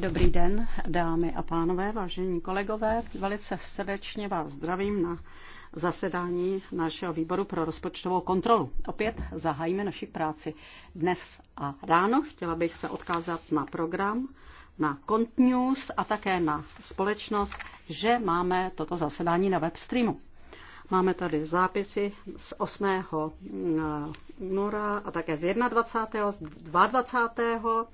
Dobrý den, dámy a pánové, vážení kolegové. Velice srdečně vás zdravím na zasedání našeho výboru pro rozpočtovou kontrolu. Opět zahájíme naši práci dnes a ráno. Chtěla bych se odkázat na program, na Cont News a také na společnost, že máme toto zasedání na webstreamu. Máme tady zápisy z 8. Eh, února a také z 21. z 22.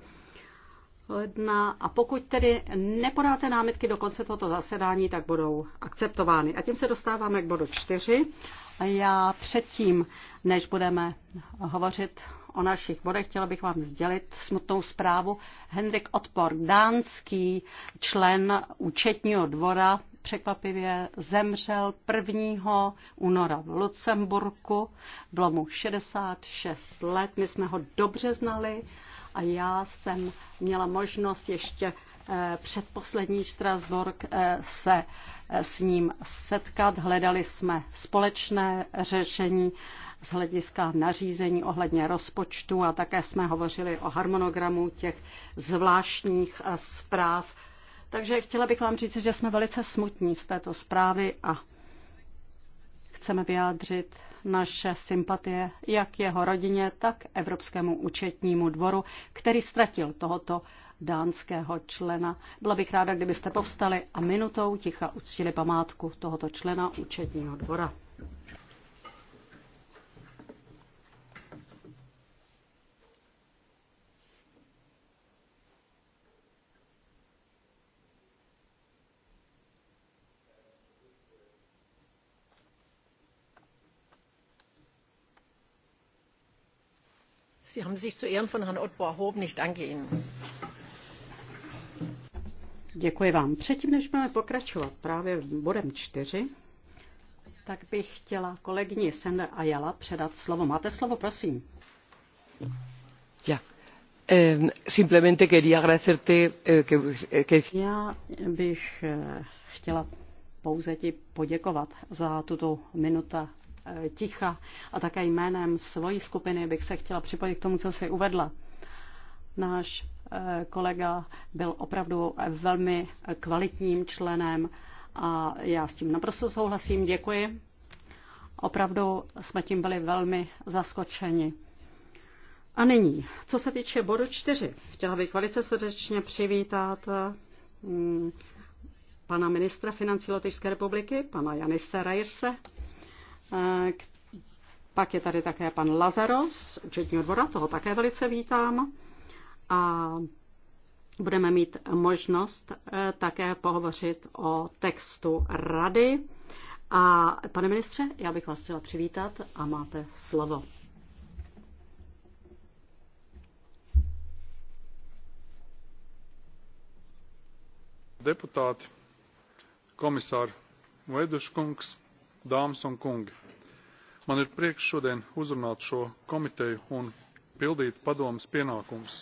ledna. A pokud tedy nepodáte námitky do konce tohoto zasedání, tak budou akceptovány. A tím se dostáváme k bodu 4. A já předtím, než budeme hovořit o našich bodech, chtěla bych vám sdělit smutnou zprávu. Henrik Odpor, dánský člen účetního dvora, překvapivě zemřel 1. února v Lucemburku. Bylo mu 66 let, my jsme ho dobře znali a já jsem měla možnost ještě eh, předposlední Strasburg eh, se eh, s ním setkat. Hledali jsme společné řešení z hlediska nařízení ohledně rozpočtu a také jsme hovořili o harmonogramu těch zvláštních zpráv takže chtěla bych vám říct, že jsme velice smutní z této zprávy a chceme vyjádřit naše sympatie jak jeho rodině, tak Evropskému účetnímu dvoru, který ztratil tohoto dánského člena. Byla bych ráda, kdybyste povstali a minutou ticha uctili památku tohoto člena účetního dvora. haben sich zu Ehren von Herrn Otto erhoben. Ich danke Ihnen. Děkuji vám. Předtím, než budeme pokračovat právě bodem čtyři, tak bych chtěla kolegyni Sender Ayala předat slovo. Máte slovo, prosím. Já. Eh, simplemente quería agradecerte eh, que, que... Já bych eh, chtěla pouze ti poděkovat za tuto minuta Eh, ticha a také jménem svojí skupiny bych se chtěla připojit k tomu, co si uvedla. Náš eh, kolega byl opravdu velmi kvalitním členem a já s tím naprosto souhlasím. Děkuji. Opravdu jsme tím byli velmi zaskočeni. A nyní, co se týče bodu čtyři, chtěla bych velice srdečně přivítat mm, pana ministra financí Lotyšské republiky, pana Janise Rajerse, Eh, pak je tady také pan Lazaros z účetního dvora, toho také velice vítám. A budeme mít možnost eh, také pohovořit o textu rady. A pane ministře, já bych vás chtěla přivítat a máte slovo. Deputát, komisar Veduškungs, dáms un kungi man ir prieks šodien uzrunāt šo komiteju un pildīt padomas pienākumus.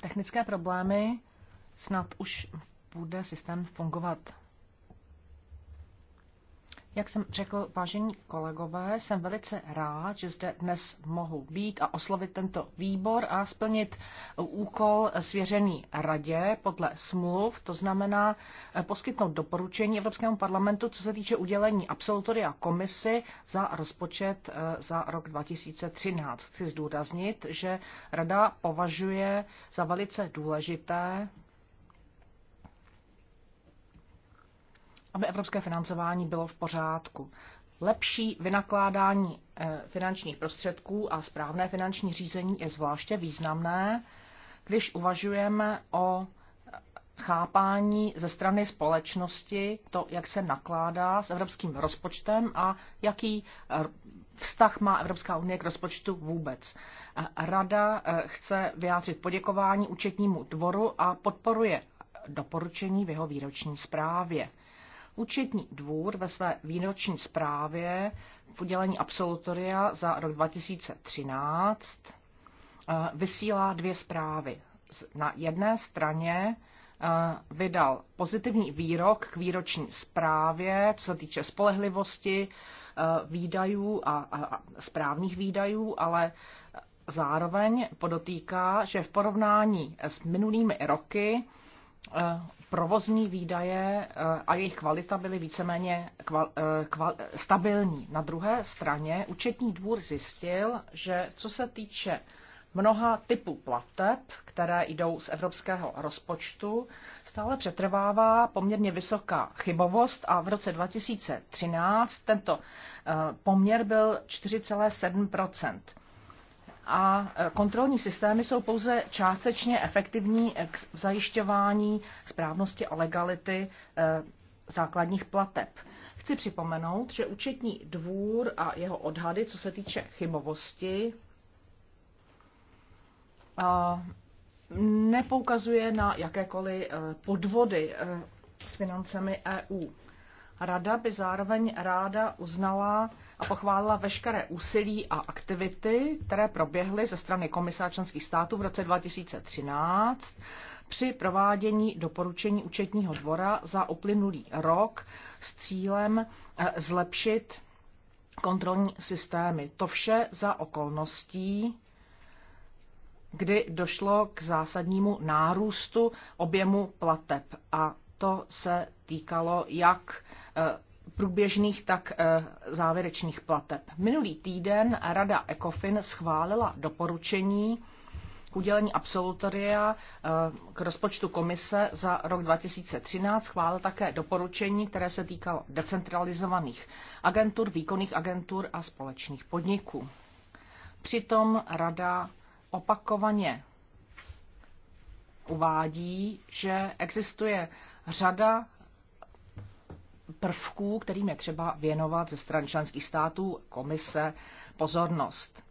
Technické problémy snad už bude systém fungovat jak jsem řekl, vážení kolegové, jsem velice rád, že zde dnes mohu být a oslovit tento výbor a splnit úkol svěřený radě podle smluv, to znamená eh, poskytnout doporučení Evropskému parlamentu, co se týče udělení absolutoria komisi za rozpočet eh, za rok 2013. Chci zdůraznit, že rada považuje za velice důležité aby evropské financování bylo v pořádku. Lepší vynakládání eh, finančních prostředků a správné finanční řízení je zvláště významné, když uvažujeme o chápání ze strany společnosti to, jak se nakládá s evropským rozpočtem a jaký eh, vztah má Evropská unie k rozpočtu vůbec. Eh, Rada chce vyjádřit poděkování účetnímu dvoru a podporuje doporučení v jeho výroční zprávě. Účetní dvůr ve své výroční zprávě v udělení absolutoria za rok 2013 eh, vysílá dvě zprávy. Na jedné straně eh, vydal pozitivní výrok k výroční zprávě, co se týče spolehlivosti eh, výdajů a, správných výdajů, ale zároveň podotýká, že v porovnání s minulými roky provozní výdaje eh, a jejich kvalita byly víceméně kval, eh, kval, stabilní. Na druhé straně účetní dvůr zjistil, že co se týče mnoha typů plateb, které jdou z evropského rozpočtu, stále přetrvává poměrně vysoká chybovost a v roce 2013 tento eh, poměr byl 4,7 a kontrolní systémy jsou pouze částečně efektivní k zajišťování správnosti a legality e, základních plateb. Chci připomenout, že účetní dvůr a jeho odhady, co se týče chybovosti, nepoukazuje na jakékoliv e, podvody e, s financemi EU. Rada by zároveň ráda uznala a pochválila veškeré úsilí a aktivity, které proběhly ze strany Komise členských států v roce 2013 při provádění doporučení účetního dvora za uplynulý rok s cílem eh, zlepšit kontrolní systémy. To vše za okolností, kdy došlo k zásadnímu nárůstu objemu plateb a to se týkalo jak Eh, průběžných, tak eh, závěrečných plateb. Minulý týden Rada ECOFIN schválila doporučení k udělení absolutoria eh, k rozpočtu komise za rok 2013 schválil také doporučení, které se týkalo decentralizovaných agentur, výkonných agentur a společných podniků. Přitom Rada opakovaně uvádí, že existuje řada prvků, kterým je třeba věnovat ze stran členských států komise pozornost.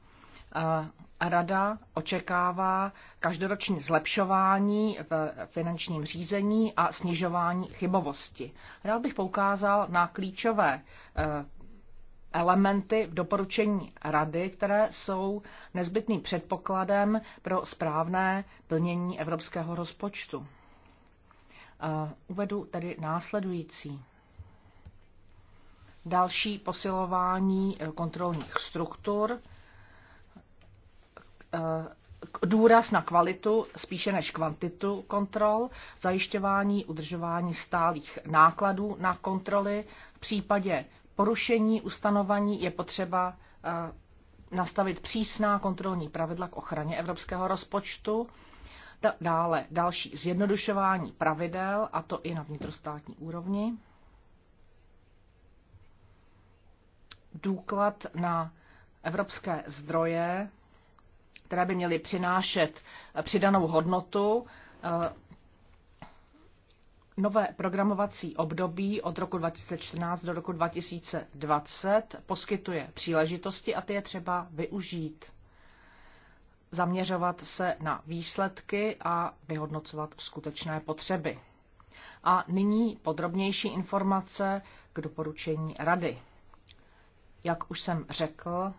Eh, Rada očekává každoroční zlepšování v finančním řízení a snižování chybovosti. Rád bych poukázal na klíčové eh, elementy v doporučení Rady, které jsou nezbytným předpokladem pro správné plnění evropského rozpočtu. Eh, uvedu tedy následující další posilování eh, kontrolních struktur, eh, důraz na kvalitu spíše než kvantitu kontrol, zajišťování udržování stálých nákladů na kontroly. V případě porušení ustanovení je potřeba eh, nastavit přísná kontrolní pravidla k ochraně evropského rozpočtu. Dále další zjednodušování pravidel, a to i na vnitrostátní úrovni. důklad na evropské zdroje, které by měly přinášet přidanou hodnotu. Eh, nové programovací období od roku 2014 do roku 2020 poskytuje příležitosti a ty je třeba využít. Zaměřovat se na výsledky a vyhodnocovat skutečné potřeby. A nyní podrobnější informace k doporučení Rady. Jak už jsem řekl,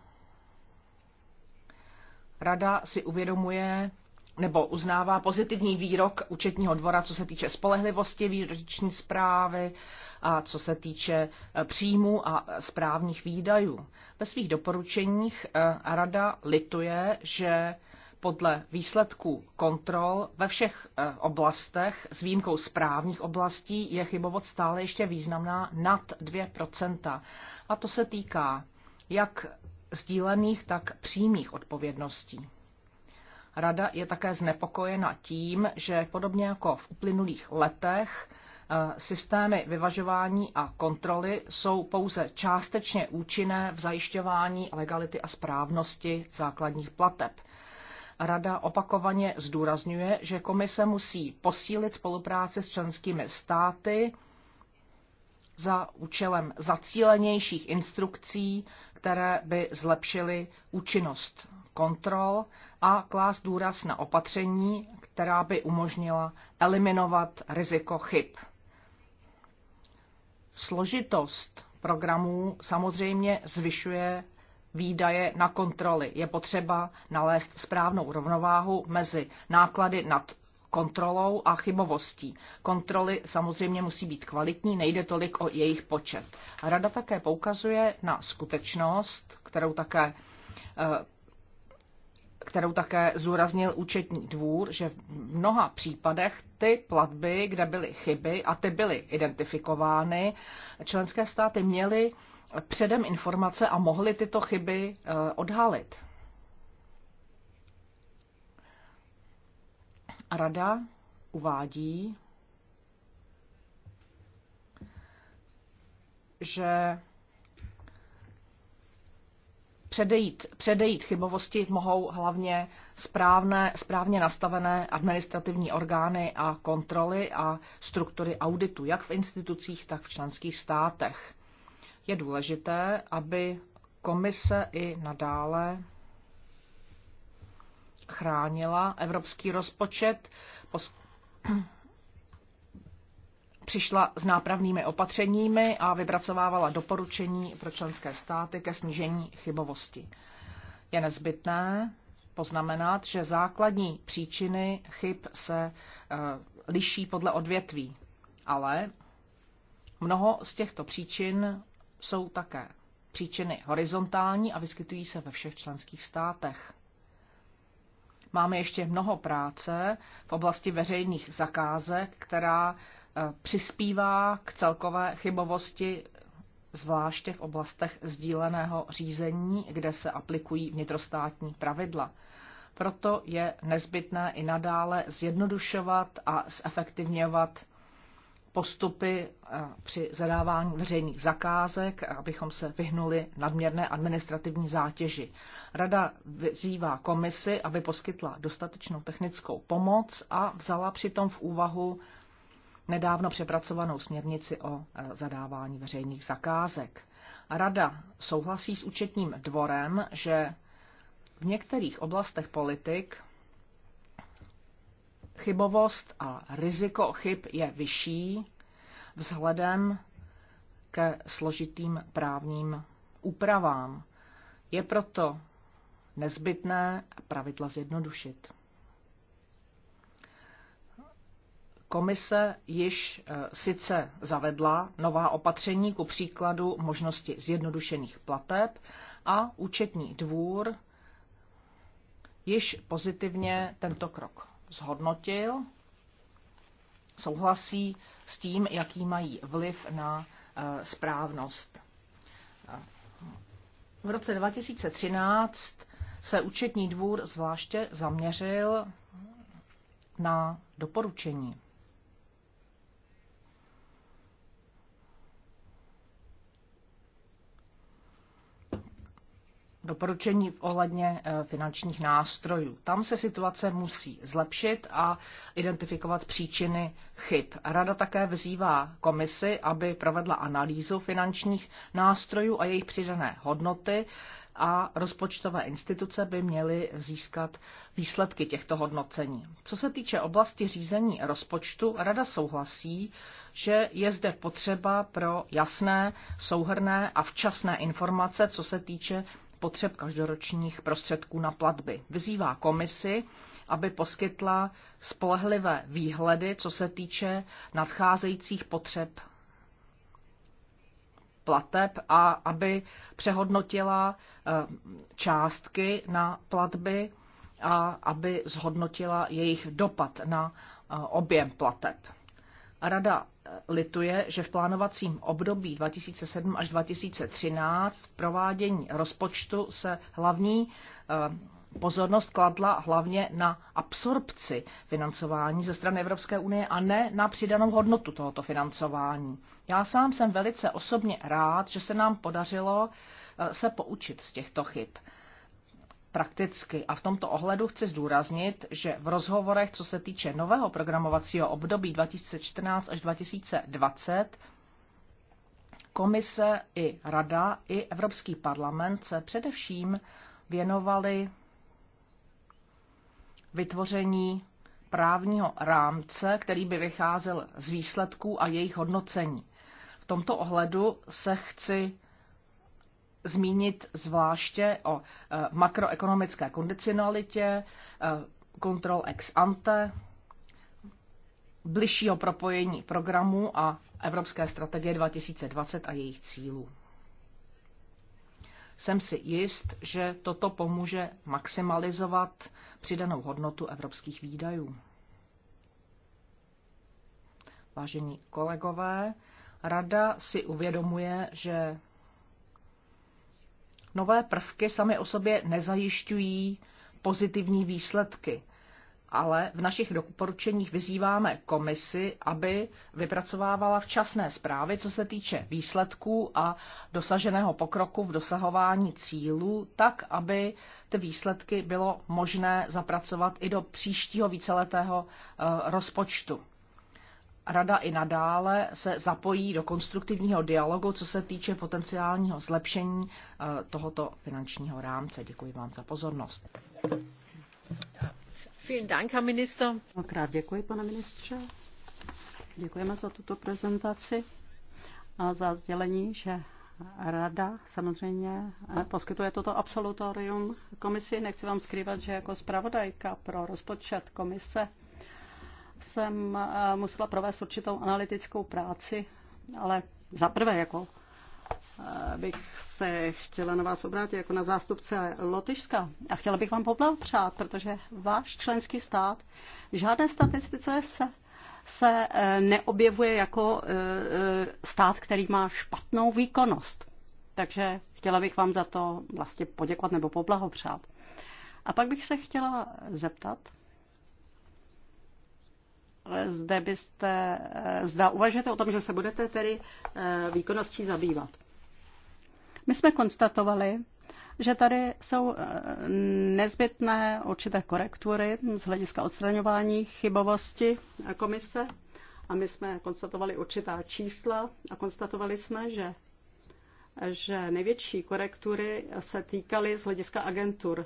Rada si uvědomuje nebo uznává pozitivní výrok účetního dvora, co se týče spolehlivosti výroční zprávy a co se týče eh, příjmu a eh, správních výdajů. Ve svých doporučeních eh, rada lituje, že podle výsledků kontrol ve všech eh, oblastech, s výjimkou správních oblastí, je chybovost stále ještě významná nad 2 A to se týká jak sdílených, tak přímých odpovědností. Rada je také znepokojena tím, že podobně jako v uplynulých letech eh, systémy vyvažování a kontroly jsou pouze částečně účinné v zajišťování legality a správnosti základních plateb. Rada opakovaně zdůrazňuje, že komise musí posílit spolupráci s členskými státy za účelem zacílenějších instrukcí, které by zlepšily účinnost kontrol a klást důraz na opatření, která by umožnila eliminovat riziko chyb. Složitost programů samozřejmě zvyšuje výdaje na kontroly. Je potřeba nalézt správnou rovnováhu mezi náklady nad kontrolou a chybovostí. Kontroly samozřejmě musí být kvalitní, nejde tolik o jejich počet. Rada také poukazuje na skutečnost, kterou také eh, kterou také zúraznil účetní dvůr, že v mnoha případech ty platby, kde byly chyby a ty byly identifikovány, členské státy měly předem informace a mohli tyto chyby eh, odhalit. Rada uvádí, že předejít, předejít chybovosti mohou hlavně správné, správně nastavené administrativní orgány a kontroly a struktury auditu, jak v institucích, tak v členských státech. Je důležité, aby komise i nadále chránila evropský rozpočet, pos... přišla s nápravnými opatřeními a vypracovávala doporučení pro členské státy ke snížení chybovosti. Je nezbytné poznamenat, že základní příčiny chyb se eh, liší podle odvětví, ale mnoho z těchto příčin jsou také příčiny horizontální a vyskytují se ve všech členských státech. Máme ještě mnoho práce v oblasti veřejných zakázek, která eh, přispívá k celkové chybovosti, zvláště v oblastech sdíleného řízení, kde se aplikují vnitrostátní pravidla. Proto je nezbytné i nadále zjednodušovat a zefektivňovat postupy eh, při zadávání veřejných zakázek, eh, abychom se vyhnuli nadměrné administrativní zátěži. Rada vyzývá komisi, aby poskytla dostatečnou technickou pomoc a vzala přitom v úvahu nedávno přepracovanou směrnici o eh, zadávání veřejných zakázek. Rada souhlasí s účetním dvorem, že v některých oblastech politik Chybovost a riziko chyb je vyšší vzhledem ke složitým právním úpravám. Je proto nezbytné pravidla zjednodušit. Komise již e, sice zavedla nová opatření ku příkladu možnosti zjednodušených plateb a účetní dvůr již pozitivně tento krok zhodnotil, souhlasí s tím, jaký mají vliv na eh, správnost. V roce 2013 se účetní dvůr zvláště zaměřil na doporučení. doporučení ohledně eh, finančních nástrojů. Tam se situace musí zlepšit a identifikovat příčiny chyb. Rada také vzývá komisi, aby provedla analýzu finančních nástrojů a jejich přidané hodnoty a rozpočtové instituce by měly získat výsledky těchto hodnocení. Co se týče oblasti řízení rozpočtu, Rada souhlasí, že je zde potřeba pro jasné, souhrné a včasné informace, co se týče potřeb každoročních prostředků na platby. Vyzývá komisi, aby poskytla spolehlivé výhledy, co se týče nadcházejících potřeb plateb a aby přehodnotila eh, částky na platby a aby zhodnotila jejich dopad na eh, objem plateb. Rada eh, lituje, že v plánovacím období 2007 až 2013 v provádění rozpočtu se hlavní eh, pozornost kladla hlavně na absorpci financování ze strany Evropské unie a ne na přidanou hodnotu tohoto financování. Já sám jsem velice osobně rád, že se nám podařilo eh, se poučit z těchto chyb prakticky. A v tomto ohledu chci zdůraznit, že v rozhovorech, co se týče nového programovacího období 2014 až 2020, komise i rada i Evropský parlament se především věnovali vytvoření právního rámce, který by vycházel z výsledků a jejich hodnocení. V tomto ohledu se chci zmínit zvláště o eh, makroekonomické kondicionalitě, eh, kontrol ex ante, bližšího propojení programu a Evropské strategie 2020 a jejich cílů. Jsem si jist, že toto pomůže maximalizovat přidanou hodnotu evropských výdajů. Vážení kolegové, Rada si uvědomuje, že Nové prvky sami o sobě nezajišťují pozitivní výsledky, ale v našich doporučeních vyzýváme komisi, aby vypracovávala včasné zprávy, co se týče výsledků a dosaženého pokroku v dosahování cílů, tak, aby ty výsledky bylo možné zapracovat i do příštího víceletého eh, rozpočtu. Rada i nadále se zapojí do konstruktivního dialogu, co se týče potenciálního zlepšení eh, tohoto finančního rámce. Děkuji vám za pozornost. Mnohokrát děkuji, pane ministře. Děkujeme za tuto prezentaci a za sdělení, že Rada samozřejmě eh, poskytuje toto absolutorium komisi. Nechci vám skrývat, že jako zpravodajka pro rozpočet komise jsem eh, musela provést určitou analytickou práci, ale za prvé jako eh, bych se chtěla na vás obrátit jako na zástupce Lotyšska a chtěla bych vám poblahopřát, protože váš členský stát v žádné statistice se, se eh, neobjevuje jako stát, který má špatnou výkonnost. Takže chtěla bych vám za to vlastně poděkovat nebo poblahopřát. A pak bych se chtěla zeptat, zde byste, eh, zda uvažujete o tom, že se budete tedy eh, výkonností zabývat. My jsme konstatovali, že tady jsou eh, nezbytné určité korektury z hlediska odstraňování chybovosti komise a my jsme konstatovali určitá čísla a konstatovali jsme, že, že největší korektury se týkaly z hlediska agentur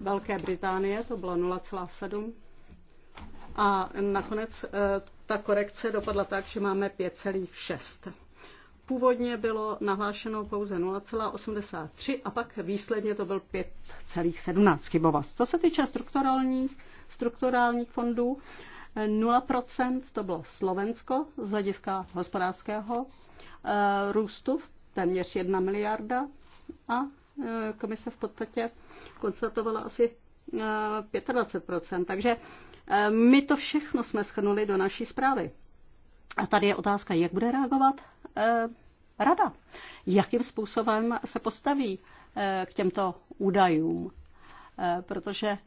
Velké Británie, to bylo a nakonec eh, ta korekce dopadla tak, že máme 5,6. Původně bylo nahlášeno pouze 0,83 a pak výsledně to byl 5,17 chybovost. Co se týče strukturálních, strukturálních fondů, 0% eh, to bylo Slovensko z hlediska hospodářského eh, růstu, téměř 1 miliarda a komise v podstatě konstatovala asi 25%. Takže Eh, my to všechno jsme schrnuli do naší zprávy. A tady je otázka, jak bude reagovat eh, rada. Jakým způsobem se postaví eh, k těmto údajům. Protože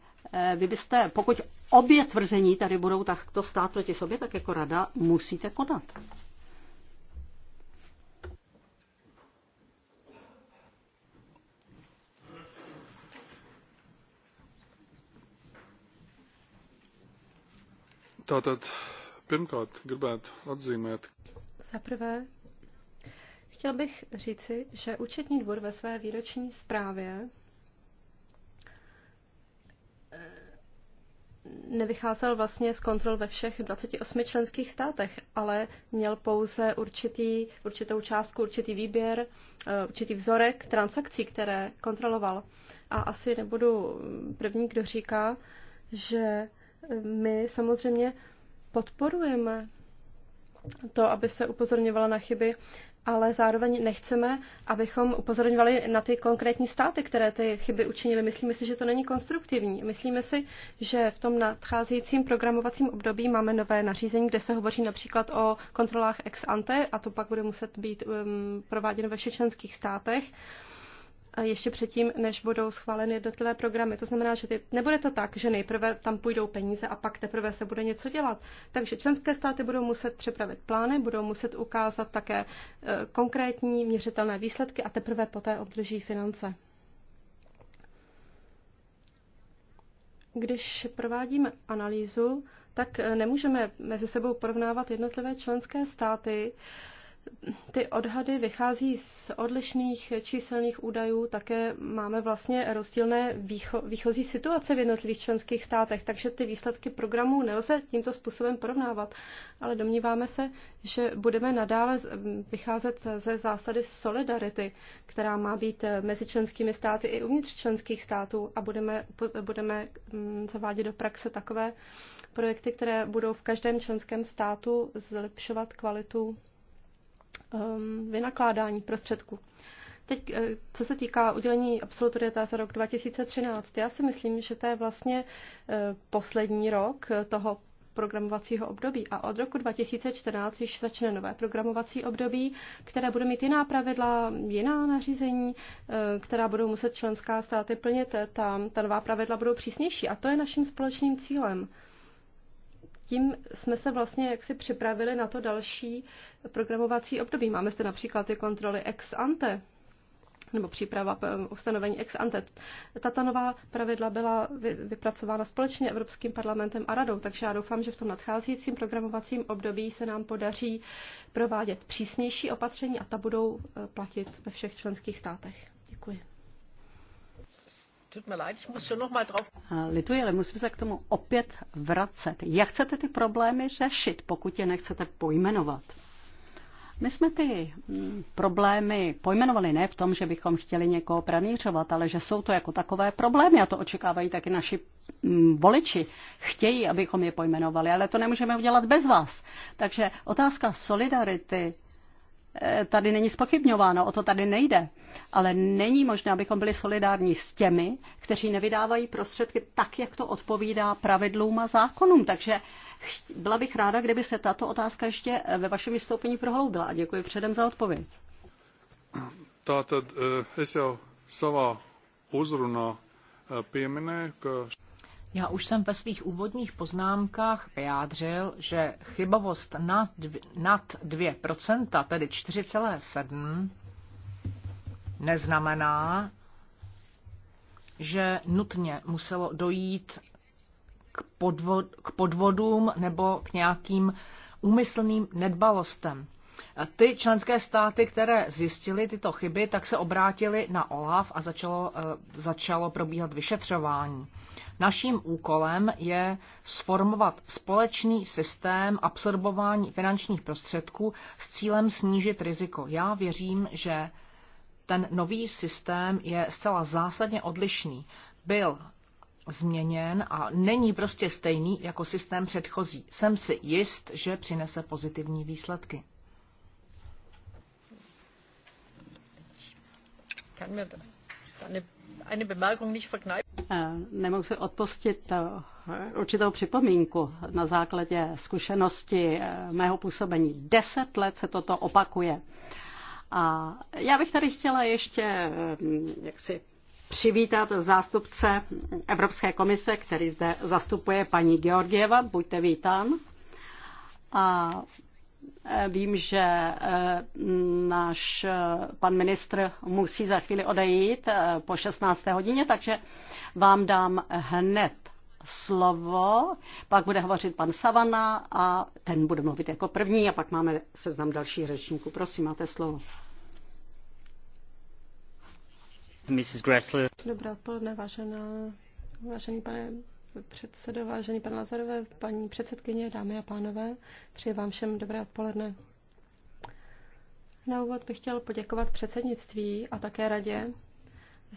vy byste, pokud obě tvrzení tady budou takto stát proti sobě, tak jako rada musíte konat. Tātad pirmkārt gribētu atzīmēt. Za prvé, chtěl bych říci, že účetní dvůr ve své výroční zprávě eh, nevycházel vlastně z kontrol ve všech 28 členských státech, ale měl pouze určitý, určitou částku, určitý výběr, eh, určitý vzorek transakcí, které kontroloval. A asi nebudu mm, první, kdo říká, že my samozřejmě podporujeme to, aby se upozorňovala na chyby, ale zároveň nechceme, abychom upozorňovali na ty konkrétní státy, které ty chyby učinily. Myslíme si, že to není konstruktivní. Myslíme si, že v tom nadcházejícím programovacím období máme nové nařízení, kde se hovoří například o kontrolách ex ante a to pak bude muset být um, prováděno ve všech členských státech. Um, ještě předtím, než budou schváleny jednotlivé programy. To znamená, že ty, nebude to tak, že nejprve tam půjdou peníze a pak teprve se bude něco dělat. Takže členské státy budou muset připravit plány, budou muset ukázat také e, konkrétní měřitelné výsledky a teprve poté obdrží finance. Když provádíme analýzu, tak e, nemůžeme mezi sebou porovnávat jednotlivé členské státy, ty odhady vychází z odlišných číselných údajů, také máme vlastně rozdílné výcho, výchozí situace v jednotlivých členských státech, takže ty výsledky programů nelze tímto způsobem porovnávat, ale domníváme se, že budeme nadále vycházet ze zásady solidarity, která má být mezi členskými státy i uvnitř členských států a budeme, budeme mm, zavádět do praxe takové projekty, které budou v každém členském státu zlepšovat kvalitu Um, vynakládání prostředků. Teď, eh, co se týká udělení absolutoria za rok 2013, já si myslím, že to je vlastně eh, poslední rok eh, toho programovacího období a od roku 2014 již začne nové programovací období, které bude mít jiná pravidla, jiná nařízení, která budou muset členská státy plnit. Ta, ta nová pravidla budou přísnější a to je naším společným cílem tím jsme se vlastně jaksi připravili na to další programovací období. Máme zde například ty kontroly ex ante, nebo příprava eh, ustanovení ex ante. Tato nová pravidla byla vypracována společně Evropským parlamentem a radou, takže já doufám, že v tom nadcházejícím programovacím období se nám podaří provádět přísnější opatření a ta budou eh, platit ve všech členských státech. Děkuji. Lituji, ale musím se k tomu opět vracet. Jak chcete ty problémy řešit, pokud je nechcete pojmenovat? My jsme ty mm, problémy pojmenovali ne v tom, že bychom chtěli někoho pranířovat, ale že jsou to jako takové problémy a to očekávají taky naši mm, voliči. Chtějí, abychom je pojmenovali, ale to nemůžeme udělat bez vás. Takže otázka solidarity tady není spochybňováno, o to tady nejde. Ale není možné, abychom byli solidární s těmi, kteří nevydávají prostředky tak, jak to odpovídá pravidlům a zákonům. Takže byla bych ráda, kdyby se tato otázka ještě eh, ve vašem vystoupení prohloubila. A děkuji předem za odpověď. Tato eh, es jau savā uzrunā eh, pieminēju, já už jsem ve svých úvodních poznámkách vyjádřil, že chybovost nad, 2%, tedy 4,7%, neznamená, že nutně muselo dojít k, podvod, k podvodům nebo k nějakým úmyslným nedbalostem. Ty členské státy, které zjistily tyto chyby, tak se obrátily na OLAF a začalo, eh, začalo probíhat vyšetřování. Naším úkolem je sformovat společný systém absorbování finančních prostředků s cílem snížit riziko. Já věřím, že ten nový systém je zcela zásadně odlišný. Byl změněn a není prostě stejný jako systém předchozí. Jsem si jist, že přinese pozitivní výsledky. kann mir eine Bemerkung nicht verkneifen. Eh, nemohu si odpustit eh, určitou připomínku na základě zkušenosti eh, mého působení. Deset let se toto opakuje. A já bych tady chtěla ještě jak si přivítat zástupce Evropské komise, který zde zastupuje paní Georgieva. Buďte vítán. A Eh, vím, že eh, náš eh, pan ministr musí za chvíli odejít po 16. hodině, takže vám dám hned slovo, pak bude hovořit pan Savana a ten bude mluvit jako první a pak máme seznam dalších řečníků. Prosím, máte slovo. Mrs. Dobré odpoledne, vážená, vážený pane předsedo, vážený pan Lazarové, paní předsedkyně, dámy a pánové, přeji vám všem dobré odpoledne. Na úvod bych chtěl poděkovat předsednictví a také radě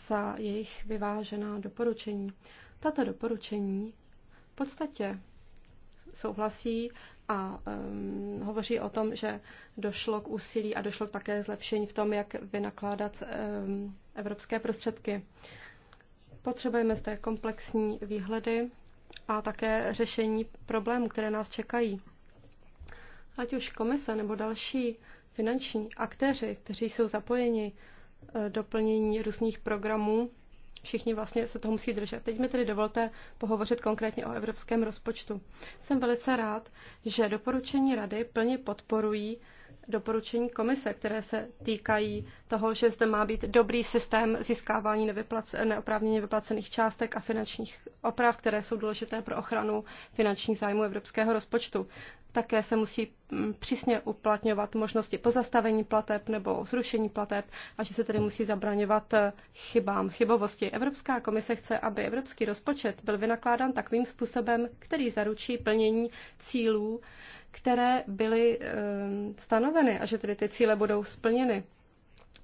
za jejich vyvážená doporučení. Tato doporučení v podstatě souhlasí a um, hovoří o tom, že došlo k úsilí a došlo také zlepšení v tom, jak vynakládat um, evropské prostředky. Potřebujeme zde komplexní výhledy a také řešení problémů, které nás čekají. Ať už komise nebo další finanční aktéři, kteří jsou zapojeni eh, do plnění různých programů, všichni vlastně se toho musí držet. Teď mi tedy dovolte pohovořit konkrétně o evropském rozpočtu. Jsem velice rád, že doporučení rady plně podporují doporučení komise, které se týkají toho, že zde má být dobrý systém získávání neoprávněně vyplacených částek a finančních oprav, které jsou důležité pro ochranu finančních zájmů evropského rozpočtu. Také se musí mm, přísně uplatňovat možnosti pozastavení plateb nebo zrušení plateb a že se tedy musí zabraňovat eh, chybám, chybovosti. Evropská komise chce, aby evropský rozpočet byl vynakládán takovým způsobem, který zaručí plnění cílů, které byly eh, stanoveny a že tedy ty cíle budou splněny.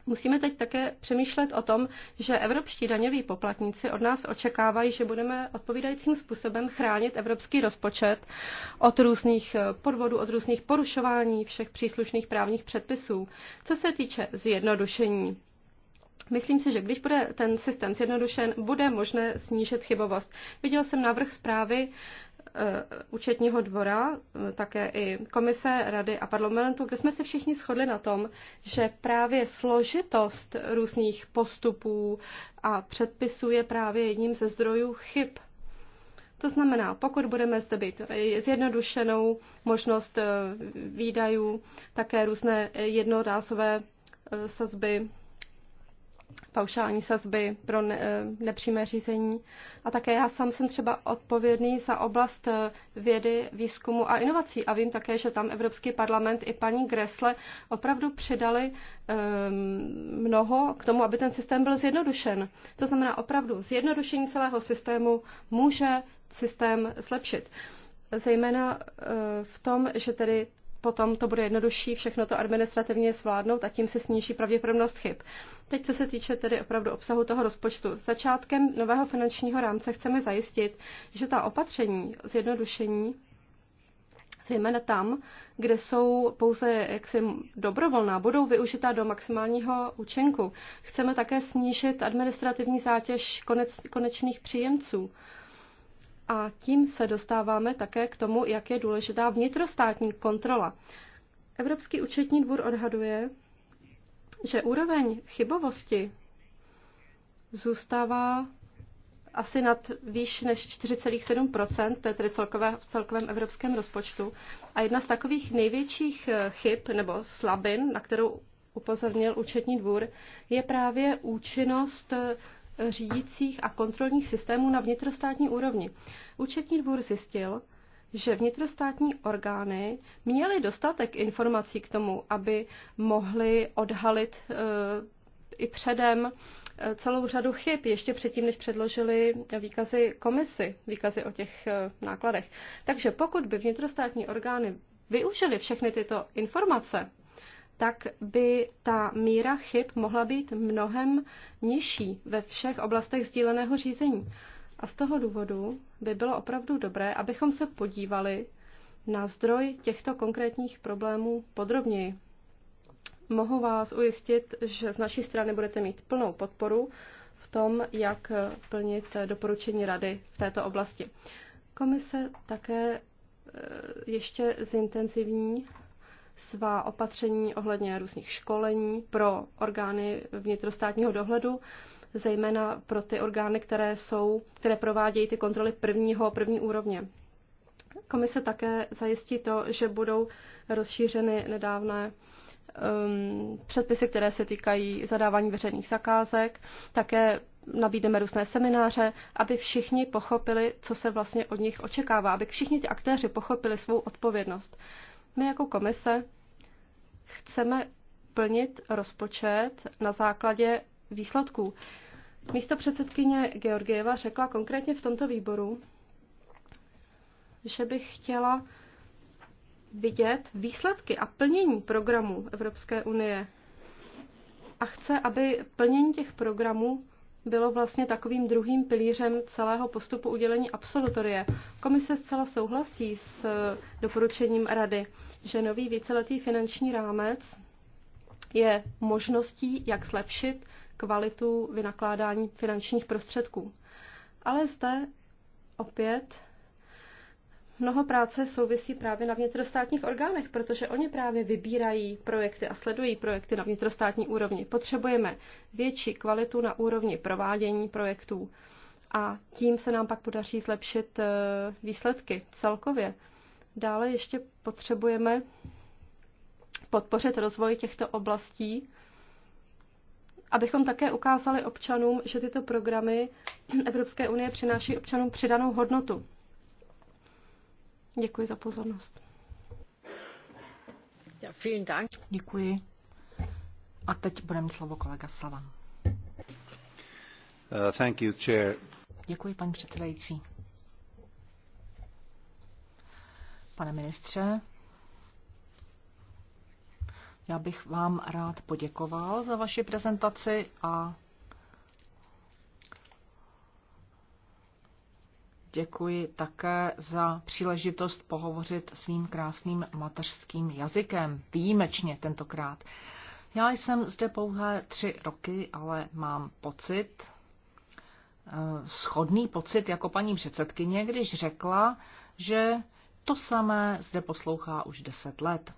Musíme teď také přemýšlet o tom, že evropští daňoví poplatníci od nás očekávají, že budeme odpovídajícím způsobem chránit evropský rozpočet od různých eh, podvodů, od různých porušování všech příslušných právních předpisů. Co se týče zjednodušení, Myslím si, že když bude ten systém zjednodušen, bude možné snížit chybovost. Viděl jsem návrh zprávy Eh, účetního dvora, eh, také i komise, rady a parlamentu, kde jsme se všichni shodli na tom, že právě složitost různých postupů a předpisů je právě jedním ze zdrojů chyb. To znamená, pokud budeme zde být zjednodušenou možnost eh, výdajů, také různé jednorázové sazby paušální sazby pro ne, eh, nepřímé řízení. A také já sám jsem třeba odpovědný za oblast eh, vědy, výzkumu a inovací. A vím také, že tam Evropský parlament i paní Gresle opravdu přidali um, mnoho k tomu, aby ten systém byl zjednodušen. To znamená opravdu zjednodušení celého systému může systém zlepšit. Zejména eh, v tom, že tedy potom to bude jednodušší všechno to administrativně zvládnout a tím se sníží pravděpodobnost chyb. Teď, co se týče tedy opravdu obsahu toho rozpočtu. Začátkem nového finančního rámce chceme zajistit, že ta opatření zjednodušení zejména tam, kde jsou pouze jaksi dobrovolná, budou využita do maximálního účinku. Chceme také snížit administrativní zátěž konec, konečných příjemců. Uh, a tím se dostáváme také k tomu, jak je důležitá vnitrostátní kontrola. Evropský účetní dvůr odhaduje, že úroveň chybovosti zůstává asi nad výš než 4,7 to je tedy celkové, v celkovém evropském rozpočtu. A jedna z takových největších eh, chyb nebo slabin, na kterou upozornil účetní dvůr, je právě účinnost eh, řídících a kontrolních systémů na vnitrostátní úrovni. Účetní dvůr zjistil, že vnitrostátní orgány měly dostatek informací k tomu, aby mohly odhalit eh, i předem eh, celou řadu chyb ještě předtím, než předložili výkazy komisy, výkazy o těch eh, nákladech. Takže pokud by vnitrostátní orgány využili všechny tyto informace, tak by ta míra chyb mohla být mnohem nižší ve všech oblastech sdíleného řízení. A z toho důvodu by bylo opravdu dobré, abychom se podívali na zdroj těchto konkrétních problémů podrobněji. Mohu vás ujistit, že z naší strany budete mít plnou podporu v tom, jak plnit doporučení rady v této oblasti. Komise také eh, ještě zintenzivní svá opatření ohledně různých školení pro orgány vnitrostátního dohledu, zejména pro ty orgány, které, jsou, které provádějí ty kontroly prvního, první úrovně. Komise také zajistí to, že budou rozšířeny nedávné um, předpisy, které se týkají zadávání veřejných zakázek. Také nabídneme různé semináře, aby všichni pochopili, co se vlastně od nich očekává, aby všichni ti aktéři pochopili svou odpovědnost. My jako komise chceme plnit rozpočet na základě výsledků. Místo předsedkyně Georgieva řekla konkrétně v tomto výboru, že bych chtěla vidět výsledky a plnění programů Evropské unie a chce, aby plnění těch programů bylo vlastně takovým druhým pilířem celého postupu udělení absolutorie. Komise zcela souhlasí s eh, doporučením Rady, že nový víceletý finanční rámec je možností, jak zlepšit kvalitu vynakládání finančních prostředků. Ale zde opět Mnoho práce souvisí právě na vnitrostátních orgánech, protože oni právě vybírají projekty a sledují projekty na vnitrostátní úrovni. Potřebujeme větší kvalitu na úrovni provádění projektů a tím se nám pak podaří zlepšit eh, výsledky celkově. Dále ještě potřebujeme podpořit rozvoj těchto oblastí, abychom také ukázali občanům, že tyto programy Evropské unie přináší občanům přidanou hodnotu. Děkuji za pozornost. Ja, vielen Dank. Děkuji. A teď bude mít slovo kolega Savan. Uh, thank you, chair. Děkuji, paní předsedající. Pane ministře, já bych vám rád poděkoval za vaši prezentaci a děkuji také za příležitost pohovořit svým krásným mateřským jazykem, výjimečně tentokrát. Já jsem zde pouhé tři roky, ale mám pocit, eh, schodný pocit jako paní předsedkyně, když řekla, že to samé zde poslouchá už deset let.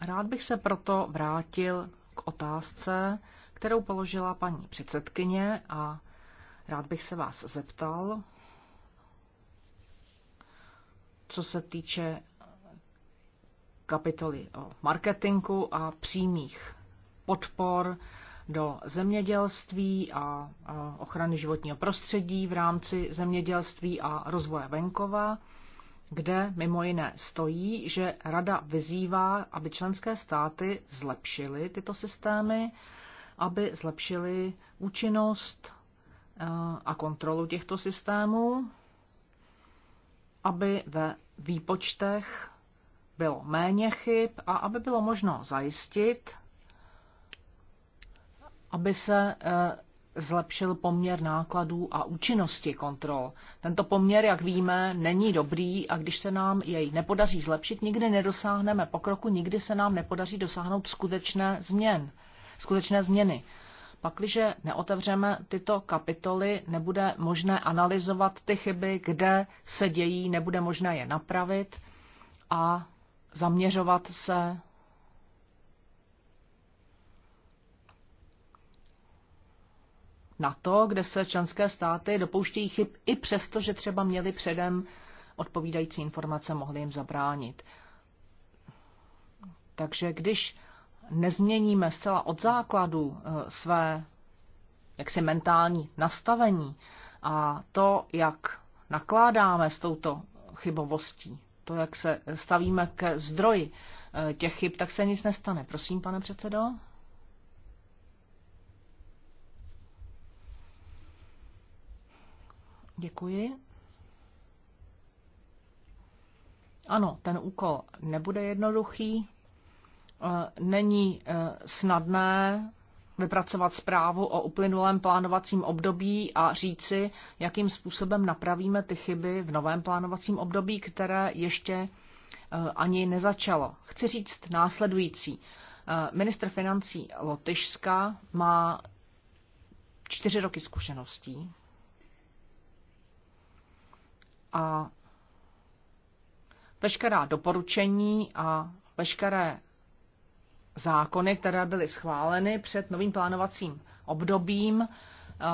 Rád bych se proto vrátil k otázce, kterou položila paní předsedkyně a Rád bych se vás zeptal, co se týče kapitoly o marketingu a přímých podpor do zemědělství a ochrany životního prostředí v rámci zemědělství a rozvoje venkova, kde mimo jiné stojí, že Rada vyzývá, aby členské státy zlepšily tyto systémy, aby zlepšily účinnost, a kontrolu těchto systémů, aby ve výpočtech bylo méně chyb a aby bylo možno zajistit, aby se e, zlepšil poměr nákladů a účinnosti kontrol. Tento poměr, jak víme, není dobrý a když se nám jej nepodaří zlepšit, nikdy nedosáhneme pokroku, nikdy se nám nepodaří dosáhnout skutečné změn, skutečné změny. Pakliže neotevřeme tyto kapitoly, nebude možné analyzovat ty chyby, kde se dějí, nebude možné je napravit a zaměřovat se na to, kde se členské státy dopouštějí chyb i přesto, že třeba měli předem odpovídající informace, mohli jim zabránit. Takže když nezměníme zcela od základu eh, své jaksi mentální nastavení a to, jak nakládáme s touto chybovostí, to, jak se stavíme ke zdroji eh, těch chyb, tak se nic nestane. Prosím, pane předsedo. Děkuji. Ano, ten úkol nebude jednoduchý. Eh, není eh, snadné vypracovat zprávu o uplynulém plánovacím období a říci, jakým způsobem napravíme ty chyby v novém plánovacím období, které ještě eh, ani nezačalo. Chci říct následující. Ministr financí Lotyšska má čtyři roky zkušeností a veškerá doporučení a veškeré zákony, které byly schváleny před novým plánovacím obdobím eh,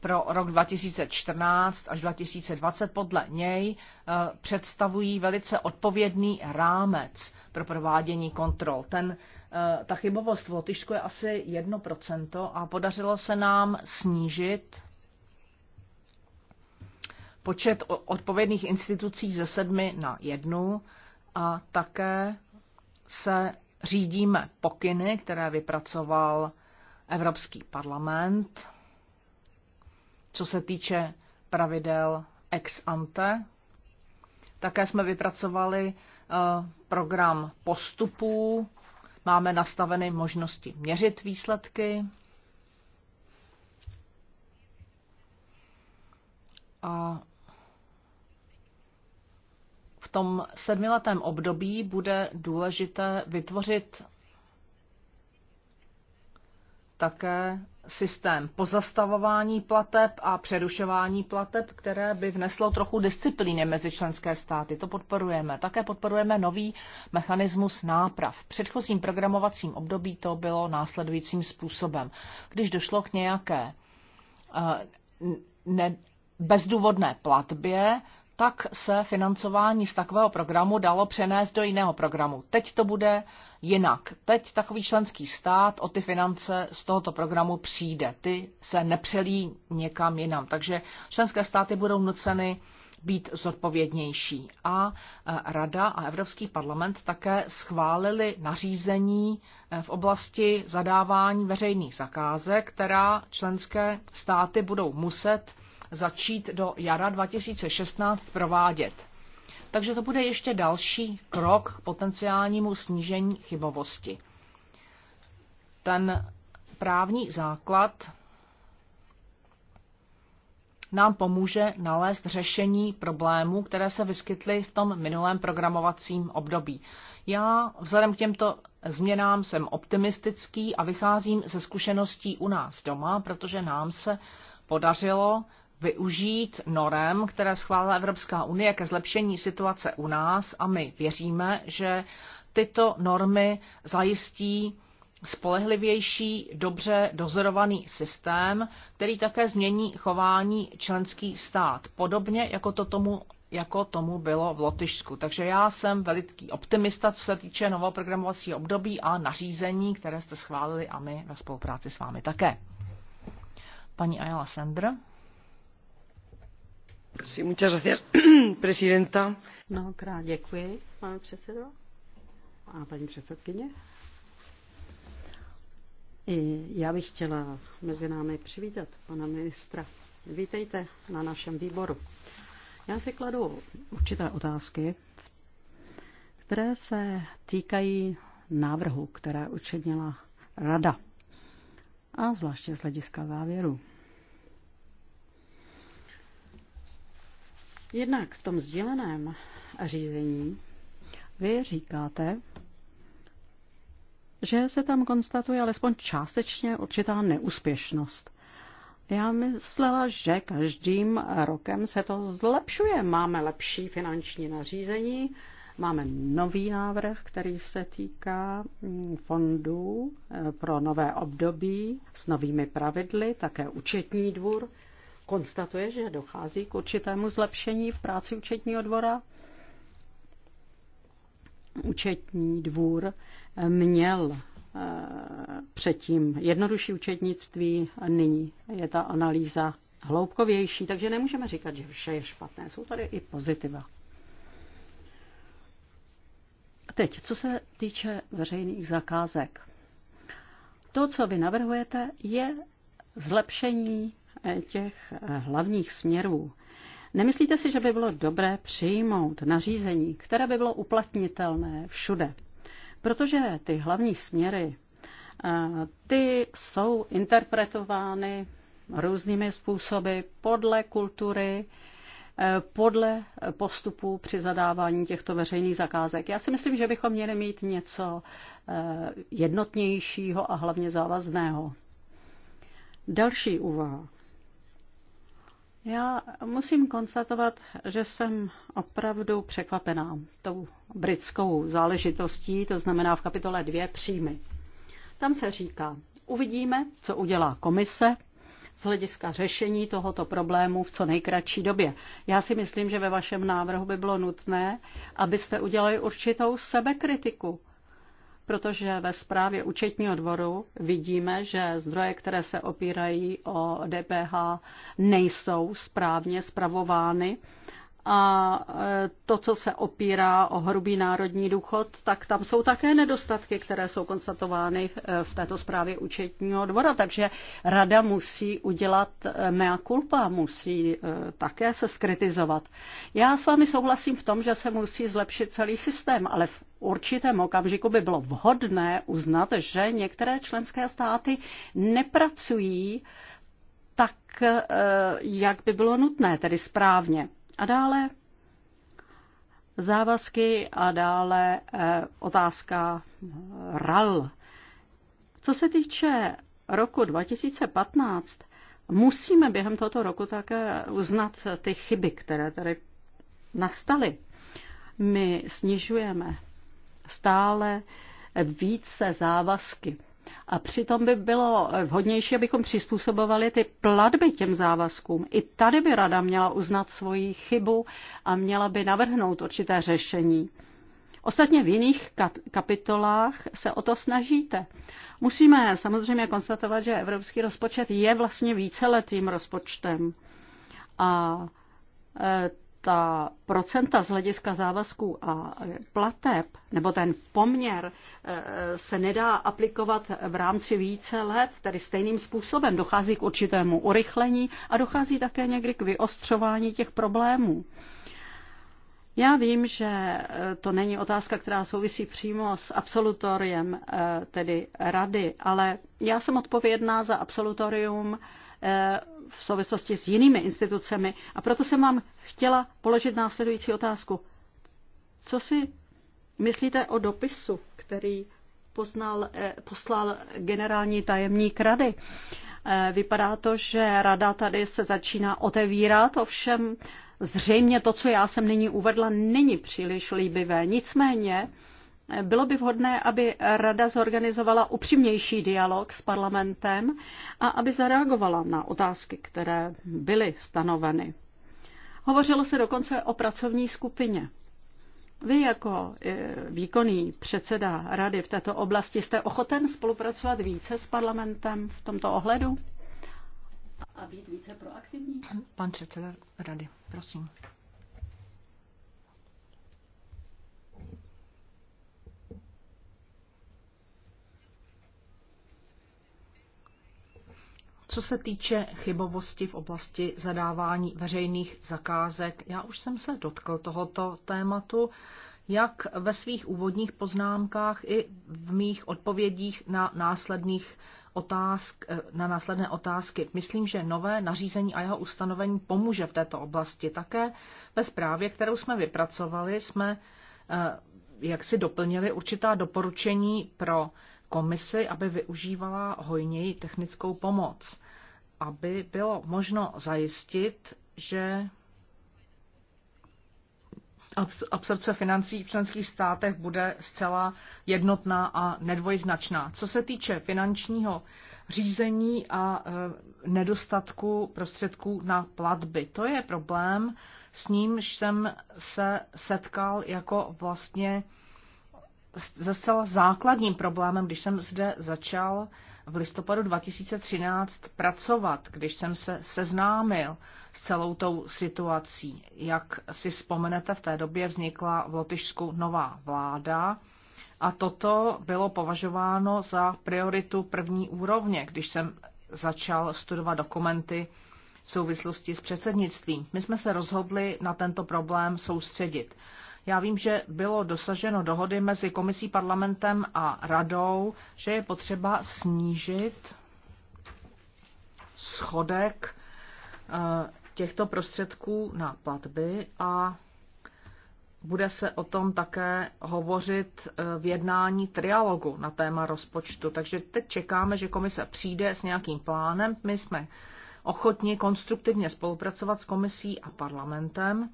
pro rok 2014 až 2020 podle něj eh, představují velice odpovědný rámec pro provádění kontrol. Ten, eh, ta chybovost v Lotyšku je asi 1% a podařilo se nám snížit počet odpovědných institucí ze sedmi na jednu a také se řídíme pokyny, které vypracoval Evropský parlament, co se týče pravidel ex ante. Také jsme vypracovali eh, program postupů, máme nastaveny možnosti měřit výsledky. A tom sedmiletém období bude důležité vytvořit také systém pozastavování plateb a přerušování plateb, které by vneslo trochu disciplíny mezi členské státy. To podporujeme. Také podporujeme nový mechanismus náprav. V předchozím programovacím období to bylo následujícím způsobem. Když došlo k nějaké eh, ne, bezdůvodné platbě, tak se financování z takového programu dalo přenést do jiného programu. Teď to bude jinak. Teď takový členský stát o ty finance z tohoto programu přijde. Ty se nepřelí někam jinam. Takže členské státy budou nuceny být zodpovědnější. A e, Rada a Evropský parlament také schválili nařízení e, v oblasti zadávání veřejných zakázek, která členské státy budou muset začít do jara 2016 provádět. Takže to bude ještě další krok k potenciálnímu snížení chybovosti. Ten právní základ nám pomůže nalézt řešení problémů, které se vyskytly v tom minulém programovacím období. Já vzhledem k těmto změnám jsem optimistický a vycházím ze zkušeností u nás doma, protože nám se podařilo využít norem, které schválila Evropská unie ke zlepšení situace u nás a my věříme, že tyto normy zajistí spolehlivější, dobře dozorovaný systém, který také změní chování členský stát, podobně jako to tomu jako tomu bylo v Lotyšsku. Takže já jsem veliký optimista, co se týče nového programovacího období a nařízení, které jste schválili a my ve spolupráci s vámi také. Paní Ayala Sender. Mnohokrát děkuji, pane předsedo. A paní předsedkyně. I já bych chtěla mezi námi přivítat pana ministra. Vítejte na našem výboru. Já si kladu určité otázky, které se týkají návrhu, které učinila Rada, a zvláště z hlediska závěru. Jednak v tom sdíleném řízení vy říkáte, že se tam konstatuje alespoň částečně určitá neúspěšnost. Já myslela, že každým rokem se to zlepšuje. Máme lepší finanční nařízení, máme nový návrh, který se týká mm, fondů eh, pro nové období s novými pravidly, také účetní dvůr konstatuje, že dochází k určitému zlepšení v práci účetního dvora. Účetní dvůr měl eh, předtím jednodušší účetnictví, a nyní je ta analýza hloubkovější, takže nemůžeme říkat, že vše je špatné. Jsou tady i pozitiva. Teď, co se týče veřejných zakázek. To, co vy navrhujete, je zlepšení těch eh, hlavních směrů, nemyslíte si, že by bylo dobré přijmout nařízení, které by bylo uplatnitelné všude? Protože ty hlavní směry, eh, ty jsou interpretovány různými způsoby podle kultury, eh, podle postupů při zadávání těchto veřejných zakázek. Já si myslím, že bychom měli mít něco jednotnějšího a hlavně závazného. Další úvaha. Já musím konstatovat, že jsem opravdu překvapená tou britskou záležitostí, to znamená v kapitole 2 příjmy. Tam se říká, uvidíme, co udělá komise z hlediska řešení tohoto problému v co nejkratší době. Já si myslím, že ve vašem návrhu by bylo nutné, abyste udělali určitou sebekritiku protože ve zprávě účetního dvoru vidíme, že zdroje, které se opírají o DPH, nejsou správně spravovány a e, to, co se opírá o hrubý národní důchod, tak tam jsou také nedostatky, které jsou konstatovány v e, této zprávě účetního dvora, takže rada musí udělat e, mea culpa, musí také se skritizovat. Já s vámi souhlasím v tom, že se musí zlepšit celý systém, ale v určitém okamžiku by bylo vhodné uznat, že některé členské státy nepracují tak, jak by bylo nutné, tedy správně. A dále závazky a dále eh, otázka eh, RAL. Co se týče roku 2015, musíme během tohoto roku také uznat ty chyby, které tady nastaly. My snižujeme stále více závazky a přitom by bylo vhodnější, abychom přizpůsobovali ty platby těm závazkům. I tady by rada měla uznat svoji chybu a měla by navrhnout určité řešení. Ostatně v jiných kapitolách se o to snažíte. Musíme samozřejmě konstatovat, že evropský rozpočet je vlastně víceletým rozpočtem. A e, ta procenta z hlediska závazků a plateb, nebo ten poměr, eh, se nedá aplikovat v rámci více let, tedy stejným způsobem. Dochází k určitému urychlení a dochází také někdy k vyostřování těch problémů. Já vím, že eh, to není otázka, která souvisí přímo s absolutoriem, eh, tedy rady, ale já jsem odpovědná za absolutorium v souvislosti s jinými institucemi. A proto jsem vám chtěla položit následující otázku. Co si myslíte o dopisu, který poznal, eh, poslal generální tajemník rady? Eh, vypadá to, že rada tady se začíná otevírat, ovšem zřejmě to, co já jsem nyní uvedla, není příliš líbivé. Nicméně bylo by vhodné, aby Rada zorganizovala upřímnější dialog s parlamentem a aby zareagovala na otázky, které byly stanoveny. Hovořilo se dokonce o pracovní skupině. Vy jako e, výkonný předseda rady v této oblasti jste ochoten spolupracovat více s parlamentem v tomto ohledu? A být více proaktivní? Pan předseda rady, prosím. Co se týče chybovosti v oblasti zadávání veřejných zakázek, já už jsem se dotkl tohoto tématu, jak ve svých úvodních poznámkách i v mých odpovědích na následných otázk, eh, na následné otázky. Myslím, že nové nařízení a jeho ustanovení pomůže v této oblasti. Také ve zprávě, kterou jsme vypracovali, jsme eh, jak si doplnili určitá doporučení pro komisi, aby využívala hojněji technickou pomoc, aby bylo možno zajistit, že absorpce financí v členských státech bude zcela jednotná a nedvojznačná. Co se týče finančního řízení a e, nedostatku prostředků na platby, to je problém, s nímž jsem se setkal jako vlastně zcela základním problémem, když jsem zde začal v listopadu 2013 pracovat, když jsem se seznámil s celou tou situací. Jak si vzpomenete, v té době vznikla v Lotyšsku nová vláda a toto bylo považováno za prioritu první úrovně, když jsem začal studovat dokumenty v souvislosti s předsednictvím. My jsme se rozhodli na tento problém soustředit. Já vím, že bylo dosaženo dohody mezi komisí, parlamentem a radou, že je potřeba snížit schodek eh, těchto prostředků na platby a bude se o tom také hovořit eh, v jednání trialogu na téma rozpočtu. Takže teď čekáme, že komise přijde s nějakým plánem. My jsme ochotni konstruktivně spolupracovat s komisí a parlamentem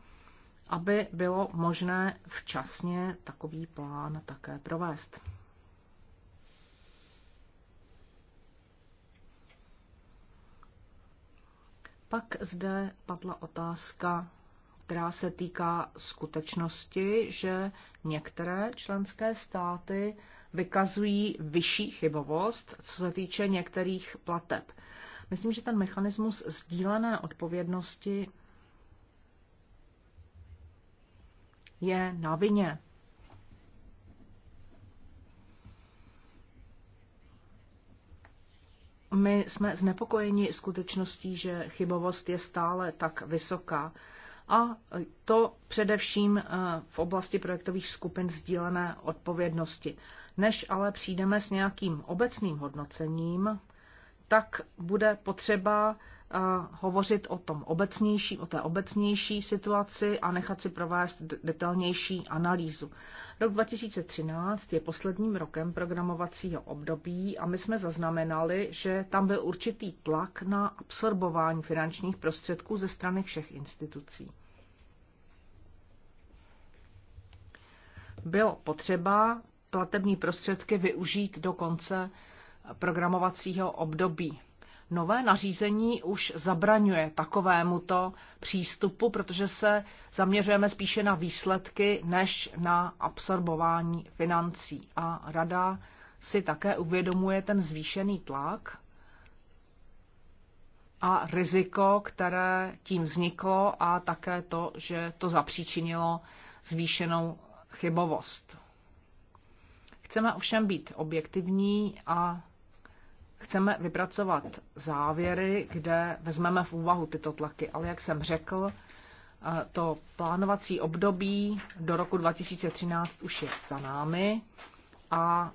aby bylo možné včasně takový plán také provést. Pak zde padla otázka, která se týká skutečnosti, že některé členské státy vykazují vyšší chybovost, co se týče některých plateb. Myslím, že ten mechanismus sdílené odpovědnosti je na vině. My jsme znepokojeni skutečností, že chybovost je stále tak vysoká. A to především eh, v oblasti projektových skupin sdílené odpovědnosti. Než ale přijdeme s nějakým obecným hodnocením, tak bude potřeba hovořit o tom obecnější, o té obecnější situaci a nechat si provést detailnější analýzu. Rok 2013 je posledním rokem programovacího období a my jsme zaznamenali, že tam byl určitý tlak na absorbování finančních prostředků ze strany všech institucí. Bylo potřeba platební prostředky využít do konce programovacího období Nové nařízení už zabraňuje takovémuto přístupu, protože se zaměřujeme spíše na výsledky než na absorbování financí. A rada si také uvědomuje ten zvýšený tlak a riziko, které tím vzniklo a také to, že to zapříčinilo zvýšenou chybovost. Chceme ovšem být objektivní a chceme vypracovat závěry, kde vezmeme v úvahu tyto tlaky. Ale jak jsem řekl, eh, to plánovací období do roku 2013 už je za námi a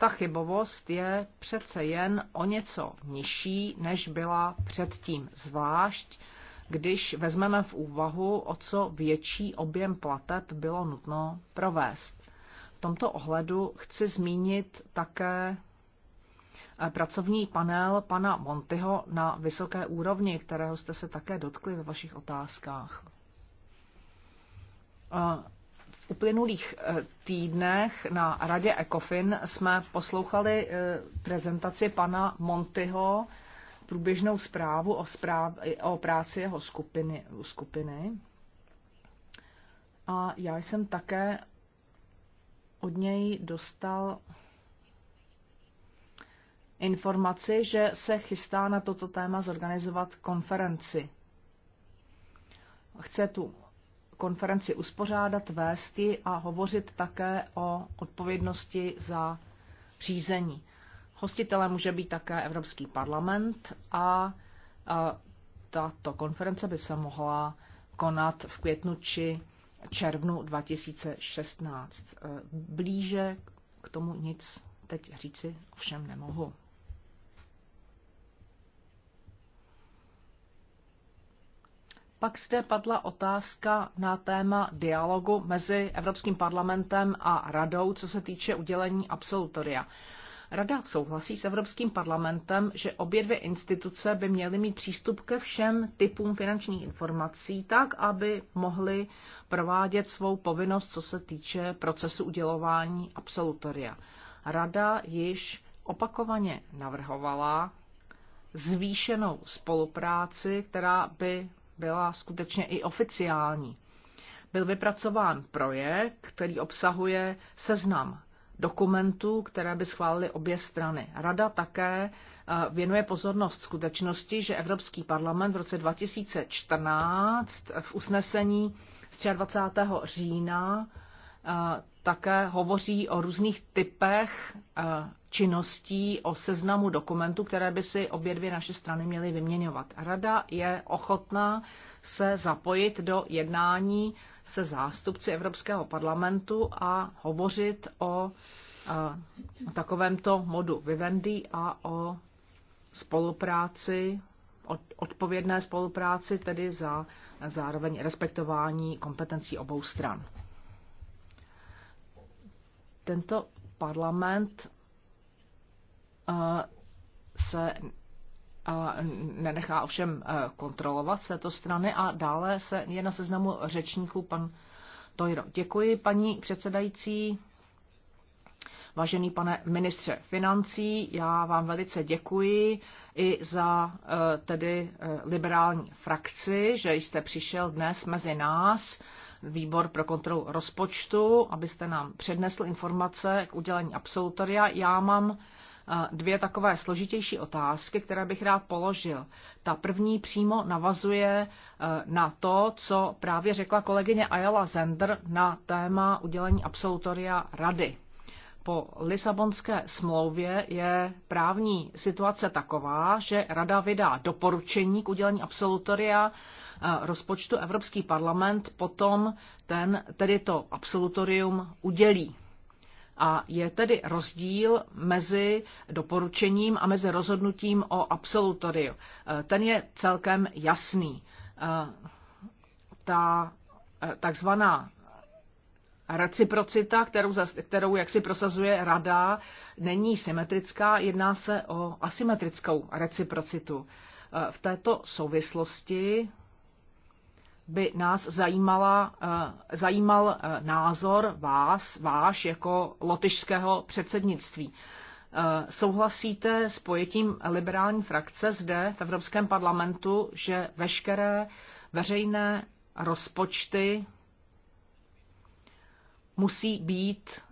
ta chybovost je přece jen o něco nižší, než byla předtím, zvlášť když vezmeme v úvahu, o co větší objem plateb bylo nutno provést. V tomto ohledu chci zmínit také Eh, pracovní panel pana Montyho na vysoké úrovni, kterého jste se také dotkli ve vašich otázkách. Eh, v uplynulých eh, týdnech na radě ECOFIN jsme poslouchali prezentaci pana Montyho, průběžnou zprávu o, zpráv, o práci jeho skupiny, skupiny. A já jsem také od něj dostal informaci, že se chystá na toto téma zorganizovat konferenci. Chce tu konferenci uspořádat, vést ji a hovořit také o odpovědnosti za řízení. Hostitelem může být také Evropský parlament a, a tato konference by se mohla konat v květnu či červnu 2016. Blíže k tomu nic teď říci ovšem nemohu. Pak zde padla otázka na téma dialogu mezi Evropským parlamentem a radou, co se týče udělení absolutoria. Rada souhlasí s Evropským parlamentem, že obě dvě instituce by měly mít přístup ke všem typům finančních informací tak, aby mohly provádět svou povinnost, co se týče procesu udělování absolutoria. Rada již opakovaně navrhovala zvýšenou spolupráci, která by byla skutečně i oficiální. Byl vypracován projekt, který obsahuje seznam dokumentů, které by schválily obě strany. Rada také eh, věnuje pozornost skutečnosti, že Evropský parlament v roce 2014 v usnesení z 23. října eh, také hovoří o různých typech eh, činností, o seznamu dokumentů, které by si obě dvě naše strany měly vyměňovat. Rada je ochotná se zapojit do jednání se zástupci Evropského parlamentu a hovořit o eh, takovémto modu vivendi a o spolupráci, odpovědné spolupráci, tedy za zároveň respektování kompetencí obou stran tento parlament eh, se eh, nenechá ovšem eh, kontrolovat z této strany a dále se je na seznamu řečníků pan Tojro. Děkuji, paní předsedající. Vážený pane ministře financí, já vám velice děkuji i za tedy liberální frakci, že jste přišel dnes mezi nás výbor pro kontrolu rozpočtu, abyste nám přednesl informace k udělení absolutoria. Já mám eh, dvě takové složitější otázky, které bych rád položil. Ta první přímo navazuje eh, na to, co právě řekla kolegyně Ayala Zender na téma udělení absolutoria rady. Po Lisabonské smlouvě je právní situace taková, že rada vydá doporučení k udělení absolutoria rozpočtu Evropský parlament potom ten, tedy to absolutorium udělí. A je tedy rozdíl mezi doporučením a mezi rozhodnutím o absolutoriu. E, ten je celkem jasný. E, ta e, takzvaná reciprocita, kterou, kterou jak si prosazuje rada, není symetrická, jedná se o asymetrickou reciprocitu. V této souvislosti by nás zajímala, eh, zajímal eh, názor vás, váš jako lotyšského předsednictví. Eh, souhlasíte s pojetím liberální frakce zde v Evropském parlamentu, že veškeré veřejné rozpočty musí být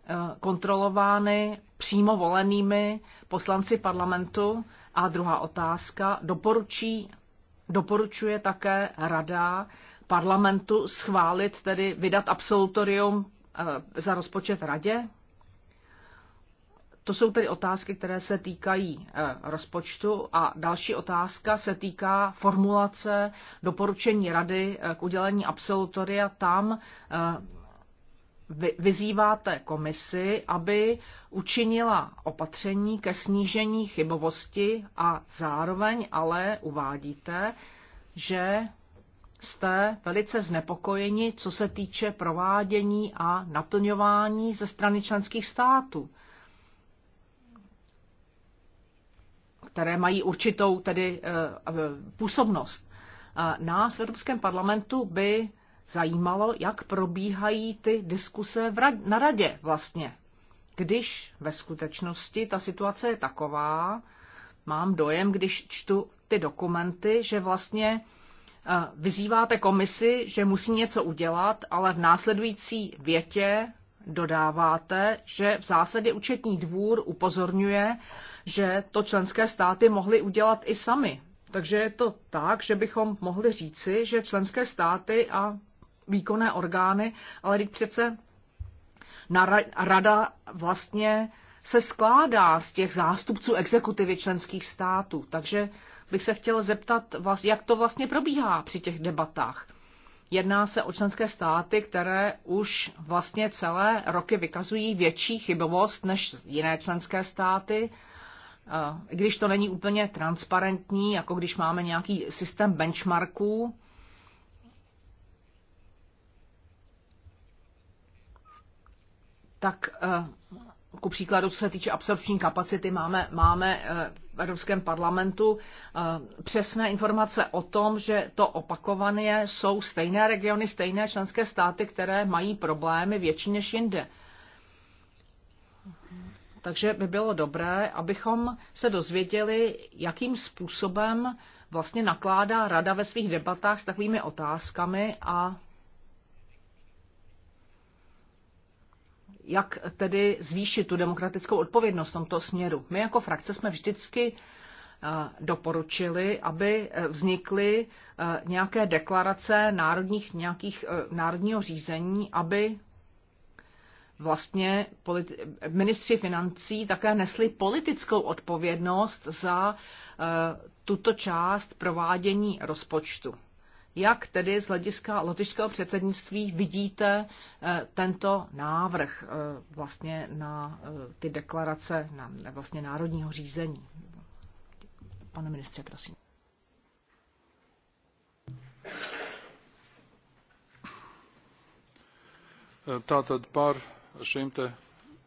kontrolovány přímo volenými poslanci parlamentu? A druhá otázka, doporučí, doporučuje také rada parlamentu schválit, tedy vydat absolutorium eh, za rozpočet radě? To jsou tedy otázky, které se týkají eh, rozpočtu a další otázka se týká formulace doporučení rady eh, k udělení absolutoria. Tam vyzýváte komisi, aby učinila opatření ke snížení chybovosti a zároveň ale uvádíte, že jste velice znepokojeni, co se týče provádění a naplňování ze strany členských států, které mají určitou tedy eh, eh, působnost. Nás v Evropském parlamentu by zajímalo, jak probíhají ty diskuse v rad- na radě vlastně. Když ve skutečnosti ta situace je taková, mám dojem, když čtu ty dokumenty, že vlastně Vyzýváte komisi, že musí něco udělat, ale v následující větě dodáváte, že v zásadě účetní dvůr upozorňuje, že to členské státy mohly udělat i sami. Takže je to tak, že bychom mohli říci, že členské státy a výkonné orgány, ale teď přece na rada vlastně se skládá z těch zástupců exekutivy členských států. Takže bych se chtěl zeptat, jak to vlastně probíhá při těch debatách. Jedná se o členské státy, které už vlastně celé roky vykazují větší chybovost než jiné členské státy, eh, i když to není úplně transparentní, jako když máme nějaký systém benchmarků. Tak eh, ku příkladu, co se týče absorpční kapacity, máme, máme eh, Evropském parlamentu eh, přesné informace o tom, že to opakovaně jsou stejné regiony, stejné členské státy, které mají problémy větší než jinde. Takže by bylo dobré, abychom se dozvěděli, jakým způsobem vlastně nakládá Rada ve svých debatách s takovými otázkami a jak tedy zvýšit tu demokratickou odpovědnost v tomto směru. My jako frakce jsme vždycky eh, doporučili, aby eh, vznikly eh, nějaké deklarace národních, nějakých, národního řízení, aby vlastně politi- ministři financí také nesli politickou odpovědnost za tuto část provádění rozpočtu. Jak tedy z hlediska lotyšského předsednictví vidíte eh, tento návrh eh, vlastně na eh, ty deklarace na vlastně národního řízení? Pane ministře, prosím. Tato pár šimte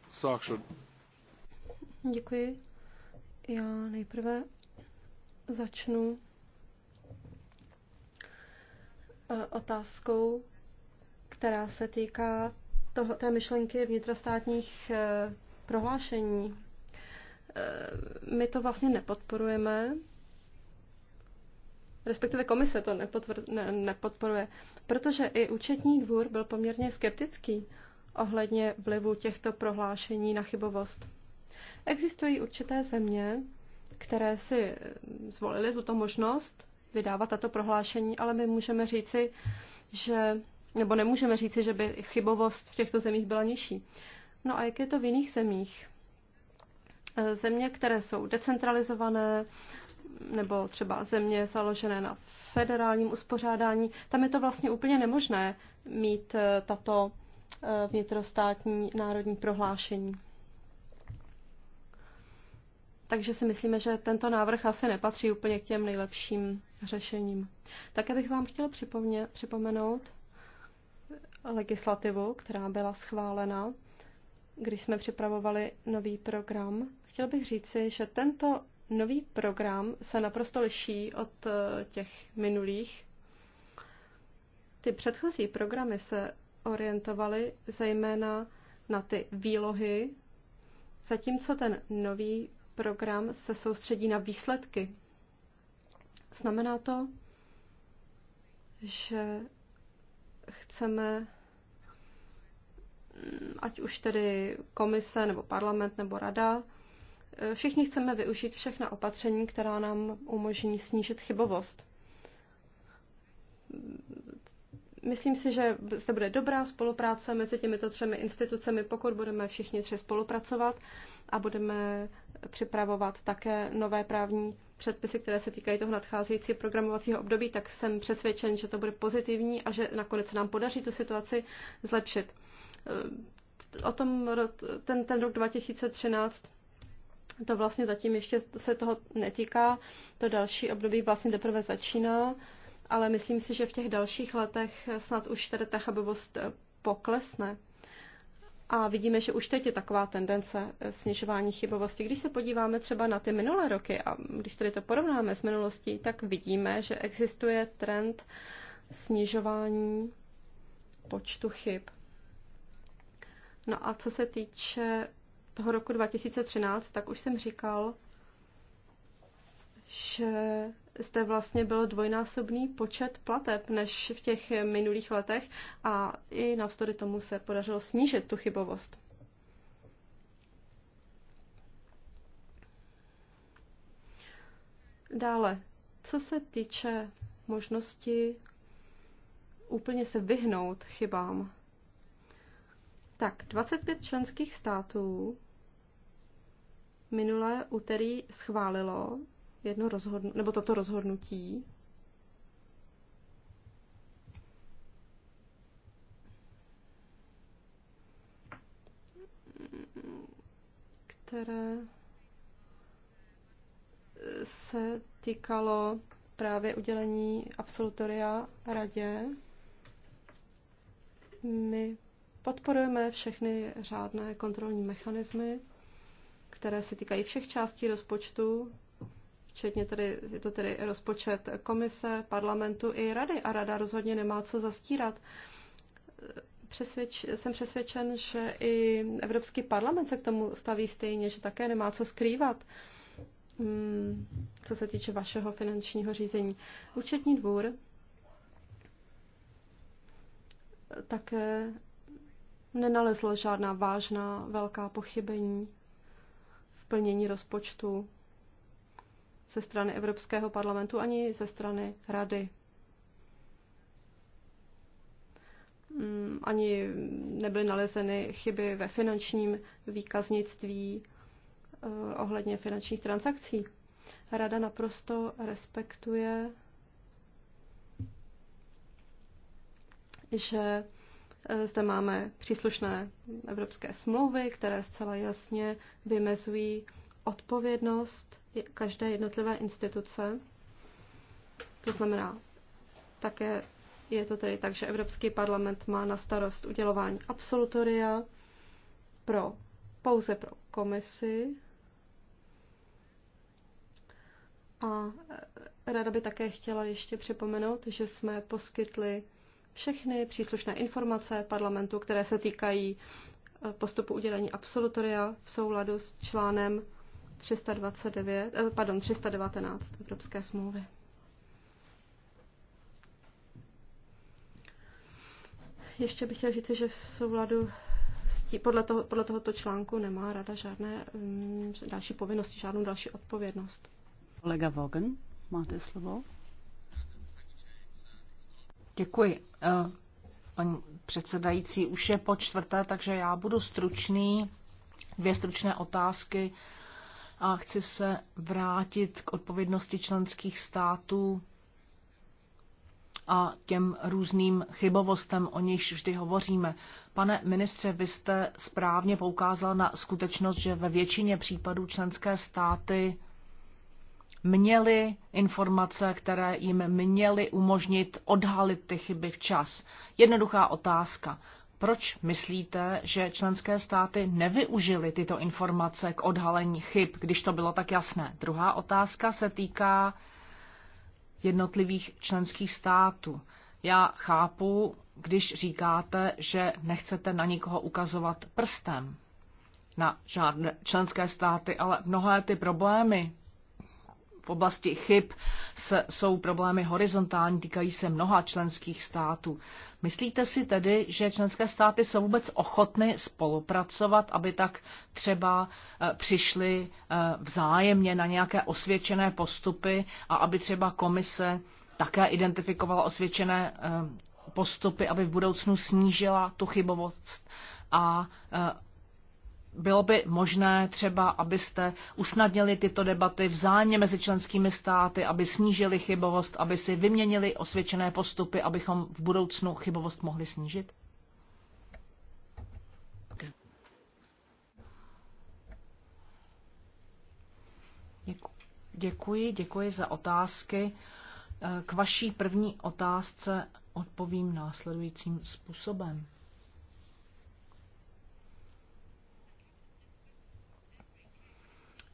sákšu. Děkuji. Já nejprve začnu E, otázkou, která se týká toho, té myšlenky vnitrostátních e, prohlášení. E, my to vlastně nepodporujeme, respektive komise to nepotvr- ne, nepodporuje, protože i účetní dvůr byl poměrně skeptický ohledně vlivu těchto prohlášení na chybovost. Existují určité země, které si zvolili tuto možnost vydávat tato prohlášení, ale my můžeme říci, že, nebo nemůžeme říci, že by chybovost v těchto zemích byla nižší. No a jak je to v jiných zemích? E, země, které jsou decentralizované, nebo třeba země založené na federálním uspořádání, tam je to vlastně úplně nemožné mít e, tato e, vnitrostátní národní prohlášení takže si myslíme, že tento návrh asi nepatří úplně k těm nejlepším řešením. Také bych vám chtěl připomně, připomenout legislativu, která byla schválena, když jsme připravovali nový program. Chtěl bych říci, že tento nový program se naprosto liší od eh, těch minulých. Ty předchozí programy se orientovaly zejména na ty výlohy, zatímco ten nový program se soustředí na výsledky. Znamená to, že chceme, mm, ať už tedy komise nebo parlament nebo rada, eh, všichni chceme využít všechna opatření, která nám umožní snížit chybovost. Myslím si, že se bude dobrá spolupráce mezi těmito třemi institucemi, pokud budeme všichni tři spolupracovat a budeme připravovat také nové právní předpisy, které se týkají toho nadcházejícího programovacího období, tak jsem přesvědčen, že to bude pozitivní a že nakonec nám podaří tu situaci zlepšit. O tom, ten, ten rok 2013 to vlastně zatím ještě se toho netýká, to další období vlastně teprve začíná, ale myslím si, že v těch dalších letech snad už tady ta chabovost poklesne. A vidíme, že už teď je taková tendence eh, snižování chybovosti. Když se podíváme třeba na ty minulé roky a když tedy to porovnáme s minulostí, tak vidíme, že existuje trend snižování počtu chyb. No a co se týče toho roku 2013, tak už jsem říkal, že jste vlastně byl dvojnásobný počet plateb než v těch minulých letech a i navzdory tomu se podařilo snížit tu chybovost. Dále, co se týče možnosti úplně se vyhnout chybám. Tak, 25 členských států minulé úterý schválilo jedno rozhodnutí, nebo toto rozhodnutí které se týkalo právě udělení absolutoria radě. My podporujeme všechny řádné kontrolní mechanismy, které se týkají všech částí rozpočtu, včetně tedy, je to tedy rozpočet komise, parlamentu i rady a rada rozhodně nemá co zastírat. Přesvědč, jsem přesvědčen, že i Evropský parlament se k tomu staví stejně, že také nemá co skrývat, hmm, co se týče vašeho finančního řízení. Účetní dvůr také nenalezlo žádná vážná velká pochybení v plnění rozpočtu ze strany Evropského parlamentu ani ze strany Rady. Mm, ani nebyly nalezeny chyby ve finančním výkaznictví eh, ohledně finančních transakcí. Rada naprosto respektuje, že eh, zde máme příslušné evropské smlouvy, které zcela jasně vymezují odpovědnost každé jednotlivé instituce. To znamená, také je to tedy tak, že Evropský parlament má na starost udělování absolutoria pro, pouze pro komisi. A e, ráda by také chtěla ještě připomenout, že jsme poskytli všechny příslušné informace parlamentu, které se týkají e, postupu udělení absolutoria v souladu s článem 329, eh, pardon, 319 Evropské smlouvy. Ještě bych chtěla říct, že v souladu tí, podle, toho, podle tohoto článku nemá rada žádné um, další povinnosti, žádnou další odpovědnost. Kolega Vogen, máte slovo? Děkuji. Eh, paní předsedající, už je po čtvrté, takže já budu stručný. Dvě stručné otázky a chci se vrátit k odpovědnosti členských států a těm různým chybovostem, o nichž vždy hovoříme. Pane ministře, vy jste správně poukázal na skutečnost, že ve většině případů členské státy měly informace, které jim měly umožnit odhalit ty chyby včas. Jednoduchá otázka. Proč myslíte, že členské státy nevyužily tyto informace k odhalení chyb, když to bylo tak jasné? Druhá otázka se týká jednotlivých členských států. Já chápu, když říkáte, že nechcete na nikoho ukazovat prstem, na žádné členské státy, ale mnohé ty problémy, v oblasti chyb se, jsou problémy horizontální, týkají se mnoha členských států. Myslíte si tedy, že členské státy jsou vůbec ochotny spolupracovat, aby tak třeba eh, přišly eh, vzájemně na nějaké osvědčené postupy a aby třeba komise také identifikovala osvědčené eh, postupy, aby v budoucnu snížila tu chybovost a bylo by možné třeba, abyste usnadnili tyto debaty vzájemně mezi členskými státy, aby snížili chybovost, aby si vyměnili osvědčené postupy, abychom v budoucnu chybovost mohli snížit? Děkuji, děkuji za otázky. K vaší první otázce odpovím následujícím způsobem.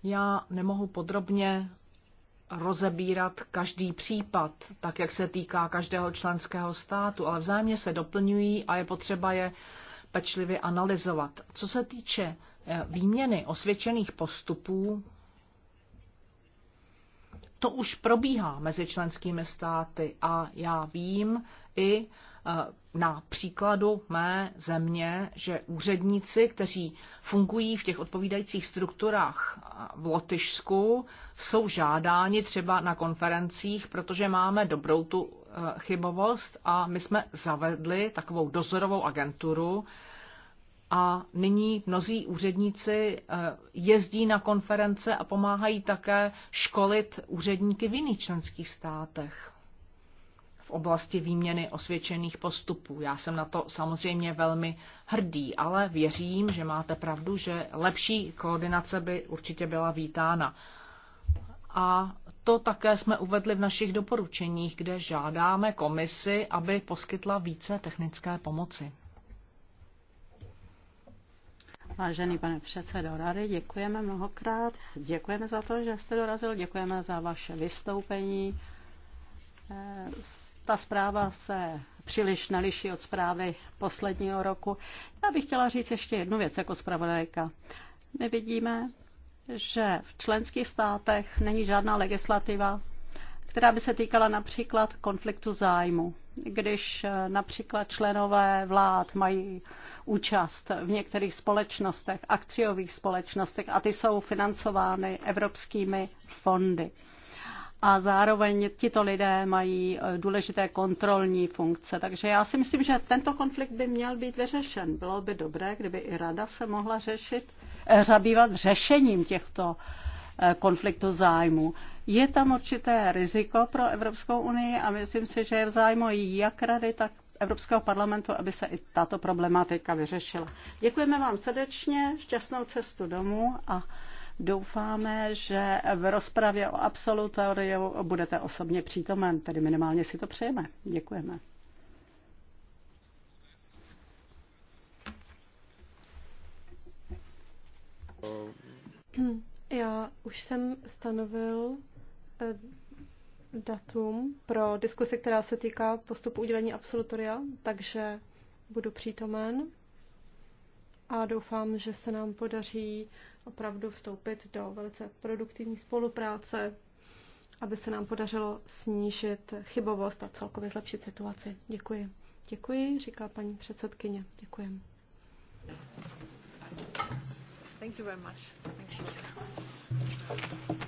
Já nemohu podrobně rozebírat každý případ, tak jak se týká každého členského státu, ale vzájemně se doplňují a je potřeba je pečlivě analyzovat. Co se týče eh, výměny osvědčených postupů, to už probíhá mezi členskými státy a já vím i Eh, na příkladu mé země, že úředníci, kteří fungují v těch odpovídajících strukturách eh, v Lotyšsku, jsou žádáni třeba na konferencích, protože máme dobrou tu eh, chybovost a my jsme zavedli takovou dozorovou agenturu, a nyní mnozí úředníci jezdí na konference a pomáhají také školit úředníky v jiných členských státech v oblasti výměny osvědčených postupů. Já jsem na to samozřejmě velmi hrdý, ale věřím, že máte pravdu, že lepší koordinace by určitě byla vítána. A to také jsme uvedli v našich doporučeních, kde žádáme komisi, aby poskytla více technické pomoci. Vážený pane předsedo Rady, děkujeme mnohokrát. Děkujeme za to, že jste dorazil, děkujeme za vaše vystoupení. Eh, ta zpráva se příliš neliší od zprávy posledního roku. Já bych chtěla říct ještě jednu věc jako zpravodajka. My vidíme, že v členských státech není žádná legislativa, která by se týkala například konfliktu zájmu. Když eh, například členové vlád mají účast v některých společnostech, akciových společnostech a ty jsou financovány evropskými fondy a zároveň tito lidé mají eh, důležité kontrolní funkce. Takže já si myslím, že tento konflikt by měl být vyřešen. Bylo by dobré, kdyby i rada se mohla řešit, eh, zabývat řešením těchto eh, konfliktu zájmu. Je tam určité riziko pro Evropskou unii a myslím si, že je v zájmu jak rady, tak Evropského parlamentu, aby se i tato problematika vyřešila. Děkujeme vám srdečně, šťastnou cestu domů a Doufáme, že v rozpravě o absolutoriu budete osobně přítomen, tedy minimálně si to přejeme. Děkujeme. Já už jsem stanovil eh, datum pro diskusi, která se týká postupu udělení absolutoria, takže budu přítomen a doufám, že se nám podaří opravdu vstoupit do velice produktivní spolupráce, aby se nám podařilo snížit chybovost a celkově zlepšit situaci. Děkuji. Děkuji, říká paní předsedkyně. Děkuji. Thank you very much. Thank you.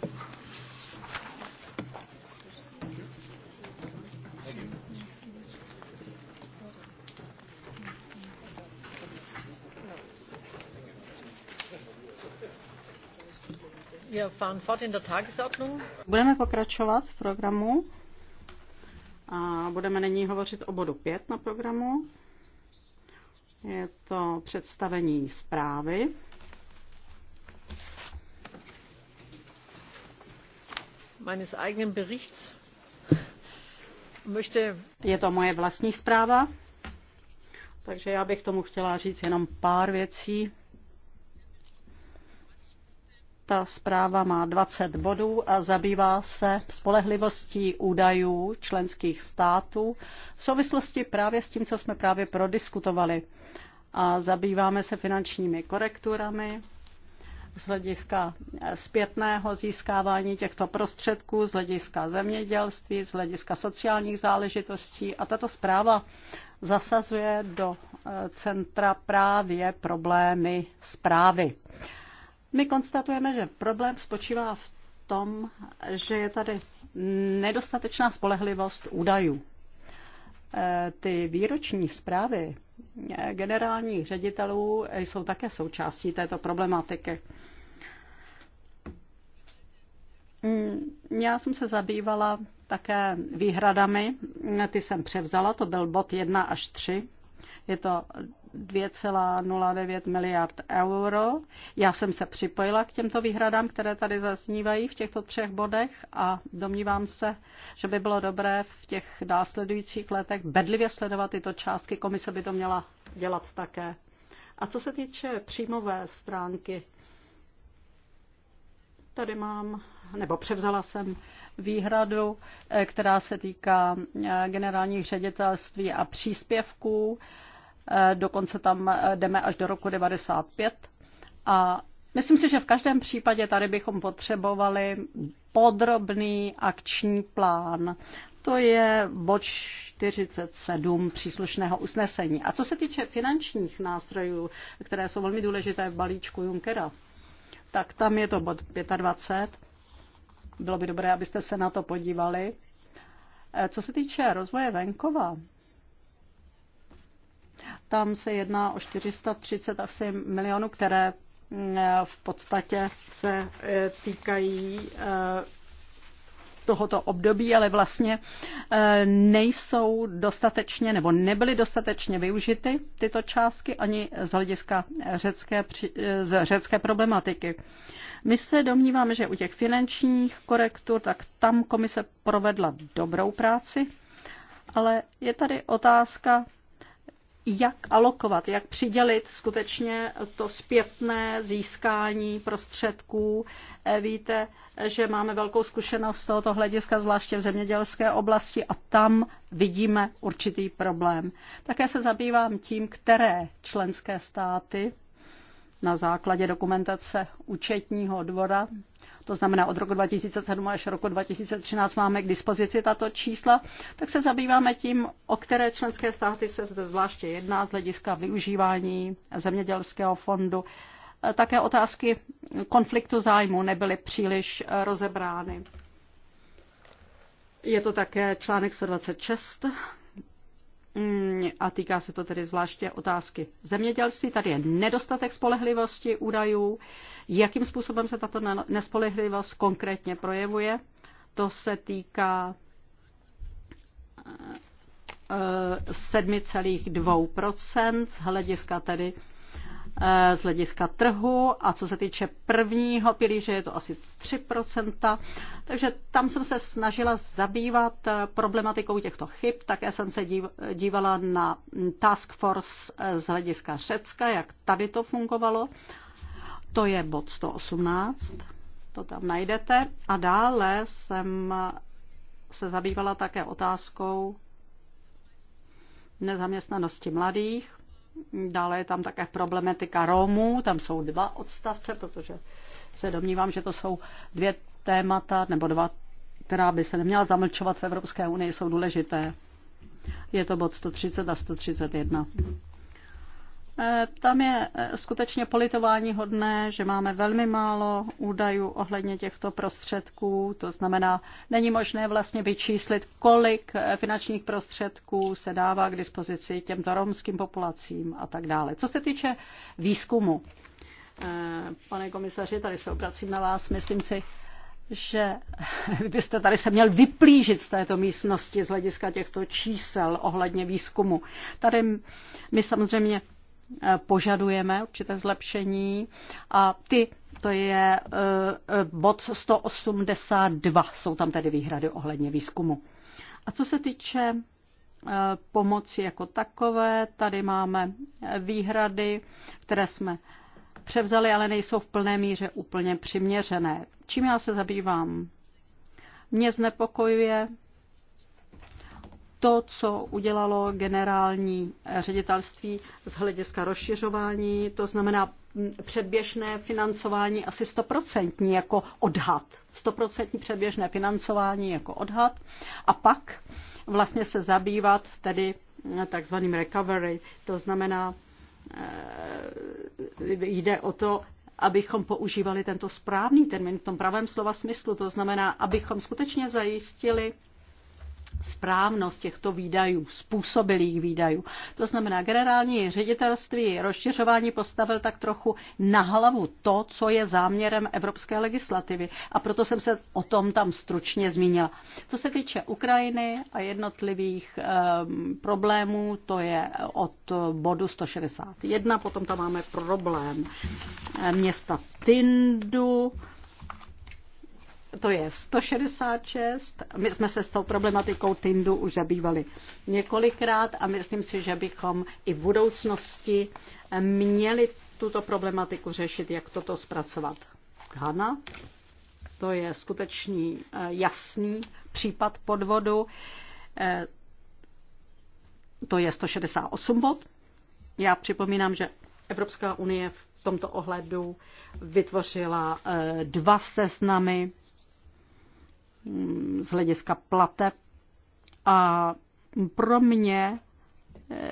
Budeme pokračovat v programu a budeme nyní hovořit o bodu 5 na programu. Je to představení zprávy. Meines eigenen Berichts. Möchte... Je to moje vlastní zpráva, takže já bych tomu chtěla říct jenom pár věcí. Ta zpráva má 20 bodů a zabývá se spolehlivostí údajů členských států v souvislosti právě s tím, co jsme právě prodiskutovali. A zabýváme se finančními korekturami z hlediska zpětného získávání těchto prostředků, z hlediska zemědělství, z hlediska sociálních záležitostí. A tato zpráva zasazuje do eh, centra právě problémy zprávy. My konstatujeme, že problém spočívá v tom, že je tady nedostatečná spolehlivost údajů. E, ty výroční zprávy e, generálních ředitelů jsou také součástí této problematiky. Mm, já jsem se zabývala také výhradami, ty jsem převzala, to byl bod 1 až 3. Je to 2,09 miliard euro. Já jsem se připojila k těmto výhradám, které tady zaznívají v těchto třech bodech a domnívám se, že by bylo dobré v těch následujících letech bedlivě sledovat tyto částky. Komise by to měla dělat také. A co se týče příjmové stránky, tady mám, nebo převzala jsem výhradu, eh, která se týká eh, generálních ředitelství a příspěvků. Eh, dokonce tam eh, jdeme až do roku 95. A myslím si, že v každém případě tady bychom potřebovali podrobný akční plán. To je bod 47 příslušného usnesení. A co se týče finančních nástrojů, které jsou velmi důležité v balíčku Junkera, tak tam je to bod 25. Bylo by dobré, abyste se na to podívali. Eh, co se týče rozvoje venkova, tam se jedná o 430 asi milionů, které mm, v podstatě se e, týkají e, tohoto období, ale vlastně e, nejsou dostatečně nebo nebyly dostatečně využity tyto částky ani z hlediska řecké, z řecké problematiky. My se domníváme, že u těch finančních korektur, tak tam komise provedla dobrou práci, ale je tady otázka jak alokovat, jak přidělit skutečně to zpětné získání prostředků. Eh, víte, že máme velkou zkušenost z tohoto hlediska, zvláště v zemědělské oblasti, a tam vidíme určitý problém. Také se zabývám tím, které členské státy na základě dokumentace účetního dvora to znamená od roku 2007 až roku 2013 máme k dispozici tato čísla, tak se zabýváme tím, o které členské státy se zde zvláště jedná z hlediska využívání zemědělského fondu. E, také otázky konfliktu zájmu nebyly příliš e, rozebrány. Je to také článek 126 Mm, a týká se to tedy zvláště otázky zemědělství. Tady je nedostatek spolehlivosti údajů. Jakým způsobem se tato nespolehlivost konkrétně projevuje? To se týká 7,2 eh, eh, z hlediska tedy Eh, z hlediska trhu a co se týče prvního pilíře je to asi 3%. Takže tam jsem se snažila zabývat eh, problematikou těchto chyb. Také jsem se dívala na task force eh, z hlediska Řecka, jak tady to fungovalo. To je bod 118, to tam najdete. A dále jsem se zabývala také otázkou nezaměstnanosti mladých Dále je tam také problematika Romů, tam jsou dva odstavce, protože se domnívám, že to jsou dvě témata nebo dva, která by se neměla zamlčovat v Evropské unii, jsou důležité. Je to bod 130 a 131. Eh, tam je eh, skutečně politování hodné, že máme velmi málo údajů ohledně těchto prostředků, to znamená, není možné vlastně vyčíslit, kolik eh, finančních prostředků se dává k dispozici těmto romským populacím a tak dále. Co se týče výzkumu, pane komisaři, tady se obracím na vás, myslím si, že byste tady se měl vyplížit z této místnosti z hlediska těchto čísel ohledně výzkumu. Tady my samozřejmě Eh, požadujeme určité zlepšení a ty, to je eh, eh, bod 182, jsou tam tedy výhrady ohledně výzkumu. A co se týče pomoci jako takové, tady máme výhrady, které jsme převzali, ale nejsou v plné míře úplně přiměřené. Čím já se zabývám? Mě znepokojuje to, co udělalo generální ředitelství z hlediska rozšiřování, to znamená předběžné financování asi stoprocentní jako odhad. Stoprocentní předběžné financování jako odhad a pak vlastně se zabývat tedy takzvaným recovery, to znamená, eh, jde o to, abychom používali tento správný termín v tom pravém slova smyslu, to znamená, abychom skutečně zajistili správnost těchto výdajů, způsobilých výdajů. To znamená, generální ředitelství rozšiřování postavil tak trochu na hlavu to, co je záměrem evropské legislativy. A proto jsem se o tom tam stručně zmínila. Co se týče Ukrajiny a jednotlivých um, problémů, to je od bodu 161, potom tam máme problém ehm, města Tindu, to je 166. My jsme se s tou problematikou Tindu už zabývali několikrát a myslím si, že bychom i v budoucnosti měli tuto problematiku řešit, jak toto zpracovat. Hana, to je skutečný eh, jasný případ podvodu. Eh, to je 168 bod. Já připomínám, že Evropská unie v tomto ohledu vytvořila eh, dva seznamy Mm, z hlediska plate. A pro mě eh,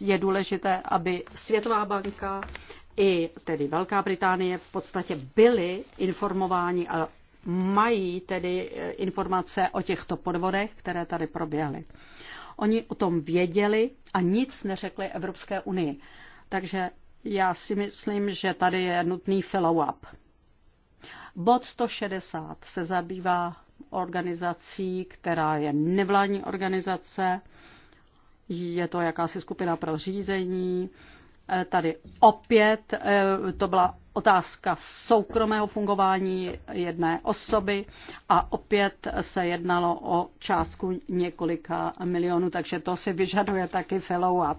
je důležité, aby Světová banka i tedy Velká Británie v podstatě byly informováni a mají tedy eh, informace o těchto podvodech, které tady proběhly. Oni o tom věděli a nic neřekli Evropské unii. Takže já si myslím, že tady je nutný follow-up. Bod 160 se zabývá organizací, která je nevládní organizace. Je to jakási skupina pro řízení. Eh, tady opět eh, to byla otázka soukromého fungování jedné osoby a opět se jednalo o částku několika milionů, takže to si vyžaduje taky follow-up.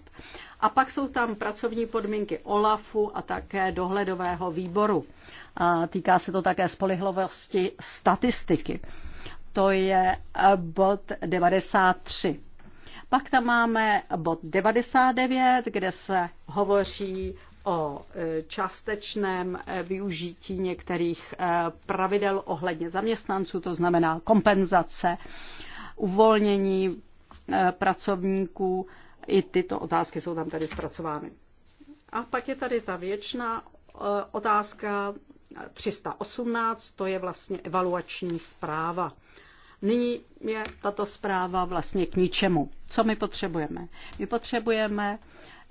A pak jsou tam pracovní podmínky OLAFu a také dohledového výboru. A týká se to také spolehlivosti statistiky. To je eh, bod 93. Pak tam máme bod 99, kde se hovoří o eh, částečném eh, využití některých pravidel ohledně zaměstnanců, to znamená kompenzace, uvolnění pracovníků. I tyto otázky jsou tam tady zpracovány. A pak je tady ta věčná e, otázka 318, to je vlastně evaluační zpráva. Nyní je tato zpráva vlastně k ničemu. Co my potřebujeme? My potřebujeme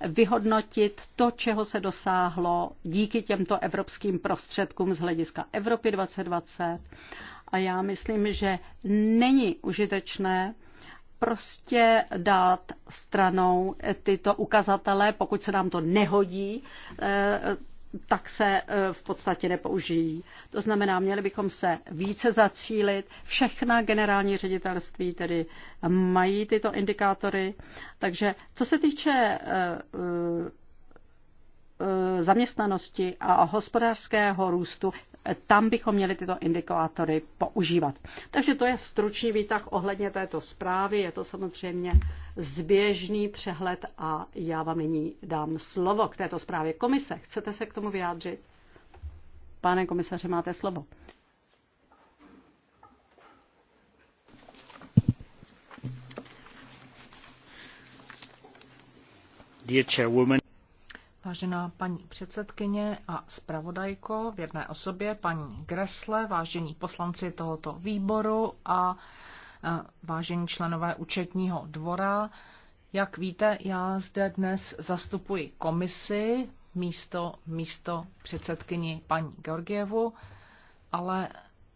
vyhodnotit to, čeho se dosáhlo díky těmto evropským prostředkům z hlediska Evropy 2020. A já myslím, že není užitečné prostě dát stranou tyto ukazatele, pokud se nám to nehodí, eh, tak se eh, v podstatě nepoužijí. To znamená, měli bychom se více zacílit. Všechna generální ředitelství tedy mají tyto indikátory. Takže co se týče eh, Eh, zaměstnanosti a hospodářského růstu, eh, tam bychom měli tyto indikátory používat. Takže to je stručný výtah ohledně této zprávy, je to samozřejmě zběžný přehled a já vám nyní dám slovo k této zprávě komise. Chcete se k tomu vyjádřit? Pane komisaře máte slovo. Dear Chairwoman, Vážená paní předsedkyně a zpravodajko v jedné osobě, paní Gresle, vážení poslanci tohoto výboru a e, vážení členové účetního dvora, jak víte, já zde dnes zastupuji komisi místo, místo předsedkyni paní Georgievu, ale,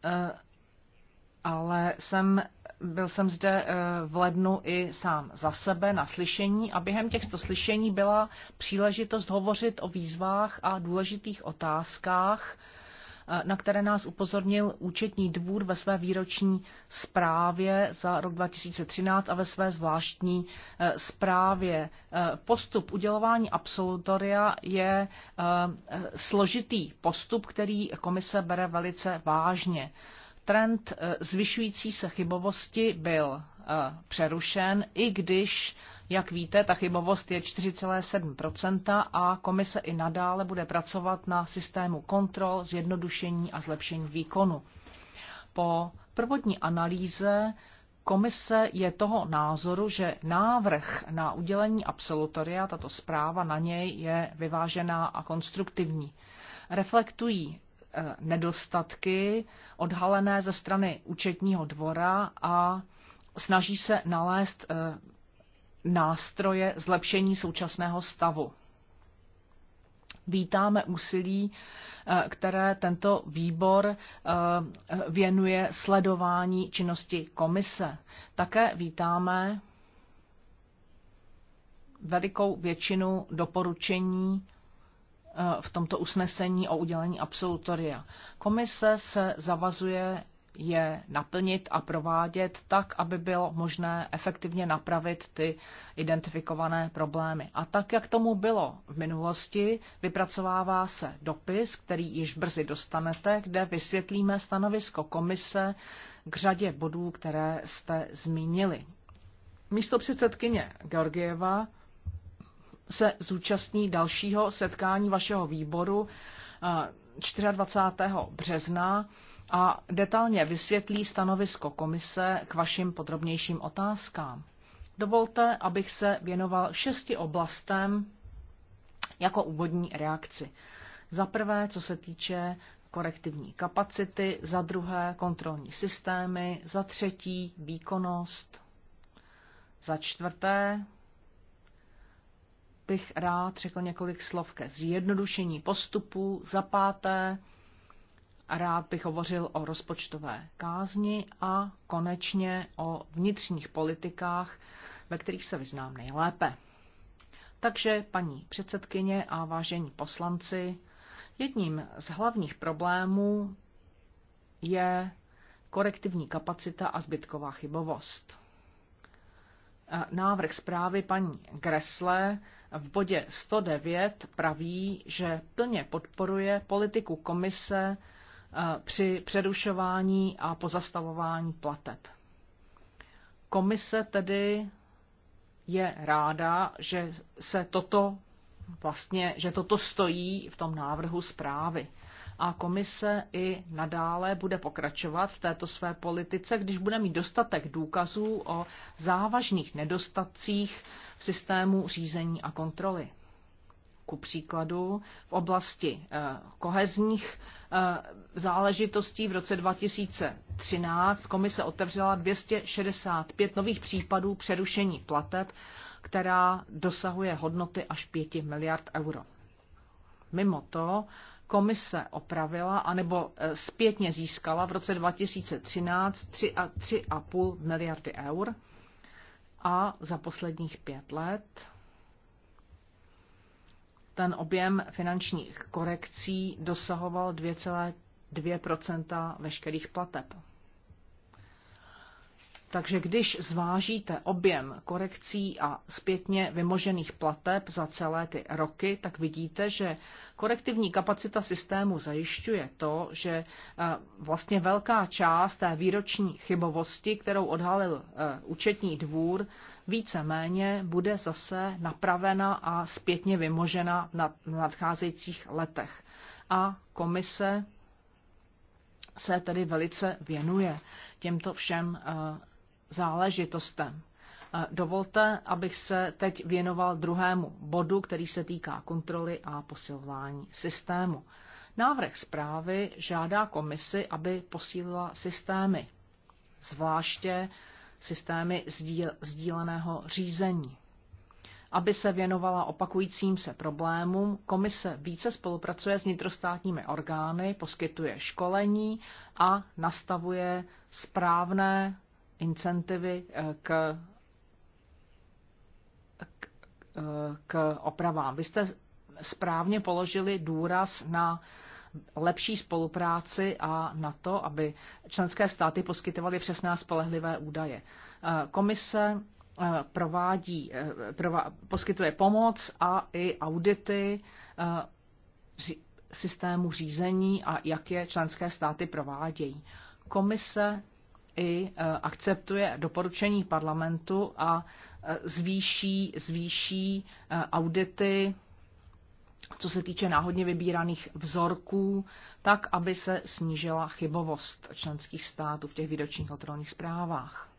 e, ale jsem byl jsem zde eh, v lednu i sám za sebe na slyšení a během těchto slyšení byla příležitost hovořit o výzvách a důležitých otázkách, eh, na které nás upozornil účetní dvůr ve své výroční zprávě za rok 2013 a ve své zvláštní eh, zprávě. Postup udělování absolutoria je složitý postup, který komise bere velice vážně. Trend eh, zvyšující se chybovosti byl eh, přerušen, i když, jak víte, ta chybovost je 4,7 a komise i nadále bude pracovat na systému kontrol, zjednodušení a zlepšení výkonu. Po prvotní analýze komise je toho názoru, že návrh na udělení absolutoria, tato zpráva na něj je vyvážená a konstruktivní. Reflektují Eh, nedostatky odhalené ze strany účetního dvora a snaží se nalézt eh, nástroje zlepšení současného stavu. Vítáme úsilí, eh, které tento výbor věnuje sledování činnosti komise. Také vítáme velikou většinu doporučení v tomto usnesení o udělení absolutoria. Komise se zavazuje je naplnit a provádět tak, aby bylo možné efektivně napravit ty identifikované problémy. A tak, jak tomu bylo v minulosti, vypracovává se dopis, který již brzy dostanete, kde vysvětlíme stanovisko komise k řadě bodů, které jste zmínili. Místo předsedkyně Georgieva se zúčastní dalšího setkání vašeho výboru eh, 24. března a detailně vysvětlí stanovisko komise k vašim podrobnějším otázkám. Dovolte, abych se věnoval šesti oblastem jako úvodní reakci. Za prvé, co se týče korektivní kapacity, za druhé kontrolní systémy, za třetí výkonnost, za čtvrté bych rád řekl několik slov ke zjednodušení postupu. Za páté, rád bych hovořil o rozpočtové kázni a konečně o vnitřních politikách, ve kterých se vyznám nejlépe. Takže, paní předsedkyně a vážení poslanci, jedním z hlavních problémů je korektivní kapacita a zbytková chybovost návrh zprávy paní Gresle v bodě 109 praví, že plně podporuje politiku komise eh, při přerušování a pozastavování plateb. Komise tedy je ráda, že se toto vlastně, že toto stojí v tom návrhu zprávy a komise i nadále bude pokračovat v této své politice, když bude mít dostatek důkazů o závažných nedostatcích v systému řízení a kontroly. Ku příkladu v oblasti eh, kohezních eh, záležitostí v roce 2013 komise otevřela 265 nových případů přerušení plateb, která dosahuje hodnoty až 5 miliard euro. Mimo to komise opravila anebo e, zpětně získala v roce 2013 3,5 miliardy eur a za posledních pět let ten objem finančních korekcí dosahoval 2,2 veškerých plateb. Takže když zvážíte objem korekcí a zpětně vymožených plateb za celé ty roky, tak vidíte, že korektivní kapacita systému zajišťuje to, že eh, vlastně velká část té výroční chybovosti, kterou odhalil eh, účetní dvůr, více-méně bude zase napravena a zpětně vymožena v nadcházejících letech. A komise se tedy velice věnuje těmto všem eh, záležitostem. E, dovolte, abych se teď věnoval druhému bodu, který se týká kontroly a posilování systému. Návrh zprávy žádá komisi, aby posílila systémy, zvláště systémy sdíleného řízení. Aby se věnovala opakujícím se problémům, komise více spolupracuje s vnitrostátními orgány, poskytuje školení a nastavuje správné incentivy eh, k, k, eh, k opravám. Vy jste správně položili důraz na lepší spolupráci a na to, aby členské státy poskytovaly přesná spolehlivé údaje. Eh, komise provádí, prová, poskytuje pomoc a i audity systému řízení a jak je členské státy provádějí. Komise i e, akceptuje doporučení parlamentu a e, zvýší, zvýší e, audity, co se týče náhodně vybíraných vzorků, tak, aby se snížila chybovost členských států v těch výročních kontrolních zprávách.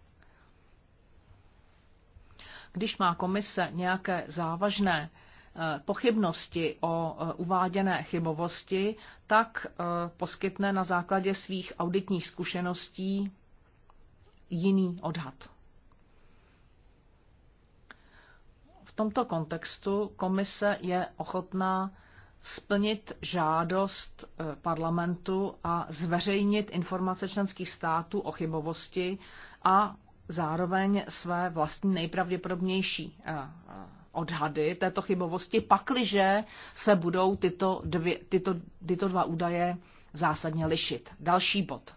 Když má komise nějaké závažné pochybnosti o uváděné chybovosti, tak poskytne na základě svých auditních zkušeností jiný odhad. V tomto kontextu komise je ochotná splnit žádost eh, parlamentu a zveřejnit informace členských států o chybovosti a zároveň své vlastní nejpravděpodobnější eh, eh, odhady této chybovosti, pakliže se budou tyto, dvě, tyto, tyto dva údaje zásadně lišit. Další bod.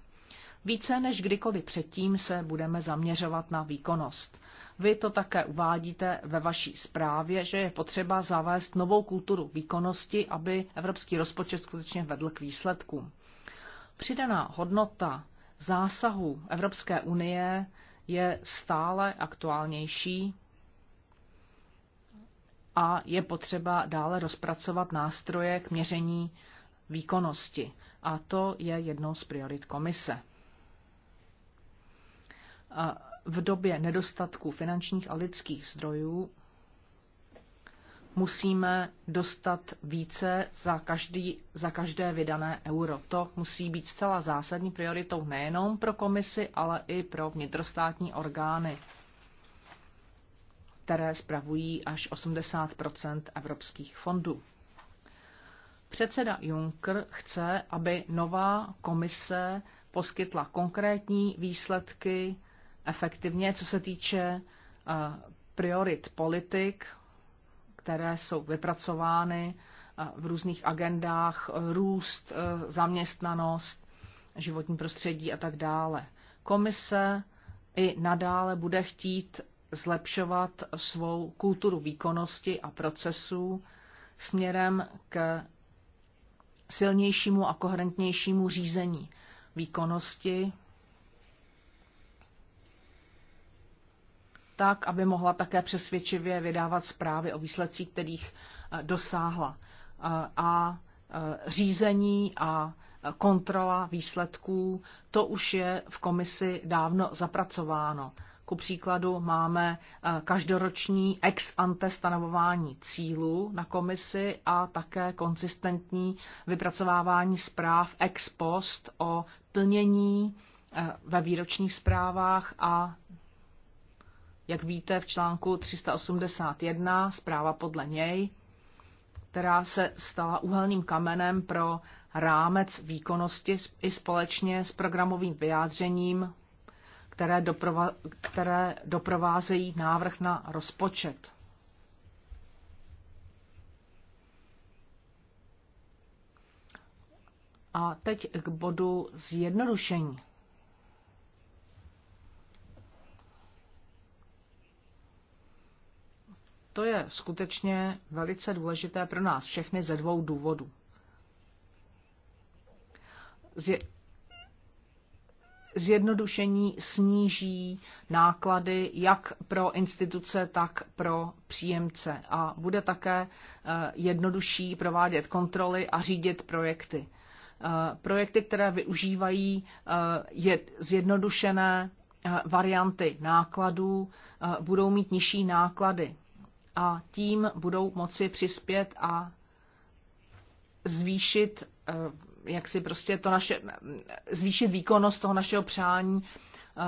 Více než kdykoliv předtím se budeme zaměřovat na výkonnost. Vy to také uvádíte ve vaší zprávě, že je potřeba zavést novou kulturu výkonnosti, aby evropský rozpočet skutečně vedl k výsledkům. Přidaná hodnota zásahu Evropské unie je stále aktuálnější a je potřeba dále rozpracovat nástroje k měření výkonnosti. A to je jednou z priorit komise v době nedostatku finančních a lidských zdrojů musíme dostat více za, každý, za každé vydané euro. To musí být zcela zásadní prioritou nejenom pro komisi, ale i pro vnitrostátní orgány, které spravují až 80 evropských fondů. Předseda Juncker chce, aby nová komise poskytla konkrétní výsledky efektivně, co se týče eh, priorit politik, které jsou vypracovány eh, v různých agendách, eh, růst, zaměstnanost, životní prostředí a tak dále. Komise i nadále bude chtít zlepšovat svou kulturu výkonnosti a procesů směrem k silnějšímu a koherentnějšímu řízení výkonnosti tak, aby mohla také přesvědčivě vydávat zprávy o výsledcích, kterých eh, dosáhla. Eh, a eh, řízení a kontrola výsledků, to už je v komisi dávno zapracováno. Ku příkladu máme každoroční ex ante stanovování cílů na komisi a také konzistentní vypracovávání zpráv ex post o plnění ve výročních zprávách a jak víte, v článku 381 zpráva podle něj, která se stala uhelným kamenem pro rámec výkonnosti i společně s programovým vyjádřením, které, doprova- které doprovázejí návrh na rozpočet. A teď k bodu zjednodušení. To je skutečně velice důležité pro nás všechny ze dvou důvodů. Zje- zjednodušení sníží náklady jak pro instituce, tak pro příjemce a bude také eh, jednodušší provádět kontroly a řídit projekty. Eh, projekty, které využívají eh, zjednodušené varianty nákladů, budou mít nižší náklady a tím budou moci přispět a zvýšit, eh, jak si prostě to naše, zvýšit výkonnost toho našeho přání, eh,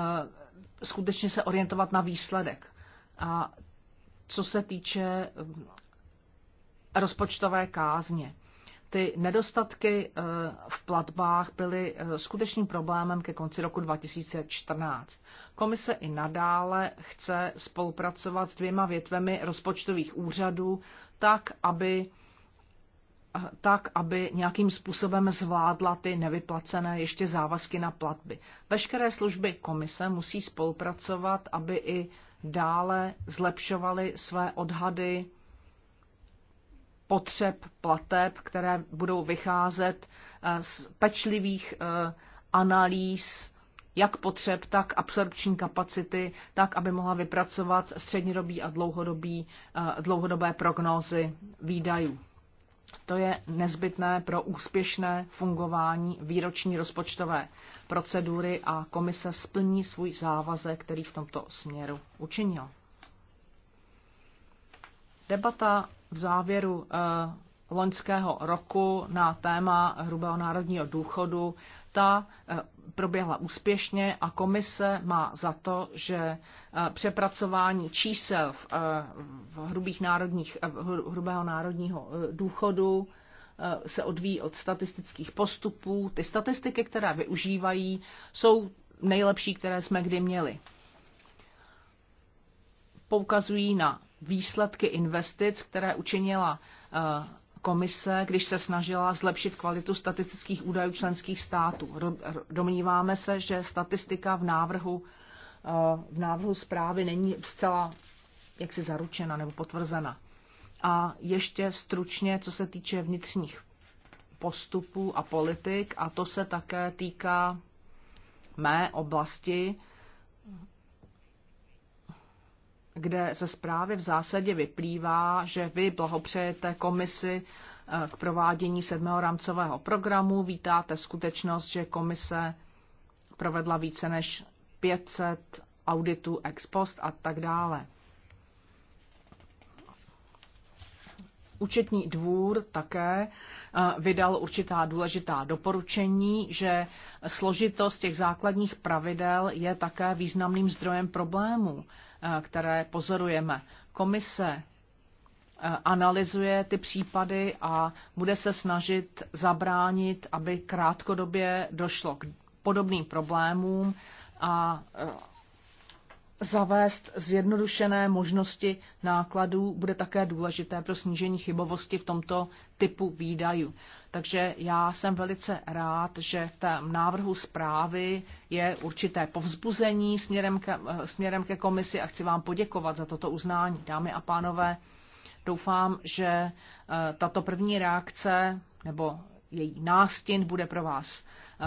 skutečně se orientovat na výsledek. A co se týče eh, rozpočtové kázně ty nedostatky eh, v platbách byly eh, skutečným problémem ke konci roku 2014. Komise i nadále chce spolupracovat s dvěma větvemi rozpočtových úřadů tak, aby eh, tak, aby nějakým způsobem zvládla ty nevyplacené ještě závazky na platby. Veškeré služby komise musí spolupracovat, aby i dále zlepšovaly své odhady potřeb plateb, které budou vycházet eh, z pečlivých eh, analýz jak potřeb, tak absorpční kapacity, tak, aby mohla vypracovat střednědobí a dlouhodobí, eh, dlouhodobé prognózy výdajů. To je nezbytné pro úspěšné fungování výroční rozpočtové procedury a komise splní svůj závazek, který v tomto směru učinil. Debata v závěru eh, loňského roku na téma hrubého národního důchodu. Ta eh, proběhla úspěšně a komise má za to, že eh, přepracování čísel v hrubých národních, v hrubého národního důchodu se odvíjí od statistických postupů. Ty statistiky, které využívají, jsou nejlepší, které jsme kdy měli poukazují na výsledky investic, které učinila eh, komise, když se snažila zlepšit kvalitu statistických údajů členských států. Domníváme se, že statistika v návrhu, eh, v návrhu zprávy není zcela jaksi zaručena nebo potvrzena. A ještě stručně, co se týče vnitřních postupů a politik, a to se také týká mé oblasti, kde ze zprávy v zásadě vyplývá, že vy blahopřejete komisi eh, k provádění sedmého rámcového programu. Vítáte skutečnost, že komise provedla více než 500 auditů ex post a tak dále. Účetní dvůr také eh, vydal určitá důležitá doporučení, že složitost těch základních pravidel je také významným zdrojem problémů. Eh, které pozorujeme. Komise eh, analyzuje ty případy a bude se snažit zabránit, aby krátkodobě došlo k podobným problémům a eh, zavést zjednodušené možnosti nákladů bude také důležité pro snížení chybovosti v tomto typu výdajů. Takže já jsem velice rád, že v tom návrhu zprávy je určité povzbuzení směrem ke, směrem ke komisi a chci vám poděkovat za toto uznání. Dámy a pánové, doufám, že eh, tato první reakce nebo její nástin bude pro vás eh,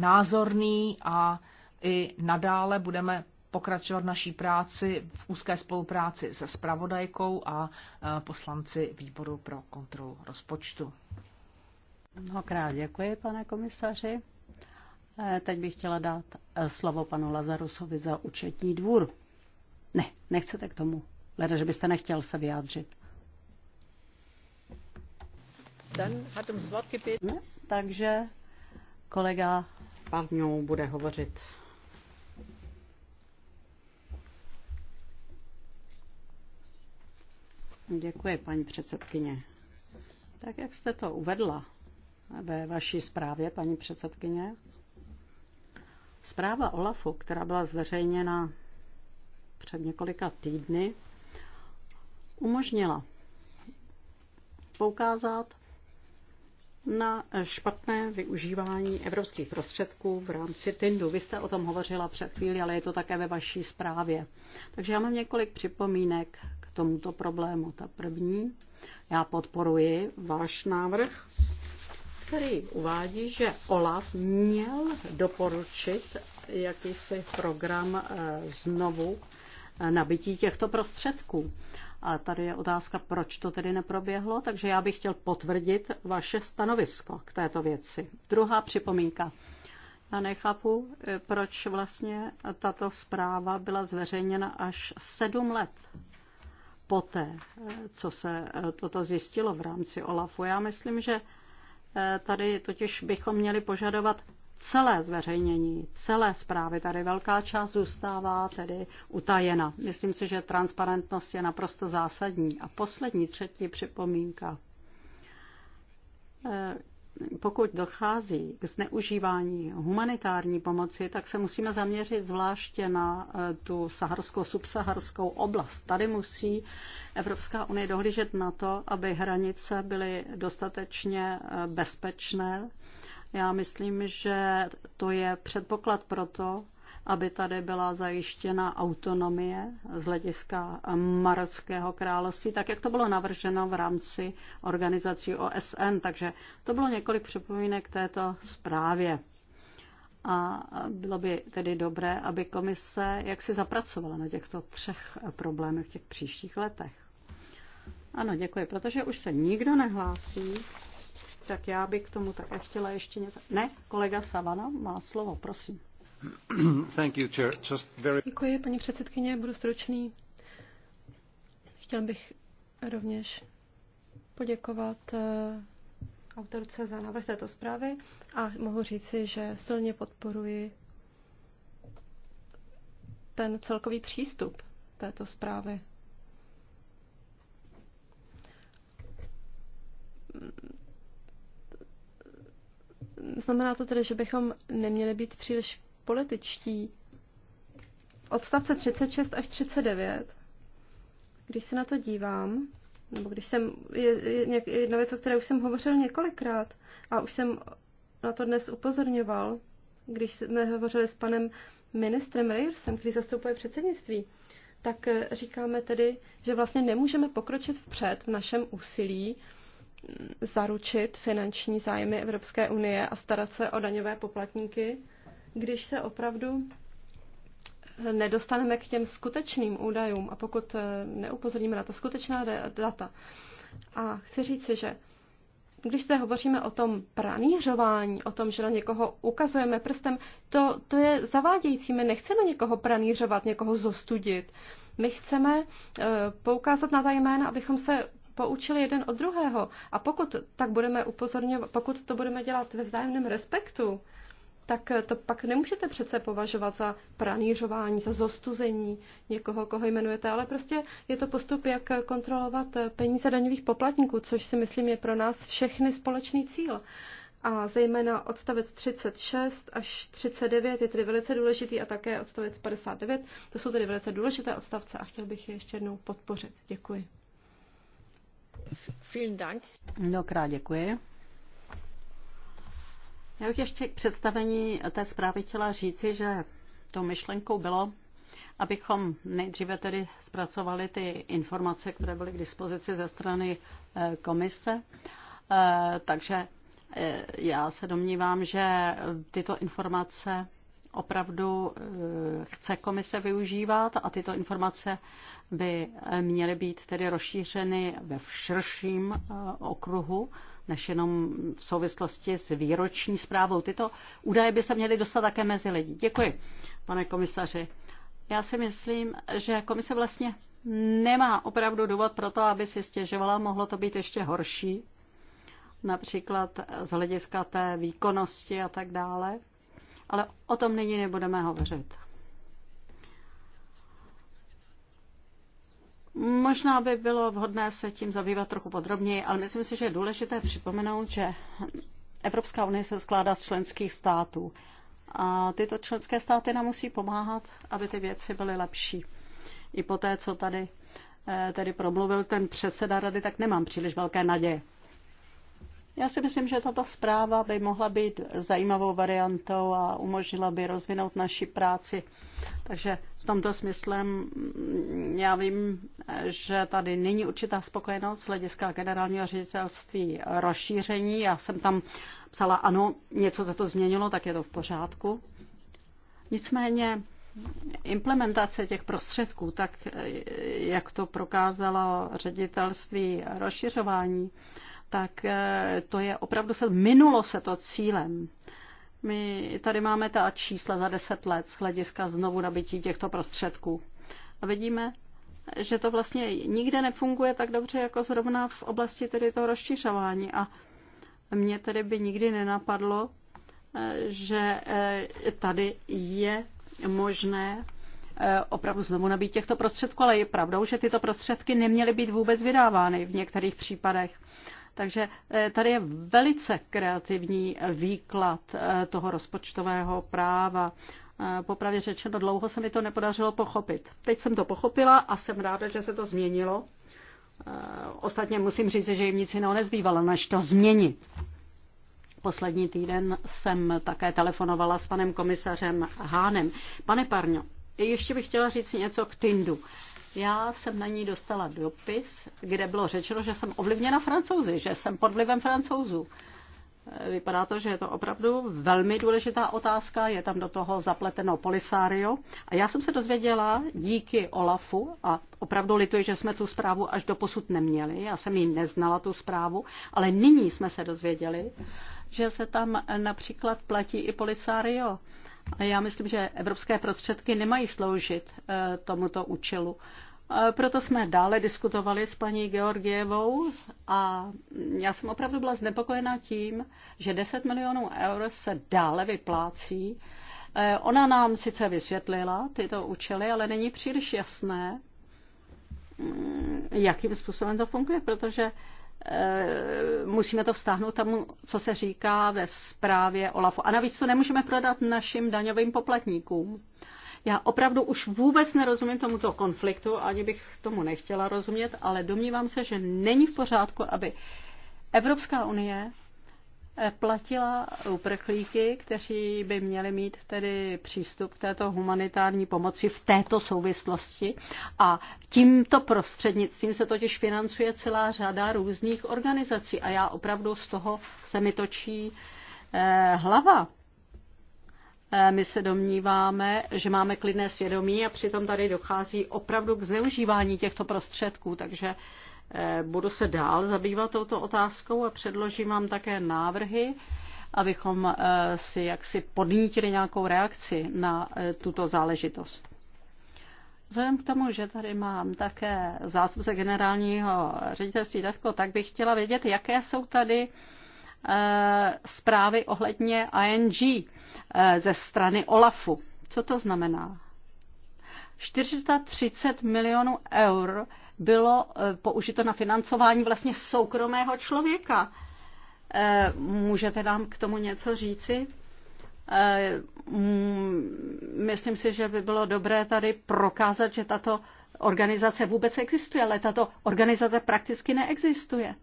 názorný a i nadále budeme pokračovat naší práci v úzké spolupráci se spravodajkou a e, poslanci výboru pro kontrolu rozpočtu. Mnohokrát děkuji, pane komisaři. E, teď bych chtěla dát e, slovo panu Lazarusovi za účetní dvůr. Ne, nechcete k tomu. Leda, že byste nechtěl se vyjádřit. Ne, takže kolega Pavňou bude hovořit Děkuji, paní předsedkyně. Tak jak jste to uvedla ve vaší zprávě, paní předsedkyně, zpráva OLAFu, která byla zveřejněna před několika týdny, umožnila poukázat na špatné využívání evropských prostředků v rámci Tindu. Vy jste o tom hovořila před chvílí, ale je to také ve vaší zprávě. Takže já mám několik připomínek tomuto problému. Ta první, já podporuji váš návrh, který uvádí, že OLAF měl doporučit jakýsi program eh, znovu eh, nabití těchto prostředků. A tady je otázka, proč to tedy neproběhlo, takže já bych chtěl potvrdit vaše stanovisko k této věci. Druhá připomínka. Já nechápu, eh, proč vlastně tato zpráva byla zveřejněna až sedm let poté, co se eh, toto zjistilo v rámci OLAFu. Já myslím, že eh, tady totiž bychom měli požadovat celé zveřejnění, celé zprávy. Tady velká část zůstává tedy utajena. Myslím si, že transparentnost je naprosto zásadní. A poslední, třetí připomínka eh, pokud dochází k zneužívání humanitární pomoci, tak se musíme zaměřit zvláště na eh, tu saharskou, subsaharskou oblast. Tady musí Evropská unie dohlížet na to, aby hranice byly dostatečně eh, bezpečné. Já myslím, že to je předpoklad pro to, aby tady byla zajištěna autonomie z hlediska Marockého království, tak jak to bylo navrženo v rámci organizací OSN. Takže to bylo několik připomínek k této zprávě. A bylo by tedy dobré, aby komise jak si zapracovala na těchto třech problémech v těch příštích letech. Ano, děkuji. Protože už se nikdo nehlásí, tak já bych k tomu také chtěla ještě něco. Ne, kolega Savana má slovo, prosím. Děkuji, paní předsedkyně, budu stručný. Chtěl bych rovněž poděkovat eh, autorce za návrh této zprávy a mohu říci, že silně podporuji ten celkový přístup této zprávy. Znamená to tedy, že bychom neměli být příliš političtí. Odstavce 36 až 39, když se na to dívám, nebo když jsem, je, je jedna věc, o které už jsem hovořil několikrát a už jsem na to dnes upozorňoval, když jsme hovořili s panem ministrem Reyersem, který zastupuje předsednictví, tak eh, říkáme tedy, že vlastně nemůžeme pokročit vpřed v našem úsilí mm, zaručit finanční zájmy Evropské unie a starat se o daňové poplatníky když se opravdu eh, nedostaneme k těm skutečným údajům a pokud eh, neupozorníme na ta skutečná data. A chci říci, že když se hovoříme o tom pranířování, o tom, že na někoho ukazujeme prstem, to, to je zavádějící. My nechceme někoho pranířovat, někoho zostudit. My chceme eh, poukázat na ta jména, abychom se poučili jeden od druhého. A pokud tak budeme upozorňovat, pokud to budeme dělat ve vzájemném respektu, tak eh, to pak nemůžete přece považovat za pranířování, za zostuzení někoho, koho jmenujete, ale prostě je to postup, jak kontrolovat eh, peníze daňových poplatníků, což si myslím je pro nás všechny společný cíl. A zejména odstavec 36 až 39 je tedy velice důležitý a také odstavec 59. To jsou tedy velice důležité odstavce a chtěl bych je ještě jednou podpořit. Děkuji. Vielen Dank. Mnohokrát děkuji. Já bych ještě k představení té zprávy chtěla říci, že tou myšlenkou bylo, abychom nejdříve tedy zpracovali ty informace, které byly k dispozici ze strany eh, komise. Eh, takže eh, já se domnívám, že tyto informace opravdu chce komise využívat a tyto informace by měly být tedy rozšířeny ve širším okruhu než jenom v souvislosti s výroční zprávou. Tyto údaje by se měly dostat také mezi lidi. Děkuji, pane komisaři. Já si myslím, že komise vlastně nemá opravdu důvod pro to, aby si stěžovala. Mohlo to být ještě horší, například z hlediska té výkonnosti a tak dále. Ale o tom nyní nebudeme hovořit. Možná by bylo vhodné se tím zabývat trochu podrobněji, ale myslím si, že je důležité připomenout, že Evropská unie se skládá z členských států a tyto členské státy nám musí pomáhat, aby ty věci byly lepší. I po té, co tady eh, tedy promluvil ten předseda rady, tak nemám příliš velké naděje. Já si myslím, že tato zpráva by mohla být zajímavou variantou a umožnila by rozvinout naši práci. Takže v tomto smyslu mm, já vím, že tady není určitá spokojenost z hlediska generálního ředitelství rozšíření. Já jsem tam psala, ano, něco za to změnilo, tak je to v pořádku. Nicméně implementace těch prostředků, tak eh, jak to prokázalo ředitelství rozšiřování, tak eh, to je opravdu se minulo se to cílem. My tady máme ta čísla za deset let z hlediska znovu nabití těchto prostředků. A vidíme, že to vlastně nikde nefunguje tak dobře, jako zrovna v oblasti tedy toho rozšiřování. A mě tedy by nikdy nenapadlo, eh, že eh, tady je možné opravdu znovu nabít těchto prostředků, ale je pravdou, že tyto prostředky neměly být vůbec vydávány v některých případech. Takže eh, tady je velice kreativní eh, výklad eh, toho rozpočtového práva. Popravě řečeno, dlouho se mi to nepodařilo pochopit. Teď jsem to pochopila a jsem ráda, že se to změnilo. Ostatně musím říct, že jim nic jiného nezbývalo, než to změnit. Poslední týden jsem také telefonovala s panem komisařem Hánem. Pane Parňo, ještě bych chtěla říct něco k Tindu. Já jsem na ní dostala dopis, kde bylo řečeno, že jsem ovlivněna francouzi, že jsem pod vlivem francouzů. E, vypadá to, že je to opravdu velmi důležitá otázka, je tam do toho zapleteno polisario. A já jsem se dozvěděla díky Olafu a opravdu lituji, že jsme tu zprávu až do posud neměli, já jsem ji neznala tu zprávu, ale nyní jsme se dozvěděli, že se tam například platí i polisario. A já myslím, že evropské prostředky nemají sloužit e, tomuto účelu. Proto jsme dále diskutovali s paní Georgievou a já jsem opravdu byla znepokojena tím, že 10 milionů eur se dále vyplácí. Eh, ona nám sice vysvětlila tyto účely, ale není příliš jasné, mm, jakým způsobem to funguje, protože eh, musíme to vztáhnout tomu, co se říká ve zprávě OLAFu. A navíc to nemůžeme prodat našim daňovým poplatníkům. Já opravdu už vůbec nerozumím tomuto konfliktu, ani bych tomu nechtěla rozumět, ale domnívám se, že není v pořádku, aby Evropská unie eh, platila uprchlíky, kteří by měli mít tedy přístup k této humanitární pomoci v této souvislosti. A tímto prostřednictvím se totiž financuje celá řada různých organizací. A já opravdu z toho se mi točí eh, hlava. Eh, my se domníváme, že máme klidné svědomí a přitom tady dochází opravdu k zneužívání těchto prostředků, takže eh, budu se dál zabývat touto otázkou a předložím vám také návrhy, abychom eh, si jaksi podnítili nějakou reakci na tuto záležitost. Vzhledem k tomu, že tady mám také zástupce generálního ředitelství DEFCO, tak bych chtěla vědět, jaké jsou tady zprávy ohledně ING Eh, ze strany OLAFu. Co to znamená? 430 milionů eur bylo eh, použito na financování vlastně soukromého člověka. Eh, můžete nám k tomu něco říci? Mm, myslím si, že by bylo dobré tady prokázat, že tato organizace vůbec existuje, ale tato organizace prakticky neexistuje.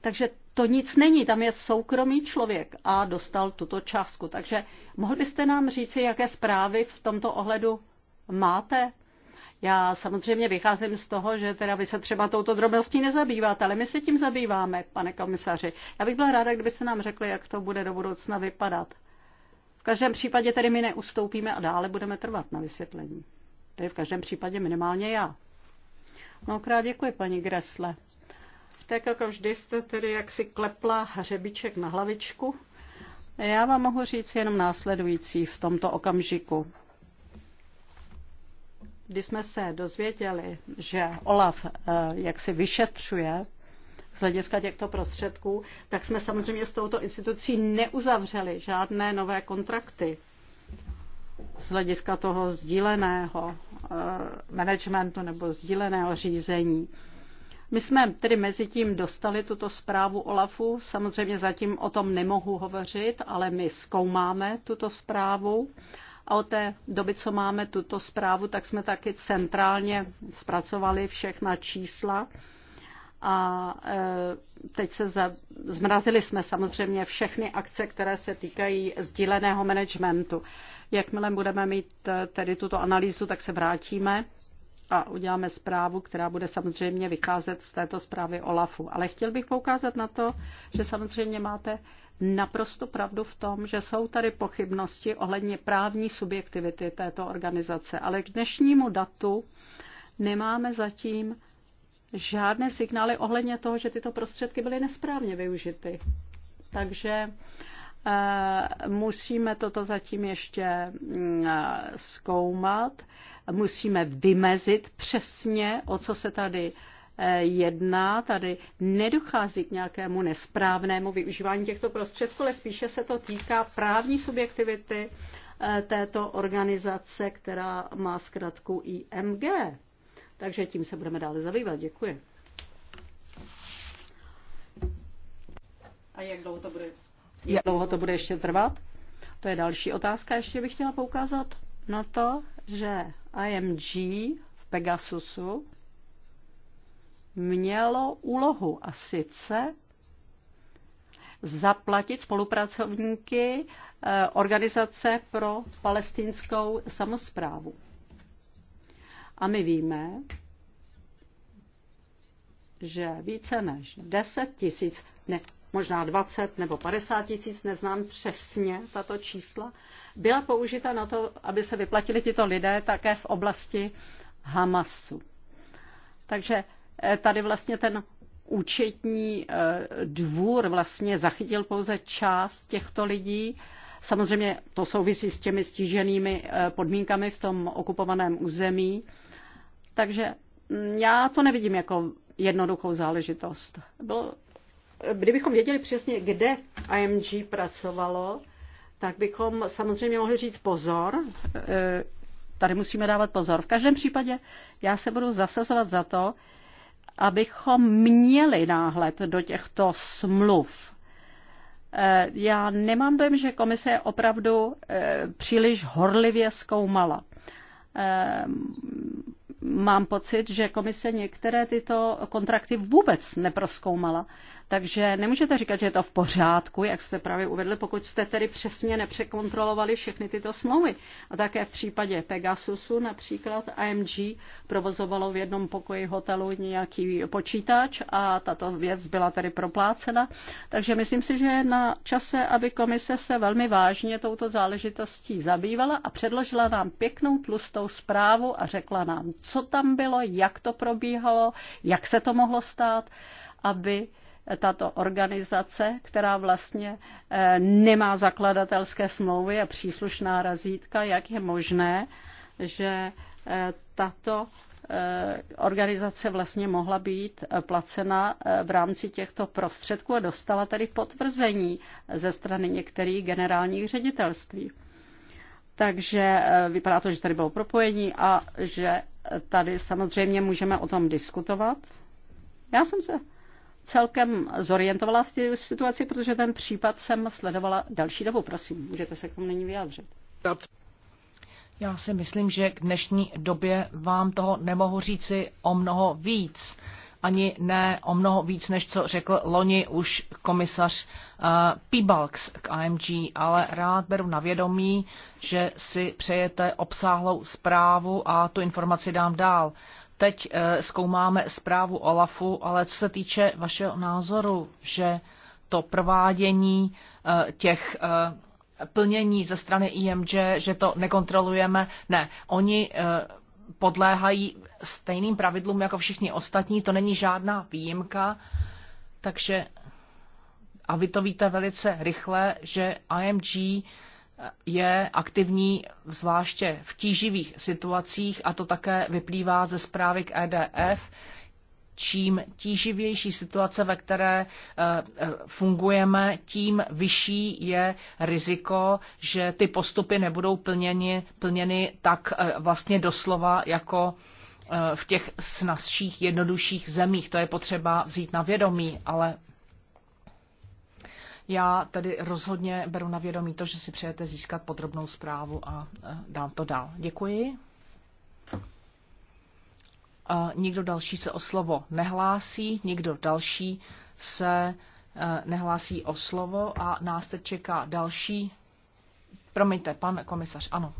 Takže to nic není, tam je soukromý člověk a dostal tuto částku. Takže mohli byste nám říci, jaké zprávy v tomto ohledu máte? Já samozřejmě vycházím z toho, že teda vy se třeba touto drobností nezabýváte, ale my se tím zabýváme, pane komisaři. Já bych byla ráda, kdybyste nám řekli, jak to bude do budoucna vypadat. V každém případě tedy my neustoupíme a dále budeme trvat na vysvětlení. Tedy v každém případě minimálně já. Mnohokrát děkuji, paní Gresle. Tak jako vždy jste tedy jaksi klepla hřebiček na hlavičku. Já vám mohu říct jenom následující v tomto okamžiku. Když jsme se dozvěděli, že Olaf eh, jaksi vyšetřuje z hlediska těchto prostředků, tak jsme samozřejmě s touto institucí neuzavřeli žádné nové kontrakty z hlediska toho sdíleného eh, managementu nebo sdíleného řízení. My jsme tedy mezi tím dostali tuto zprávu OLAFu. Samozřejmě zatím o tom nemohu hovořit, ale my zkoumáme tuto zprávu. A od té doby, co máme tuto zprávu, tak jsme taky centrálně zpracovali všechna čísla. A e, teď se za, zmrazili jsme samozřejmě všechny akce, které se týkají sdíleného managementu. Jakmile budeme mít e, tedy tuto analýzu, tak se vrátíme a uděláme zprávu, která bude samozřejmě vycházet z této zprávy OLAFu. Ale chtěl bych poukázat na to, že samozřejmě máte naprosto pravdu v tom, že jsou tady pochybnosti ohledně právní subjektivity této organizace. Ale k dnešnímu datu nemáme zatím žádné signály ohledně toho, že tyto prostředky byly nesprávně využity. Takže eh, musíme toto zatím ještě mm, eh, zkoumat musíme vymezit přesně, o co se tady eh, jedná. Tady nedochází k nějakému nesprávnému využívání těchto prostředků, ale spíše se to týká právní subjektivity eh, této organizace, která má zkratku IMG. Takže tím se budeme dále zabývat. Děkuji. A jak dlouho to bude, jak dlouho to bude ještě trvat? To je další otázka. Ještě bych chtěla poukázat na no to, že IMG v Pegasusu mělo úlohu a sice zaplatit spolupracovníky eh, Organizace pro palestinskou samozprávu. A my víme, že více než 10 tisíc, ne, možná 20 nebo 50 tisíc, neznám přesně tato čísla, byla použita na to, aby se vyplatili tito lidé také v oblasti Hamasu. Takže eh, tady vlastně ten účetní eh, dvůr vlastně zachytil pouze část těchto lidí. Samozřejmě to souvisí s těmi stíženými eh, podmínkami v tom okupovaném území. Takže mm, já to nevidím jako jednoduchou záležitost. Bylo kdybychom věděli přesně, kde IMG pracovalo, tak bychom samozřejmě mohli říct pozor, e, tady musíme dávat pozor. V každém případě já se budu zasazovat za to, abychom měli náhled do těchto smluv. E, já nemám dojem, že komise je opravdu e, příliš horlivě zkoumala. Mám pocit, že komise některé tyto kontrakty vůbec neproskoumala. Takže nemůžete říkat, že je to v pořádku, jak jste právě uvedli, pokud jste tedy přesně nepřekontrolovali všechny tyto smlouvy. A také v případě Pegasusu například AMG provozovalo v jednom pokoji hotelu nějaký počítač a tato věc byla tedy proplácena. Takže myslím si, že je na čase, aby komise se velmi vážně touto záležitostí zabývala a předložila nám pěknou tlustou zprávu a řekla nám, co tam bylo, jak to probíhalo, jak se to mohlo stát, aby tato organizace, která vlastně eh, nemá zakladatelské smlouvy a příslušná razítka, jak je možné, že eh, tato eh, organizace vlastně mohla být placena v rámci těchto prostředků a dostala tedy potvrzení ze strany některých generálních ředitelství. Takže vypadá to, že tady bylo propojení a že tady samozřejmě můžeme o tom diskutovat. Já jsem se celkem zorientovala v té situaci, protože ten případ jsem sledovala další dobu. Prosím, můžete se k tomu nyní vyjádřit. Já si myslím, že k dnešní době vám toho nemohu říci o mnoho víc. Ani ne o mnoho víc, než co řekl loni už komisař uh, eh, Pibalks k AMG, ale rád beru na vědomí, že si přejete obsáhlou zprávu a tu informaci dám dál. Teď eh, zkoumáme zprávu OLAFu, ale co se týče vašeho názoru, že to provádění eh, těch eh, plnění ze strany IMG, že to nekontrolujeme, ne, oni podléhají stejným pravidlům jako všichni ostatní, to není žádná výjimka, takže a vy to víte velice rychle, že IMG je aktivní zvláště v tíživých situacích a to také vyplývá ze zprávy k EDF. Čím tíživější situace, ve které eh, fungujeme, tím vyšší je riziko, že ty postupy nebudou plněny, plněny tak eh, vlastně doslova jako eh, v těch snazších, jednodušších zemích. To je potřeba vzít na vědomí, ale já tedy rozhodně beru na vědomí to, že si přejete získat podrobnou zprávu a e, dám to dál. Děkuji. E, nikdo další se o slovo nehlásí, nikdo další se e, nehlásí o slovo a nás teď čeká další. Promiňte, pan komisař, ano.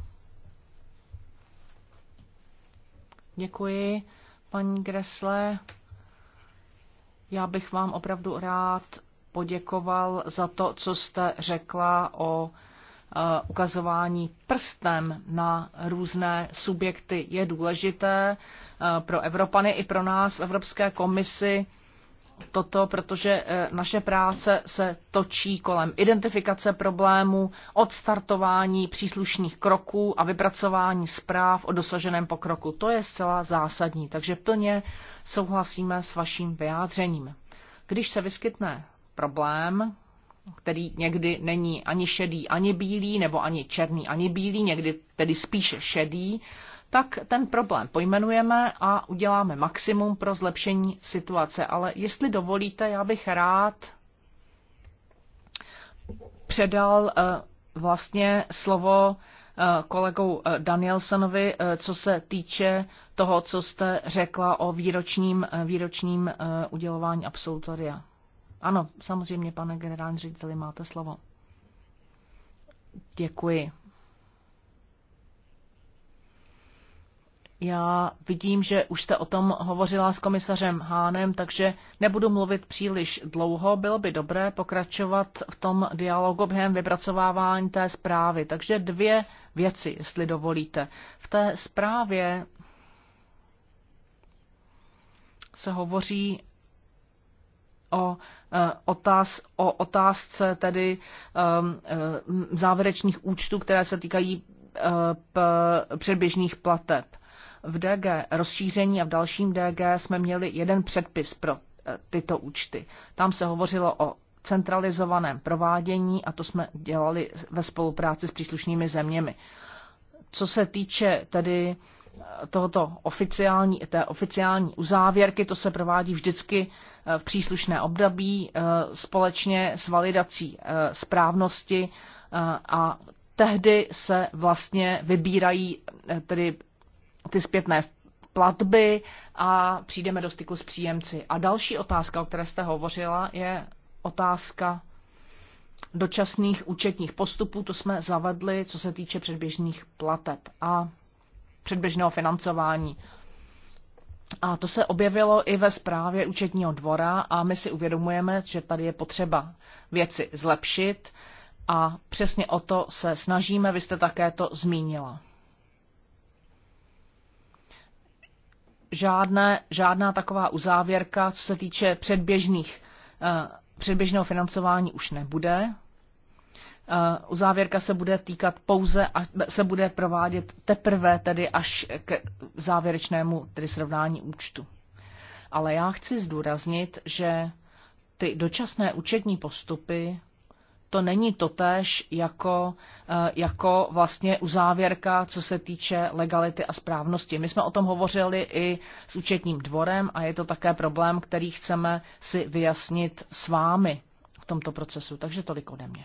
Děkuji, paní Gresle. Já bych vám opravdu rád poděkoval za to, co jste řekla o e, ukazování prstem na různé subjekty je důležité e, pro Evropany i pro nás v Evropské komisi toto, protože e, naše práce se točí kolem identifikace problémů, odstartování příslušných kroků a vypracování zpráv o dosaženém pokroku. To je zcela zásadní, takže plně souhlasíme s vaším vyjádřením. Když se vyskytne problém, který někdy není ani šedý, ani bílý, nebo ani černý, ani bílý, někdy tedy spíše šedý, tak ten problém pojmenujeme a uděláme maximum pro zlepšení situace. Ale jestli dovolíte, já bych rád předal eh, vlastně slovo eh, kolegou eh, Danielsonovi, co se týče toho, co jste řekla o výročním, výročním udělování absolutoria. Ano, samozřejmě, pane generální řediteli, máte slovo. Děkuji. Já vidím, že už jste o tom hovořila s komisařem Hánem, takže nebudu mluvit příliš dlouho. Bylo by dobré pokračovat v tom dialogu během vypracovávání té zprávy. Takže dvě věci, jestli dovolíte. V té zprávě se hovoří o, e, otáz, o otázce tedy e, e, závěrečných účtů, které se týkají předběžných plateb. V DG rozšíření a v dalším DG jsme měli jeden předpis pro tyto účty. Tam se hovořilo o centralizovaném provádění a to jsme dělali ve spolupráci s příslušnými zeměmi. Co se týče tedy uh, tohoto oficiální, té oficiální uzávěrky, to se provádí vždycky eh, v příslušné období eh, společně s validací eh, správnosti a tehdy se vlastně vybírají tedy ty zpětné platby a přijdeme do styku s příjemci. A další otázka, o které jste hovořila, je otázka dočasných účetních postupů. To jsme zavedli, co se týče předběžných plateb. A předběžného financování. A to se objevilo i ve zprávě účetního dvora a my si uvědomujeme, že tady je potřeba věci zlepšit a přesně o to se snažíme, vy jste také to zmínila. Žádné, žádná taková uzávěrka, co se týče předběžných, eh, předběžného financování, už nebude. Eh, uzávěrka se bude týkat pouze a se bude provádět teprve tedy až k závěrečnému tedy srovnání účtu. Ale já chci zdůraznit, že ty dočasné účetní postupy to není totéž jako, eh, jako vlastně uzávěrka, co se týče legality a správnosti. My jsme o tom hovořili i s účetním dvorem a je to také problém, který chceme si vyjasnit s vámi v tomto procesu. Takže tolik ode mě.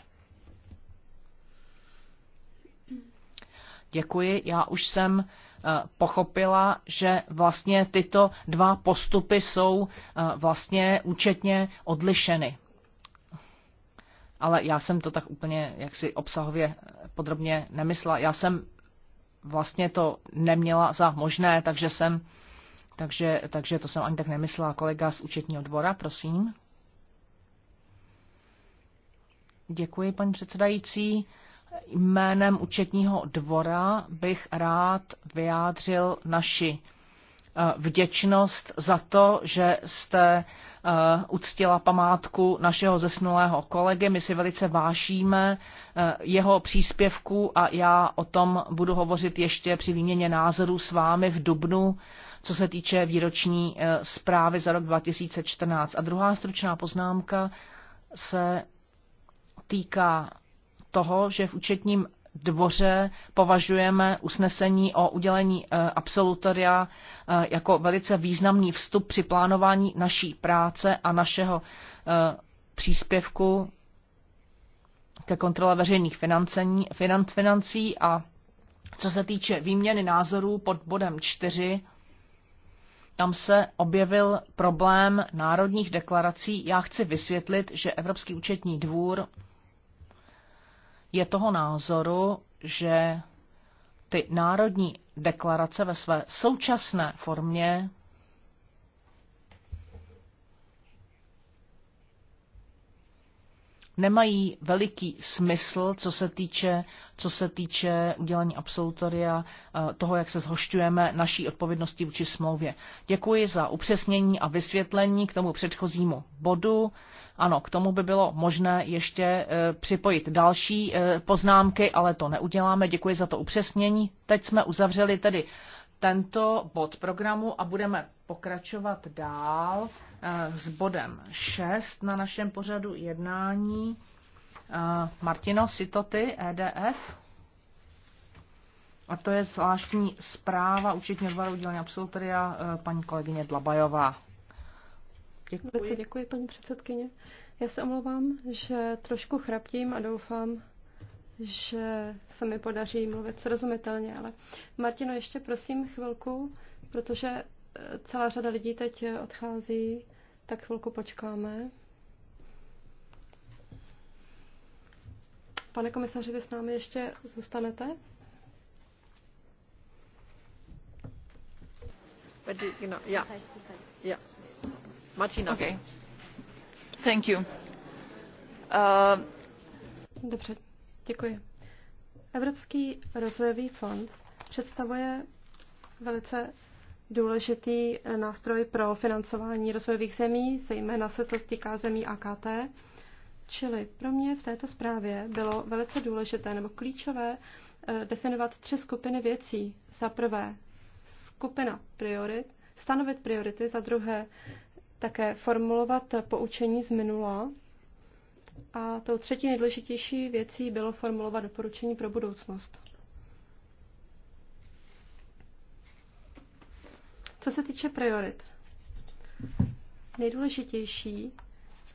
Děkuji. Já už jsem eh, pochopila, že vlastně tyto dva postupy jsou eh, vlastně účetně odlišeny. Ale já jsem to tak úplně jaksi obsahově eh, podrobně nemyslela. Já jsem vlastně to neměla za možné, takže jsem, takže, takže to jsem ani tak nemyslela. Kolega z účetního dvora, prosím. Děkuji, paní předsedající jménem účetního dvora bych rád vyjádřil naši eh, vděčnost za to, že jste eh, uctila památku našeho zesnulého kolegy. My si velice vážíme eh, jeho příspěvku a já o tom budu hovořit ještě při výměně názorů s vámi v Dubnu, co se týče výroční zprávy za rok 2014. A druhá stručná poznámka se týká toho, že v účetním dvoře považujeme usnesení o udělení eh, absolutoria eh, jako velice významný vstup při plánování naší práce a našeho eh, příspěvku ke kontrole veřejných financí, a co se týče výměny názorů pod bodem 4, tam se objevil problém národních deklarací. Já chci vysvětlit, že Evropský účetní dvůr je toho názoru, že ty národní deklarace ve své současné formě nemají veliký smysl, co se týče, co se týče udělení absolutoria, eh, toho, jak se zhošťujeme naší odpovědnosti vůči smlouvě. Děkuji za upřesnění a vysvětlení k tomu předchozímu bodu. Ano, k tomu by bylo možné ještě eh, připojit další eh, poznámky, ale to neuděláme. Děkuji za to upřesnění. Teď jsme uzavřeli tedy tento bod programu a budeme pokračovat dál. Eh, s bodem 6 na našem pořadu jednání. Eh, Martino Sitoty, EDF. A to je zvláštní zpráva účetního odboru udělení absolutoria eh, paní kolegyně Dlabajová. Děkuji. Vece děkuji, paní předsedkyně. Já se omlouvám, že trošku chraptím a doufám, že se mi podaří mluvit srozumitelně, ale Martino, ještě prosím chvilku, protože celá řada lidí teď odchází tak chvilku počkáme. Pane komisaři, vy s námi ještě zůstanete? Martina. Thank you. Uh, Dobře, děkuji. Evropský rozvojový fond představuje velice důležitý eh, nástroj pro financování rozvojových zemí, zejména se to týká zemí AKT. Čili pro mě v této zprávě bylo velice důležité nebo klíčové eh, definovat tři skupiny věcí. Za prvé skupina priorit, stanovit priority, za druhé také formulovat poučení z minula a tou třetí nejdůležitější věcí bylo formulovat doporučení pro budoucnost. Co se týče priorit, nejdůležitější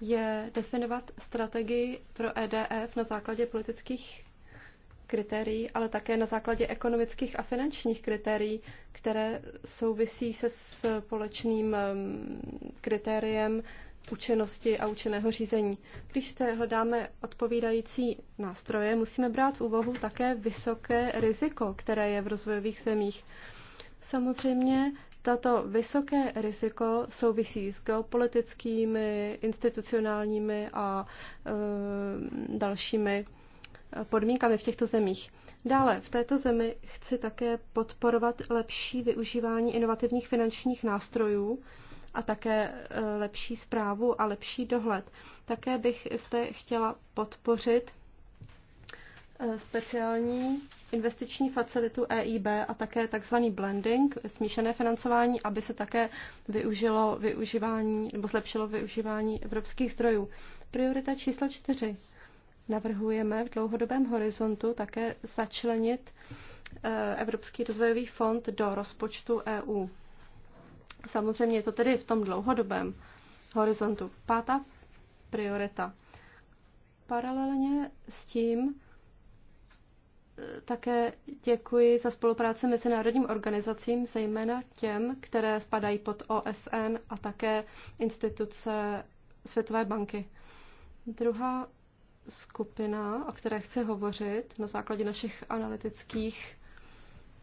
je definovat strategii pro EDF na základě politických kritérií, ale také na základě ekonomických a finančních kritérií, které souvisí se společným um, kritériem účinnosti a účinného řízení. Když se hledáme odpovídající nástroje, musíme brát v úvahu také vysoké riziko, které je v rozvojových zemích. Samozřejmě tato vysoké riziko souvisí s geopolitickými, institucionálními a e, dalšími podmínkami v těchto zemích. Dále v této zemi chci také podporovat lepší využívání inovativních finančních nástrojů a také eh, lepší zprávu a lepší dohled. Také bych zde chtěla podpořit eh, speciální investiční facilitu EIB a také tzv. blending, smíšené financování, aby se také využilo využívání nebo zlepšilo využívání evropských zdrojů. Priorita číslo čtyři. Navrhujeme v dlouhodobém horizontu také začlenit eh, Evropský rozvojový fond do rozpočtu EU. Samozřejmě je to tedy v tom dlouhodobém horizontu. Pátá priorita. Paralelně s tím také děkuji za spolupráci národním organizacím, zejména těm, které spadají pod OSN a také instituce Světové banky. Druhá skupina, o které chci hovořit na základě našich analytických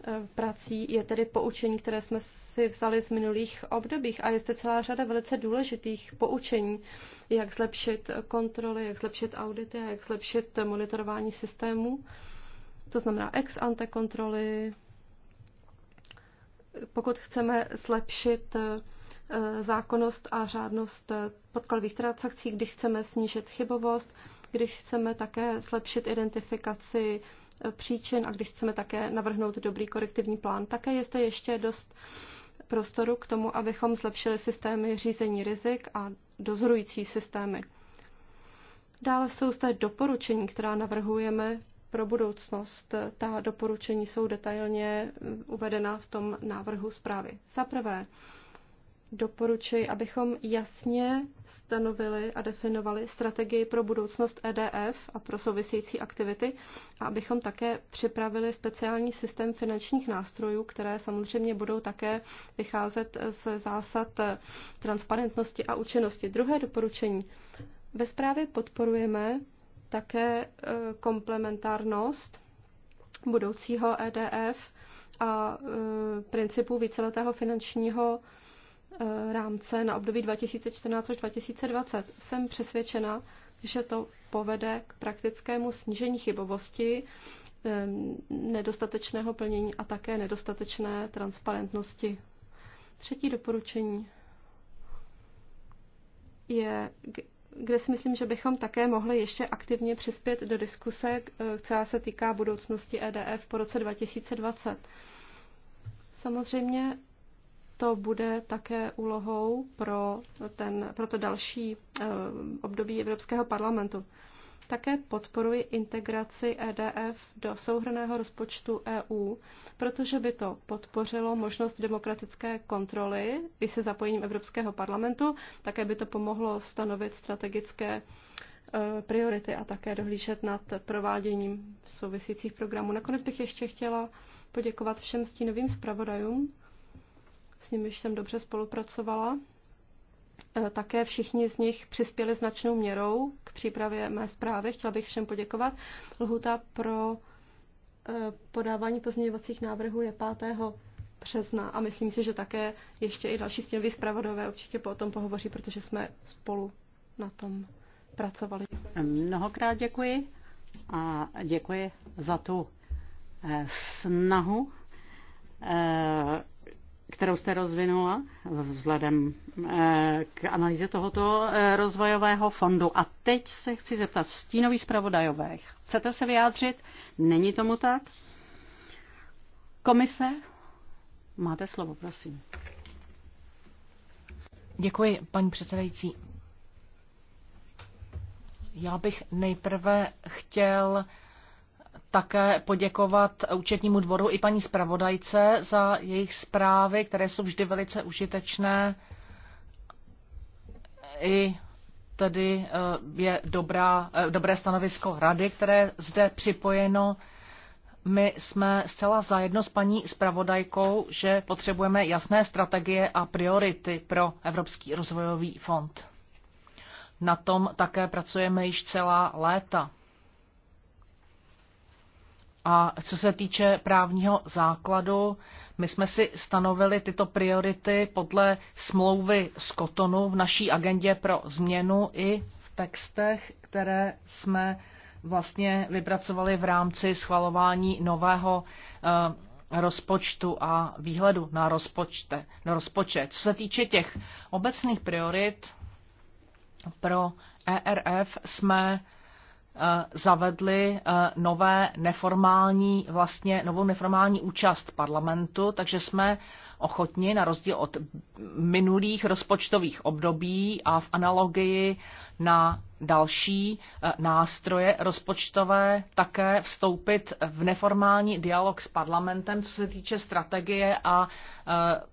eh, prací, je tedy poučení, které jsme si vzali z minulých obdobích a je zde celá řada velice důležitých poučení, jak zlepšit kontroly, jak zlepšit audity, jak zlepšit monitorování systémů to znamená ex ante kontroly. Pokud chceme zlepšit eh, zákonnost a řádnost eh, podkladových transakcí, když chceme snížit chybovost, když chceme také zlepšit identifikaci eh, příčin a když chceme také navrhnout dobrý korektivní plán. Také je zde ještě dost prostoru k tomu, abychom zlepšili systémy řízení rizik a dozorující systémy. Dále jsou zde doporučení, která navrhujeme pro budoucnost. Ta doporučení jsou detailně uvedena v tom návrhu zprávy. Za prvé, doporučuji, abychom jasně stanovili a definovali strategii pro budoucnost EDF a pro související aktivity a abychom také připravili speciální systém finančních nástrojů, které samozřejmě budou také vycházet z zásad transparentnosti a účinnosti. Druhé doporučení. Ve zprávě podporujeme také e, komplementárnost budoucího EDF a e, principu víceletého finančního e, rámce na období 2014 až 2020. Jsem přesvědčena, že to povede k praktickému snížení chybovosti, nedostatečného plnění a také nedostatečné transparentnosti. Třetí doporučení je kde si myslím, že bychom také mohli ještě aktivně přispět do diskuse, která se týká budoucnosti EDF po roce 2020. Samozřejmě to bude také úlohou pro, ten, pro to další eh, období Evropského parlamentu. Také podporuji integraci EDF do souhrného rozpočtu EU, protože by to podpořilo možnost demokratické kontroly i se zapojením Evropského parlamentu. Také by to pomohlo stanovit strategické e, priority a také dohlížet nad prováděním souvisících programů. Nakonec bych ještě chtěla poděkovat všem stínovým zpravodajům, s nimiž jsem dobře spolupracovala. E, také všichni z nich přispěli značnou měrou k přípravě mé zprávy. Chtěla bych všem poděkovat. Lhuta pro e, podávání pozměňovacích návrhů je 5. března a myslím si, že také ještě i další stěnový zpravodové určitě po tom pohovoří, protože jsme spolu na tom pracovali. Mnohokrát děkuji a děkuji za tu e, snahu kterou jste rozvinula vzhledem eh, k analýze tohoto eh, rozvojového fondu. A teď se chci zeptat stínový zpravodajové. Chcete se vyjádřit? Není tomu tak? Komise, máte slovo, prosím. Děkuji, paní předsedající. Já bych nejprve chtěl uh, také poděkovat účetnímu dvoru i paní zpravodajce za jejich zprávy, které jsou vždy velice užitečné. I tedy eh, je dobrá, eh, dobré stanovisko rady, které zde připojeno. My jsme zcela zajedno s paní zpravodajkou, že potřebujeme jasné strategie a priority pro Evropský rozvojový fond. Na tom také pracujeme již celá léta. A co se týče právního základu, my jsme si stanovili tyto priority podle smlouvy z Kotonu v naší agendě pro změnu i v textech, které jsme vlastně vypracovali v rámci schvalování nového eh, rozpočtu a výhledu na, rozpočte, na rozpočet. Co se týče těch obecných priorit pro ERF, jsme Eh, zavedli eh, nové neformální, vlastně novou neformální účast parlamentu, takže jsme ochotni, na rozdíl od minulých rozpočtových období a v analogii na další eh, nástroje rozpočtové, také vstoupit v neformální dialog s parlamentem, co se týče strategie a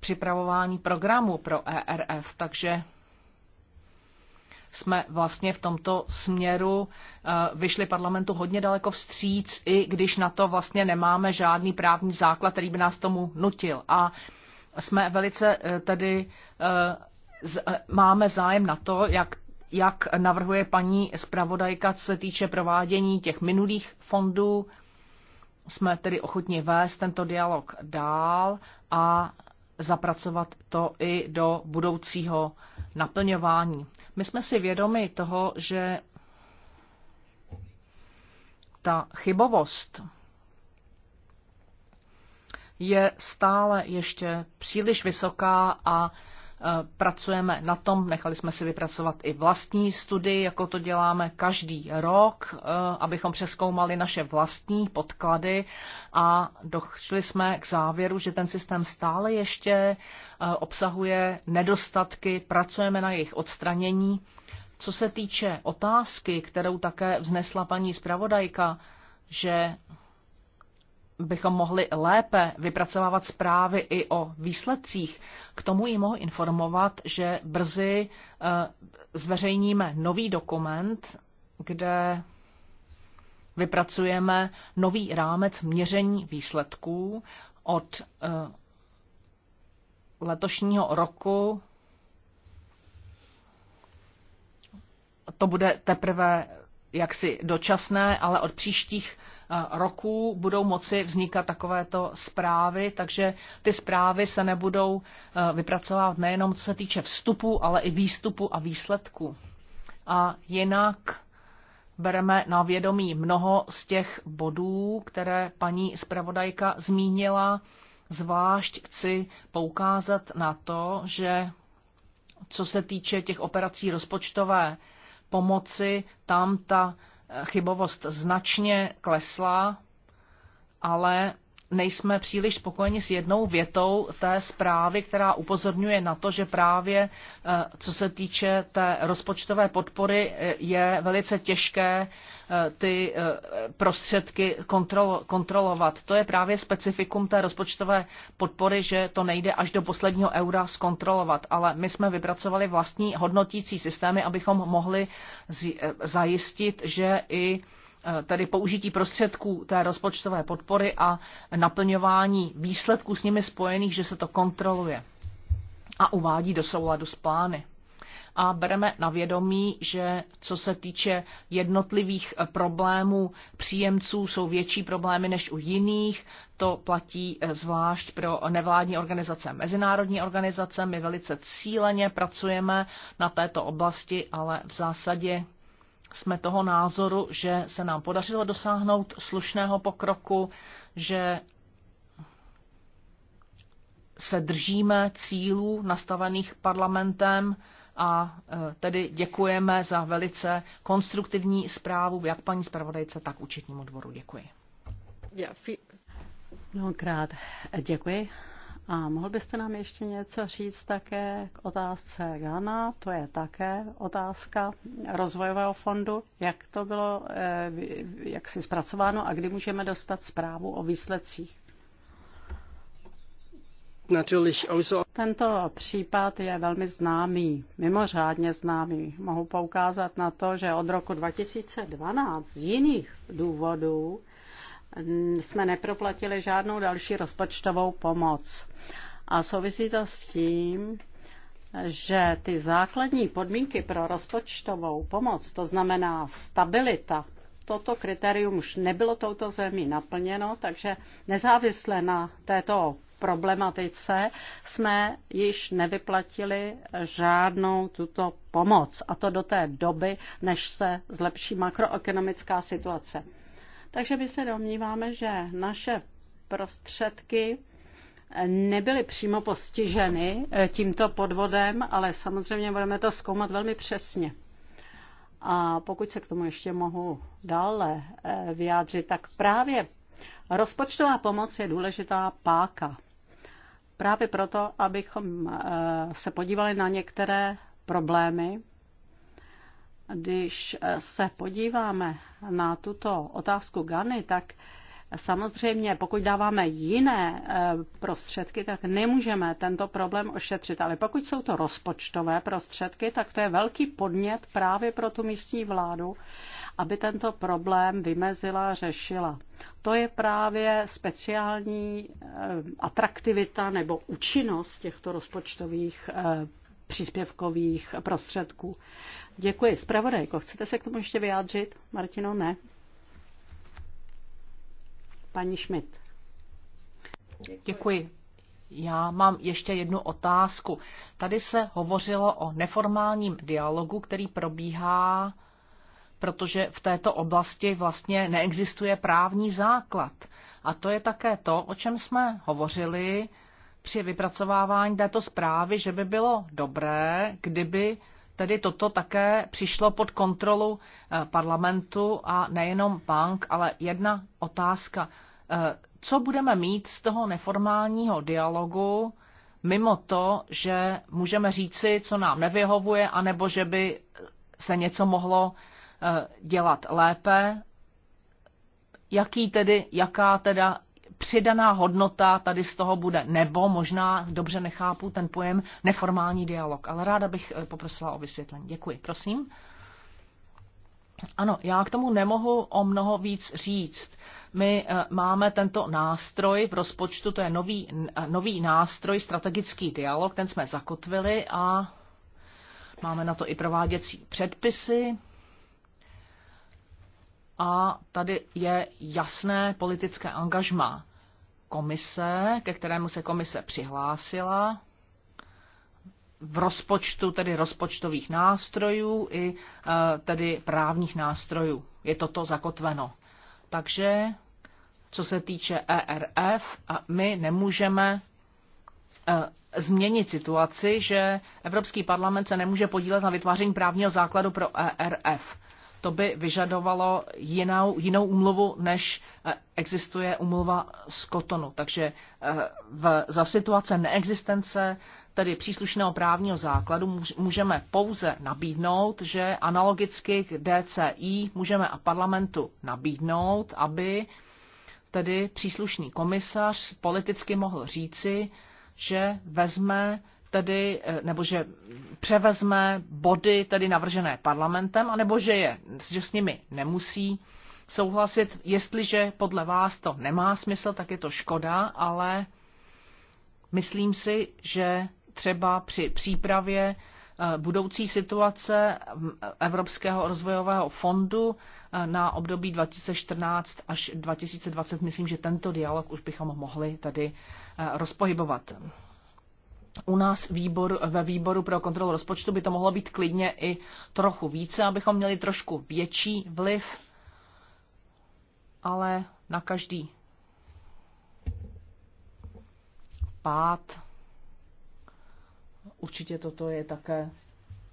připravování programu pro ERF. Takže jsme vlastně v tomto směru eh, vyšli parlamentu hodně daleko vstříc, i když na to vlastně nemáme žádný právní základ, který by nás tomu nutil. A jsme velice eh, tedy eh, máme zájem na to, jak jak navrhuje paní zpravodajka, co se týče provádění těch minulých fondů. Jsme tedy ochotni vést tento dialog dál a zapracovat to i do budoucího naplňování. My jsme si vědomi toho, že ta chybovost je stále ještě příliš vysoká a Eh, pracujeme na tom, nechali jsme si vypracovat i vlastní studii, jako to děláme každý rok, eh, abychom přeskoumali naše vlastní podklady a došli jsme k závěru, že ten systém stále ještě eh, obsahuje nedostatky, pracujeme na jejich odstranění. Co se týče otázky, kterou také vznesla paní zpravodajka, že bychom mohli lépe vypracovávat zprávy i o výsledcích. K tomu ji mohu informovat, že brzy eh, zveřejníme nový dokument, kde vypracujeme nový rámec měření výsledků od eh, letošního roku. To bude teprve jaksi dočasné, ale od příštích Eh, roků budou moci vznikat takovéto zprávy, takže ty zprávy se nebudou eh, vypracovávat nejenom co se týče vstupu, ale i výstupu a výsledku. A jinak bereme na vědomí mnoho z těch bodů, které paní zpravodajka zmínila. Zvlášť chci poukázat na to, že co se týče těch operací rozpočtové pomoci, tam ta chybovost značně klesla, ale nejsme příliš spokojeni s jednou větou té zprávy, která upozorňuje na to, že právě eh, co se týče té rozpočtové podpory eh, je velice těžké eh, ty prostředky kontrolo, kontrolovat. To je právě specifikum té rozpočtové podpory, že to nejde až do posledního eura zkontrolovat, ale my jsme vypracovali vlastní hodnotící systémy, abychom mohli zajistit, že i Eh, tedy použití prostředků té rozpočtové podpory a naplňování výsledků s nimi spojených, že se to kontroluje a uvádí do souladu s plány. A bereme na vědomí, že co se týče jednotlivých eh, problémů příjemců, jsou větší problémy než u jiných. To platí eh, zvlášť pro nevládní organizace, mezinárodní organizace. My velice cíleně pracujeme na této oblasti, ale v zásadě jsme toho názoru, že se nám podařilo dosáhnout slušného pokroku, že se držíme cílů nastavených parlamentem a e, tedy děkujeme za velice konstruktivní zprávu jak paní zpravodajce, tak účetnímu dvoru. Děkuji. Mnohokrát děkuji. A mohl byste nám ještě něco říct také k otázce Ghana? To je také otázka rozvojového fondu. Jak to bylo, eh, jak si zpracováno a kdy můžeme dostat zprávu o výsledcích? Tento případ je velmi známý, mimořádně známý. Mohu poukázat na to, že od roku 2012 z jiných důvodů jsme neproplatili žádnou další rozpočtovou pomoc. A souvisí to s tím, že ty základní podmínky pro rozpočtovou pomoc, to znamená stabilita, toto kritérium už nebylo touto zemí naplněno, takže nezávisle na této problematice jsme již nevyplatili žádnou tuto pomoc. A to do té doby, než se zlepší makroekonomická situace. Takže my se domníváme, že naše prostředky nebyly přímo postiženy eh, tímto podvodem, ale samozřejmě budeme to zkoumat velmi přesně. A pokud se k tomu ještě mohu dále eh, vyjádřit, tak právě rozpočtová pomoc je důležitá páka. Právě proto, abychom eh, se podívali na některé problémy, když eh, se podíváme na tuto otázku Gany, tak Samozřejmě, pokud dáváme jiné eh, prostředky, tak nemůžeme tento problém ošetřit. Ale pokud jsou to rozpočtové prostředky, tak to je velký podnět právě pro tu místní vládu, aby tento problém vymezila a řešila. To je právě speciální eh, atraktivita nebo účinnost těchto rozpočtových příspěvkových prostředků. Děkuji. Spravodajko, chcete se k tomu ještě vyjádřit? Martino, ne? Paní Schmidt. Děkuji. Já mám ještě jednu otázku. Tady se hovořilo o neformálním dialogu, který probíhá, protože v této oblasti vlastně neexistuje právní základ. A to je také to, o čem jsme hovořili při vypracovávání této zprávy, že by bylo dobré, kdyby tedy toto také přišlo pod kontrolu eh, parlamentu a nejenom bank, ale jedna otázka. Eh, co budeme mít z toho neformálního dialogu, mimo to, že můžeme říci, co nám nevyhovuje, anebo že by se něco mohlo eh, dělat lépe, jaký tedy, jaká teda přidaná hodnota tady z toho bude, nebo možná dobře nechápu ten pojem neformální dialog, ale ráda bych eh, poprosila o vysvětlení. Děkuji. Prosím. Ano, já k tomu nemohu o mnoho víc říct. My eh, máme tento nástroj v rozpočtu, to je nový, eh, nový nástroj, strategický dialog, ten jsme zakotvili a máme na to i prováděcí předpisy. A tady je jasné politické angažmá komise, ke kterému se komise přihlásila v rozpočtu tedy rozpočtových nástrojů i e, tedy právních nástrojů. Je toto zakotveno. Takže co se týče ERF, my nemůžeme e, změnit situaci, že Evropský parlament se nemůže podílet na vytváření právního základu pro ERF to by vyžadovalo jinou, jinou umluvu, než eh, existuje umluva z Kotonu. Takže eh, v, za situace neexistence tedy příslušného právního základu můžeme pouze nabídnout, že analogicky k DCI můžeme a parlamentu nabídnout, aby tedy příslušný komisař politicky mohl říci, že vezme tedy, eh, nebo že převezme body tedy navržené parlamentem, anebo že, je, že s nimi nemusí souhlasit. Jestliže podle vás to nemá smysl, tak je to škoda, ale myslím si, že třeba při přípravě eh, budoucí situace mm, Evropského rozvojového fondu eh, na období 2014 až 2020. Myslím, že tento dialog už bychom mohli tady rozpohybovat u nás výbor, ve výboru pro kontrolu rozpočtu by to mohlo být klidně i trochu více, abychom měli trošku větší vliv, ale na každý pád určitě toto je také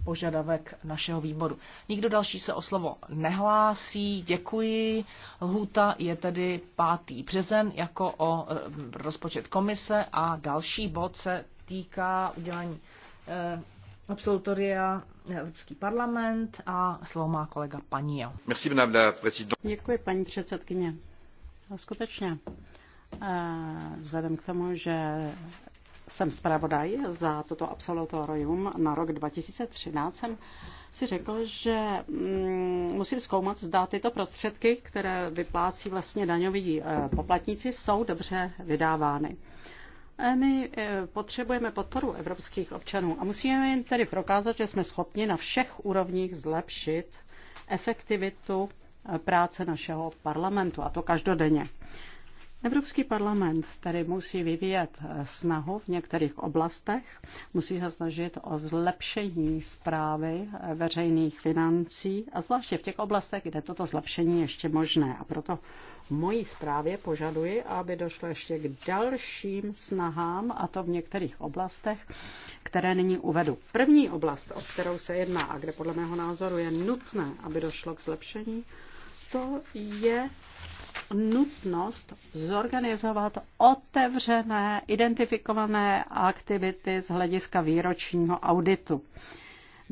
požadavek našeho výboru. Nikdo další se o slovo nehlásí, děkuji. Lhůta je tedy 5. březen jako o e, rozpočet komise a další bod se týká udělání eh, absolutoria Evropský parlament a slovo má kolega Merci, Děkuji, paní předsedkyně. A skutečně, eh, vzhledem k tomu, že jsem zpravodaj za toto absolutorium na rok 2013, jsem si řekl, že mm, musím zkoumat, zda tyto prostředky, které vyplácí vlastně daňoví eh, poplatníci, jsou dobře vydávány. My e, potřebujeme podporu evropských občanů a musíme jim tedy prokázat, že jsme schopni na všech úrovních zlepšit efektivitu e, práce našeho parlamentu, a to každodenně. Evropský parlament tedy musí vyvíjet e, snahu v některých oblastech, musí se snažit o zlepšení zprávy veřejných financí a zvláště v těch oblastech, kde toto zlepšení ještě možné. A proto mojí zprávě požaduji, aby došlo ještě k dalším snahám, a to v některých oblastech, které nyní uvedu. První oblast, o kterou se jedná a kde podle mého názoru je nutné, aby došlo k zlepšení, to je nutnost zorganizovat otevřené, identifikované aktivity z hlediska výročního auditu.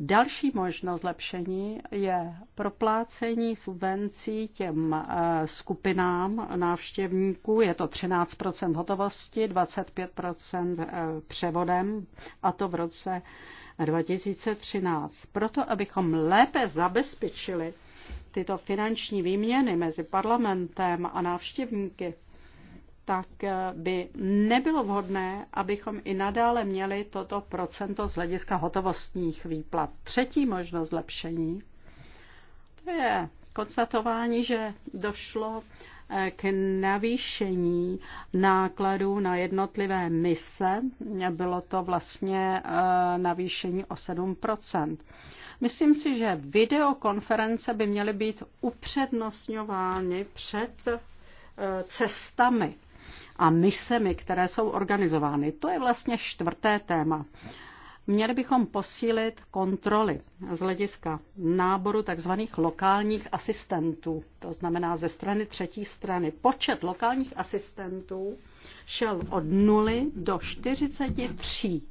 Další možnost zlepšení je proplácení subvencí těm eh, skupinám návštěvníků. Je to 13 hotovosti, 25 eh, převodem a to v roce 2013. Proto, abychom lépe zabezpečili tyto finanční výměny mezi parlamentem a návštěvníky, tak eh, by nebylo vhodné, abychom i nadále měli toto procento z hlediska hotovostních výplat. Třetí možnost zlepšení to je konstatování, že došlo eh, k navýšení nákladů na jednotlivé mise. Bylo to vlastně eh, navýšení o 7 Myslím si, že videokonference by měly být upřednostňovány před cestami a misemi, které jsou organizovány. To je vlastně čtvrté téma. Měli bychom posílit kontroly z hlediska náboru tzv. lokálních asistentů, to znamená ze strany třetí strany. Počet lokálních asistentů šel od 0 do 43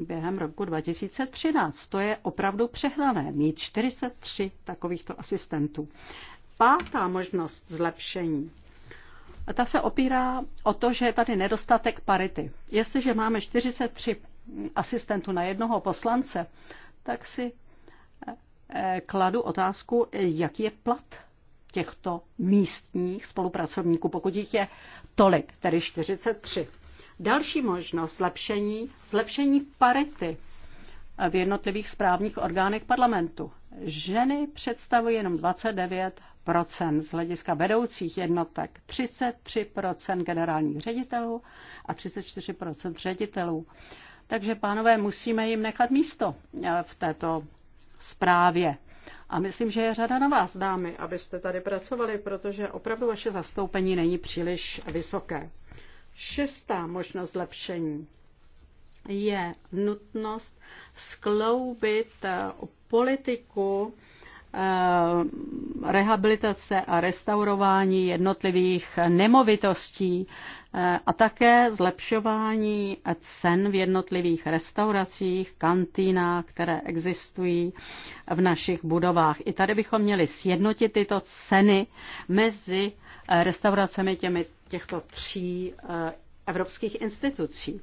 během roku 2013. To je opravdu přehnané, mít 43 takovýchto asistentů. Pátá možnost zlepšení ta se opírá o to, že je tady nedostatek parity. Jestliže máme 43 asistentů na jednoho poslance, tak si eh, eh, kladu otázku, jaký je plat těchto místních spolupracovníků, pokud jich je tolik, tedy 43. Další možnost zlepšení, zlepšení parity eh, v jednotlivých správních orgánech parlamentu. Ženy představují jenom 29 z hlediska vedoucích jednotek, 33 generálních ředitelů a 34 ředitelů. Takže, pánové, musíme jim nechat místo eh, v této zprávě. A myslím, že je řada na vás, dámy, abyste tady pracovali, protože opravdu vaše zastoupení není příliš vysoké. Šestá možnost zlepšení je nutnost skloubit eh, politiku Eh, rehabilitace a restaurování jednotlivých nemovitostí eh, a také zlepšování cen v jednotlivých restauracích, kantýnách, které existují v našich budovách. I tady bychom měli sjednotit tyto ceny mezi eh, restauracemi těmi, těchto tří evropských institucí.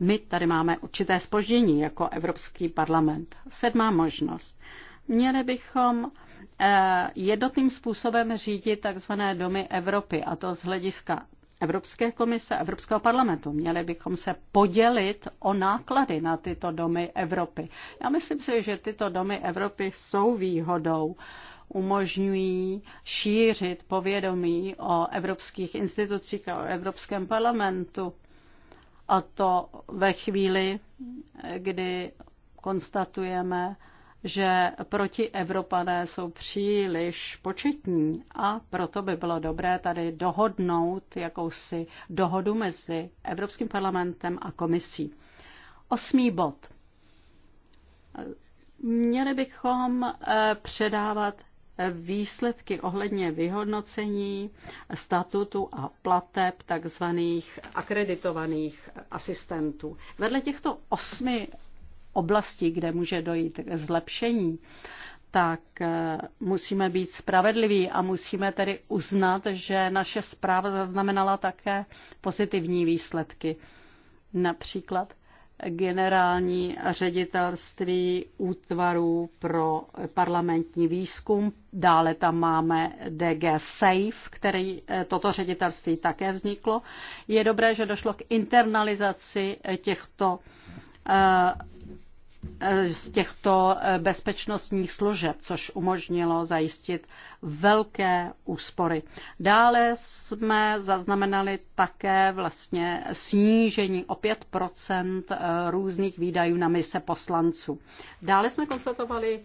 My tady máme určité spoždění jako Evropský parlament. Sedmá možnost Měli bychom eh, jednotným způsobem řídit takzvané domy Evropy, a to z hlediska Evropské komise, Evropského parlamentu. Měli bychom se podělit o náklady na tyto domy Evropy. Já myslím si, že tyto domy Evropy jsou výhodou umožňují šířit povědomí o evropských institucích a o Evropském parlamentu. A to ve chvíli, kdy konstatujeme, že proti Evropané jsou příliš početní a proto by bylo dobré tady dohodnout jakousi dohodu mezi Evropským parlamentem a komisí. Osmý bod. Měli bychom eh, předávat eh, výsledky ohledně vyhodnocení statutu a plateb takzvaných akreditovaných asistentů. Vedle těchto osmi oblasti, kde může dojít k zlepšení, tak eh, musíme být spravedliví a musíme tedy uznat, že naše zpráva zaznamenala také pozitivní výsledky. Například generální ředitelství útvarů pro parlamentní výzkum. Dále tam máme DG SAFE, který eh, toto ředitelství také vzniklo. Je dobré, že došlo k internalizaci eh, těchto Eh, z těchto eh, bezpečnostních služeb, což umožnilo zajistit velké úspory. Dále jsme zaznamenali také vlastně snížení o 5 eh, různých výdajů na mise poslanců. Dále jsme konstatovali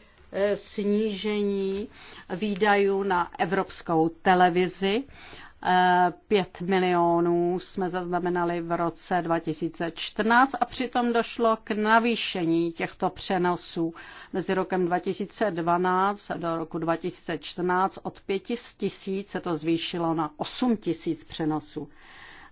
snížení výdajů na evropskou televizi 5 milionů jsme zaznamenali v roce 2014 a přitom došlo k navýšení těchto přenosů mezi rokem 2012 do roku 2014 od 5 tisíc se to zvýšilo na 8 tisíc přenosů.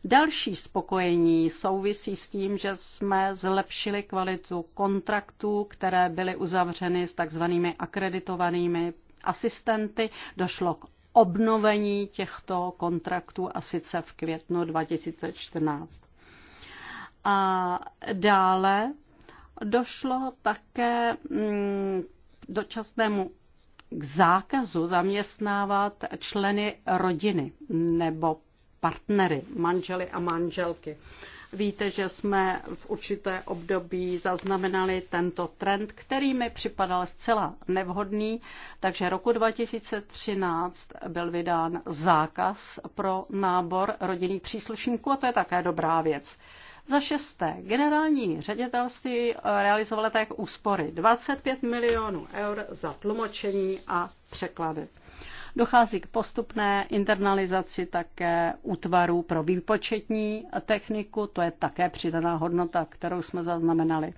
Další spokojení souvisí s tím, že jsme zlepšili kvalitu kontraktů, které byly uzavřeny s takzvanými akreditovanými asistenty. Došlo k obnovení těchto kontraktů a sice v květnu 2014. A dále došlo také mm, dočasnému k zákazu zaměstnávat členy rodiny nebo partnery, manžely a manželky. Víte, že jsme v určité období zaznamenali tento trend, který mi připadal zcela nevhodný, takže roku 2013 byl vydán zákaz pro nábor rodinných příslušníků a to je také dobrá věc. Za šesté, generální ředitelství eh, realizovalo tak úspory 25 milionů eur za tlumočení a překlady. Dochází k postupné internalizaci také útvarů pro výpočetní techniku, to je také přidaná hodnota, kterou jsme zaznamenali.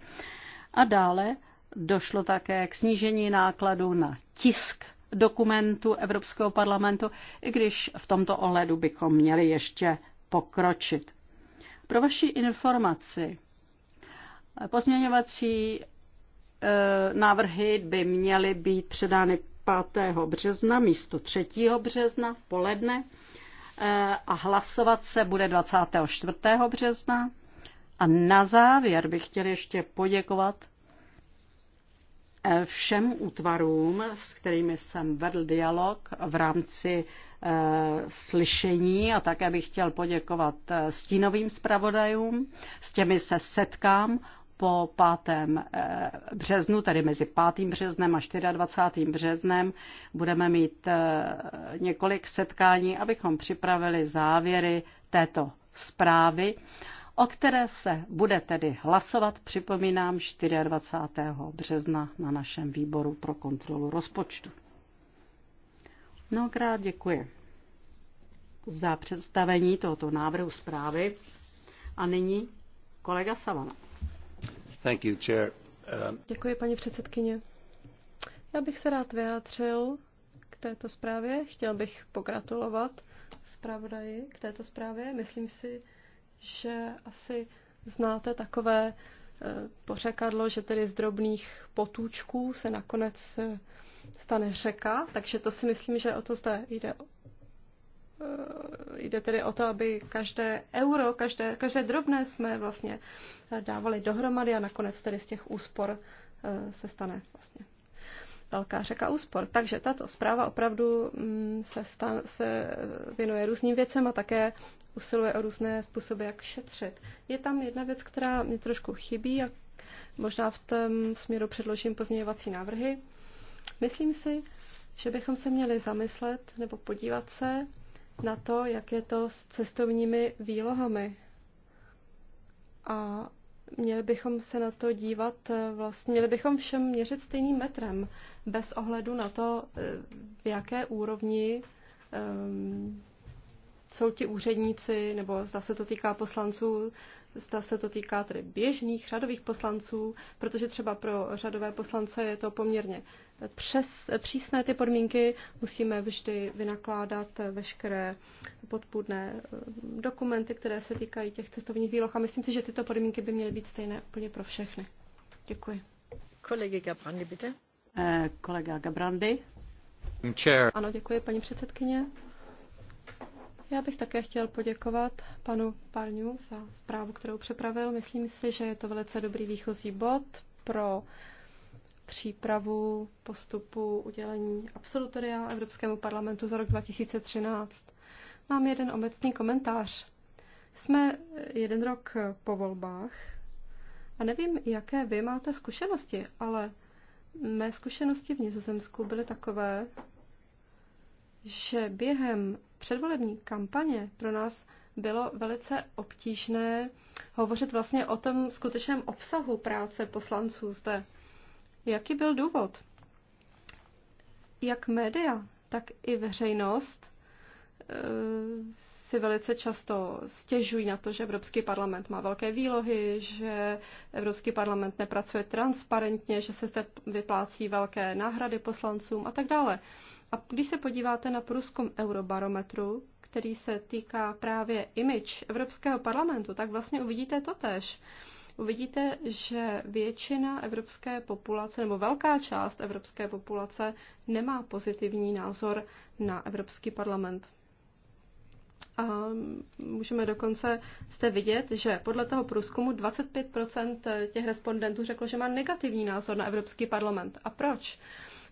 A dále došlo také k snížení nákladů na tisk dokumentu Evropského parlamentu, i když v tomto ohledu bychom měli ještě pokročit. Pro vaši informaci, pozměňovací eh, návrhy by měly být předány 5. března místo 3. března poledne eh, a hlasovat se bude 24. března. A na závěr bych chtěl ještě poděkovat eh, všem útvarům, s kterými jsem vedl dialog v rámci eh, slyšení a také bych chtěl poděkovat stínovým zpravodajům, s těmi se setkám po 5. Eh, březnu, tedy mezi 5. březnem a 24. březnem, budeme mít eh, několik setkání, abychom připravili závěry této zprávy, o které se bude tedy hlasovat, připomínám, 24. března na našem výboru pro kontrolu rozpočtu. Mnohokrát děkuji za představení tohoto návrhu zprávy a nyní kolega Savana. Um, Děkuji, paní předsedkyně. Já bych se rád vyjádřil k této zprávě. Chtěl bych pogratulovat zpravodaji k této zprávě. Myslím si, že asi znáte takové eh, pořekadlo, že tedy z drobných potůčků se nakonec eh, stane řeka, takže to si myslím, že o to zde jde Eh, jde tedy o to, aby každé euro, každé, každé drobné jsme vlastně dávali dohromady a nakonec tedy z těch úspor eh, se stane vlastně velká řeka úspor. Takže tato zpráva opravdu mm, se, stan, se věnuje různým věcem a také usiluje o různé způsoby, jak šetřit. Je tam jedna věc, která mě trošku chybí a možná v tom směru předložím pozměňovací návrhy. Myslím si, že bychom se měli zamyslet nebo podívat se na to, jak je to s cestovními výlohami. A měli bychom se na to dívat, eh, vlastně měli bychom všem měřit stejným metrem, bez ohledu na to, eh, v jaké úrovni um, jsou ti úředníci, nebo zda se to týká poslanců, zda se to týká tedy běžných řadových poslanců, protože třeba pro řadové poslance je to poměrně přes přísné ty podmínky musíme vždy vynakládat veškeré podpůrné eh, dokumenty, které se týkají těch cestovních výloh a myslím si, že tyto podmínky by měly být stejné úplně pro všechny. Děkuji. Kolegy Gabrandy, bitte. Eh, kolega Gabrandy. Chair. Ano, děkuji, paní předsedkyně. Já bych také chtěl poděkovat panu Parňu za zprávu, kterou připravil. Myslím si, že je to velice dobrý výchozí bod pro přípravu postupu udělení absolutoria Evropskému parlamentu za rok 2013. Mám jeden obecný komentář. Jsme jeden rok po volbách a nevím, jaké vy máte zkušenosti, ale mé zkušenosti v Nizozemsku byly takové, že během předvolební kampaně pro nás bylo velice obtížné hovořit vlastně o tom skutečném obsahu práce poslanců zde Jaký byl důvod? Jak média, tak i veřejnost eh, si velice často stěžují na to, že Evropský parlament má velké výlohy, že Evropský parlament nepracuje transparentně, že se zde vyplácí velké náhrady poslancům a tak dále. A když se podíváte na průzkum Eurobarometru, který se týká právě image Evropského parlamentu, tak vlastně uvidíte to tež uvidíte, že většina evropské populace nebo velká část evropské populace nemá pozitivní názor na Evropský parlament. A můžeme dokonce jste vidět, že podle toho průzkumu 25 těch respondentů řeklo, že má negativní názor na Evropský parlament. A proč?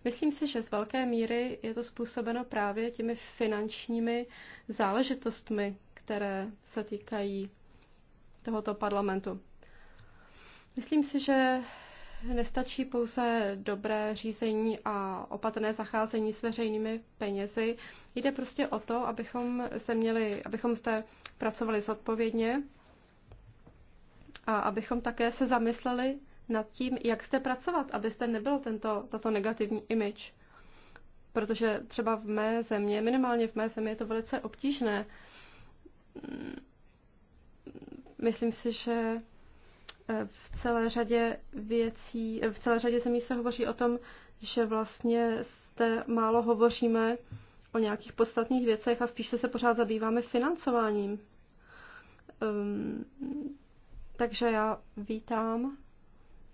Myslím si, že z velké míry je to způsobeno právě těmi finančními záležitostmi, které se týkají tohoto parlamentu. Myslím si, že nestačí pouze dobré řízení a opatrné zacházení s veřejnými penězi. Jde prostě o to, abychom se měli, abychom zde pracovali zodpovědně a abychom také se zamysleli nad tím, jak jste pracovat, abyste nebyl tento, tato negativní image. Protože třeba v mé země, minimálně v mé zemi je to velice obtížné. Myslím si, že v celé řadě věcí, v celé řadě zemí se hovoří o tom, že vlastně jste málo hovoříme o nějakých podstatných věcech a spíše se pořád zabýváme financováním. Um, takže já vítám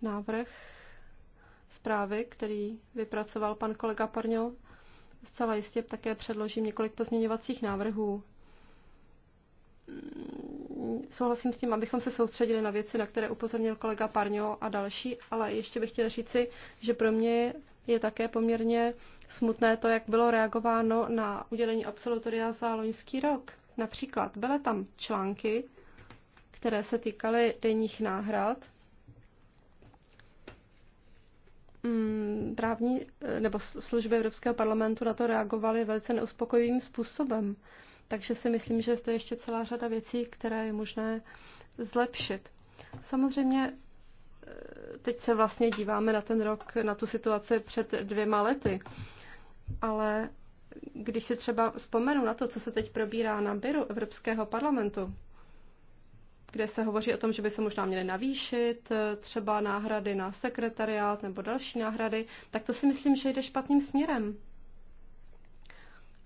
návrh zprávy, který vypracoval pan kolega Parňo. Zcela jistě také předložím několik pozměňovacích návrhů souhlasím s tím, abychom se soustředili na věci, na které upozornil kolega Parňo a další, ale ještě bych chtěla říci, že pro mě je také poměrně smutné to, jak bylo reagováno na udělení absolutoria za loňský rok. Například byly tam články, které se týkaly denních náhrad, mm, právní eh, nebo služby Evropského parlamentu na to reagovaly velice neuspokojivým způsobem. Takže si myslím, že zde ještě celá řada věcí, které je možné zlepšit. Samozřejmě e, teď se vlastně díváme na ten rok, na tu situaci před dvěma lety, ale když si třeba vzpomenu na to, co se teď probírá na byru Evropského parlamentu, kde se hovoří o tom, že by se možná měly navýšit e, třeba náhrady na sekretariát nebo další náhrady, tak to si myslím, že jde špatným směrem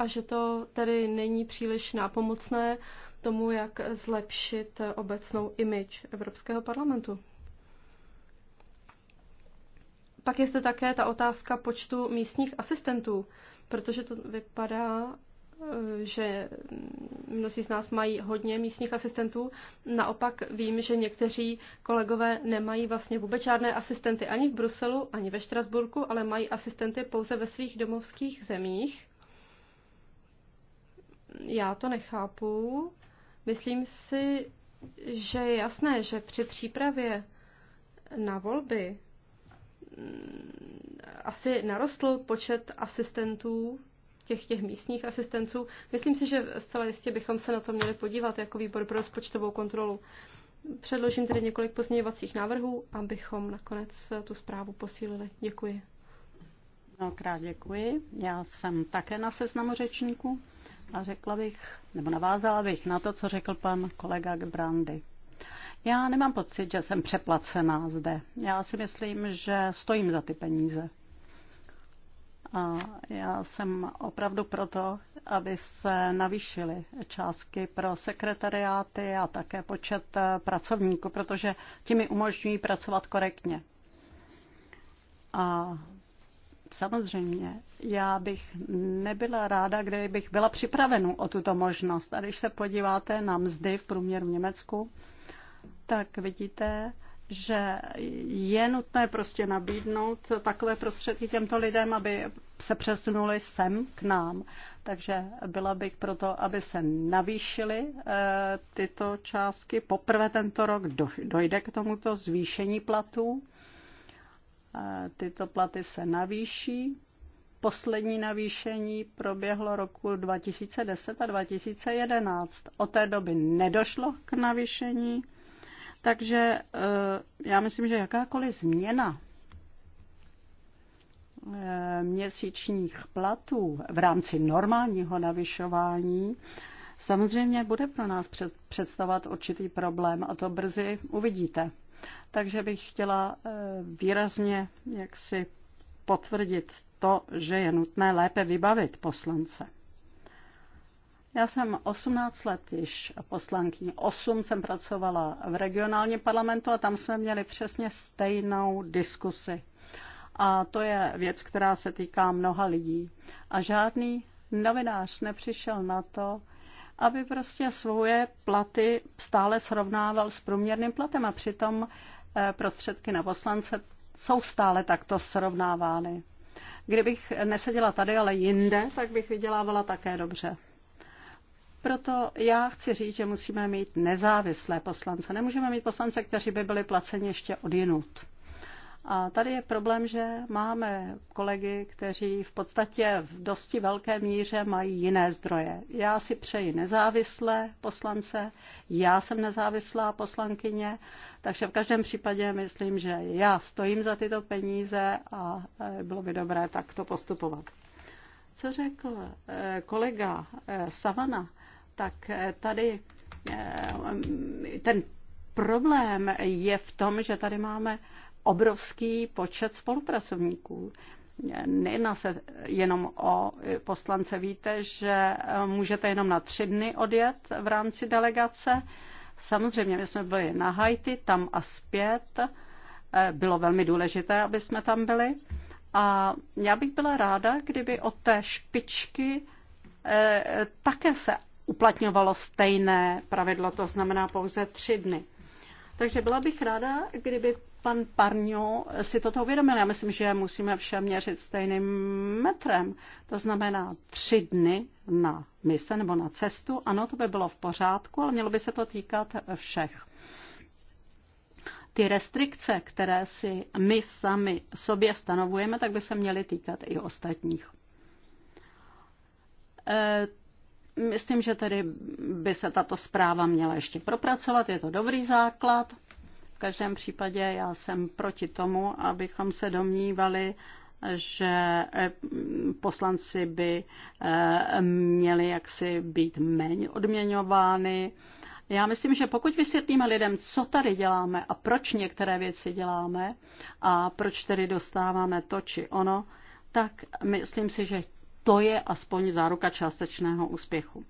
a že to tedy není příliš nápomocné tomu, jak zlepšit obecnou image Evropského parlamentu. Pak je zde také ta otázka počtu místních asistentů, protože to vypadá, že mnozí z nás mají hodně místních asistentů. Naopak vím, že někteří kolegové nemají vlastně vůbec žádné asistenty ani v Bruselu, ani ve Štrasburku, ale mají asistenty pouze ve svých domovských zemích já to nechápu. Myslím si, že je jasné, že při přípravě na volby mm, asi narostl počet asistentů, těch, těch místních asistentů. Myslím si, že zcela jistě bychom se na to měli podívat jako výbor pro rozpočtovou kontrolu. Předložím tedy několik pozměňovacích návrhů, abychom nakonec tu zprávu posílili. Děkuji. Mnohokrát děkuji. Já jsem také na seznamu řečníků a řekla bych, nebo navázala bych na to, co řekl pan kolega Brandy. Já nemám pocit, že jsem přeplacená zde. Já si myslím, že stojím za ty peníze. A já jsem opravdu proto, aby se navýšily částky pro sekretariáty a také počet eh, pracovníků, protože ti mi umožňují pracovat korektně. A Samozřejmě, já bych nebyla ráda, kde bych byla připravenu o tuto možnost. A když se podíváte na mzdy v průměru v Německu, tak vidíte, že je nutné prostě nabídnout takové prostředky těmto lidem, aby se přesunuli sem k nám. Takže byla bych proto, aby se navýšily eh, tyto částky. Poprvé tento rok dojde k tomuto zvýšení platů tyto platy se navýší. Poslední navýšení proběhlo roku 2010 a 2011. Od té doby nedošlo k navýšení, takže e, já myslím, že jakákoliv změna e, měsíčních platů v rámci normálního navyšování samozřejmě bude pro nás představovat určitý problém a to brzy uvidíte. Takže bych chtěla eh, výrazně jaksi potvrdit to, že je nutné lépe vybavit poslance. Já jsem 18 let již poslankyní. 8 jsem pracovala v regionálním parlamentu a tam jsme měli přesně stejnou diskusi. A to je věc, která se týká mnoha lidí. A žádný novinář nepřišel na to, aby prostě svoje platy stále srovnával s průměrným platem a přitom eh, prostředky na poslance jsou stále takto srovnávány. Kdybych neseděla tady, ale jinde, tak bych vydělávala také dobře. Proto já chci říct, že musíme mít nezávislé poslance. Nemůžeme mít poslance, kteří by byli placeni ještě jinut. A tady je problém, že máme kolegy, kteří v podstatě v dosti velké míře mají jiné zdroje. Já si přeji nezávislé poslance, já jsem nezávislá poslankyně, takže v každém případě myslím, že já stojím za tyto peníze a e, bylo by dobré takto postupovat. Co řekl e, kolega e, Savana, tak tady ten problém je v tom, že tady máme obrovský počet spolupracovníků. Nejedná se jenom o poslance. Víte, že eh, můžete jenom na tři dny odjet v rámci delegace. Samozřejmě, my jsme byli na Haiti, tam a zpět. Eh, bylo velmi důležité, aby jsme tam byli. A já bych byla ráda, kdyby od té špičky eh, také se uplatňovalo stejné pravidlo, to znamená pouze tři dny. Takže byla bych ráda, kdyby pan Parňo si toto uvědomil. Já myslím, že musíme vše měřit stejným metrem. To znamená tři dny na mise nebo na cestu. Ano, to by bylo v pořádku, ale mělo by se to týkat všech. Ty restrikce, které si my sami sobě stanovujeme, tak by se měly týkat i ostatních. E Myslím, že tedy by se tato zpráva měla ještě propracovat, je to dobrý základ každém případě já jsem proti tomu, abychom se domnívali, že eh, poslanci by eh, měli jaksi být méně odměňovány. Já myslím, že pokud vysvětlíme lidem, co tady děláme a proč některé věci děláme a proč tedy dostáváme to či ono, tak myslím si, že to je aspoň záruka částečného úspěchu.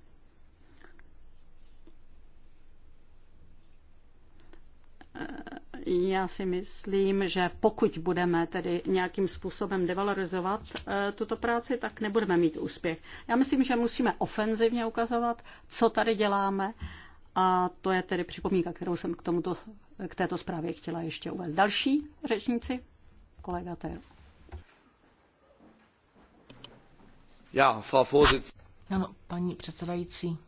Já si myslím, že pokud budeme tedy nějakým způsobem devalorizovat eh, tuto práci, tak nebudeme mít úspěch. Já myslím, že musíme ofenzivně ukazovat, co tady děláme a to je tedy připomínka, kterou jsem k, tomuto, k této zprávě chtěla ještě uvést. Další řečníci, kolega Tero. Já, Frau Vorsitz. Ano, paní předsedající.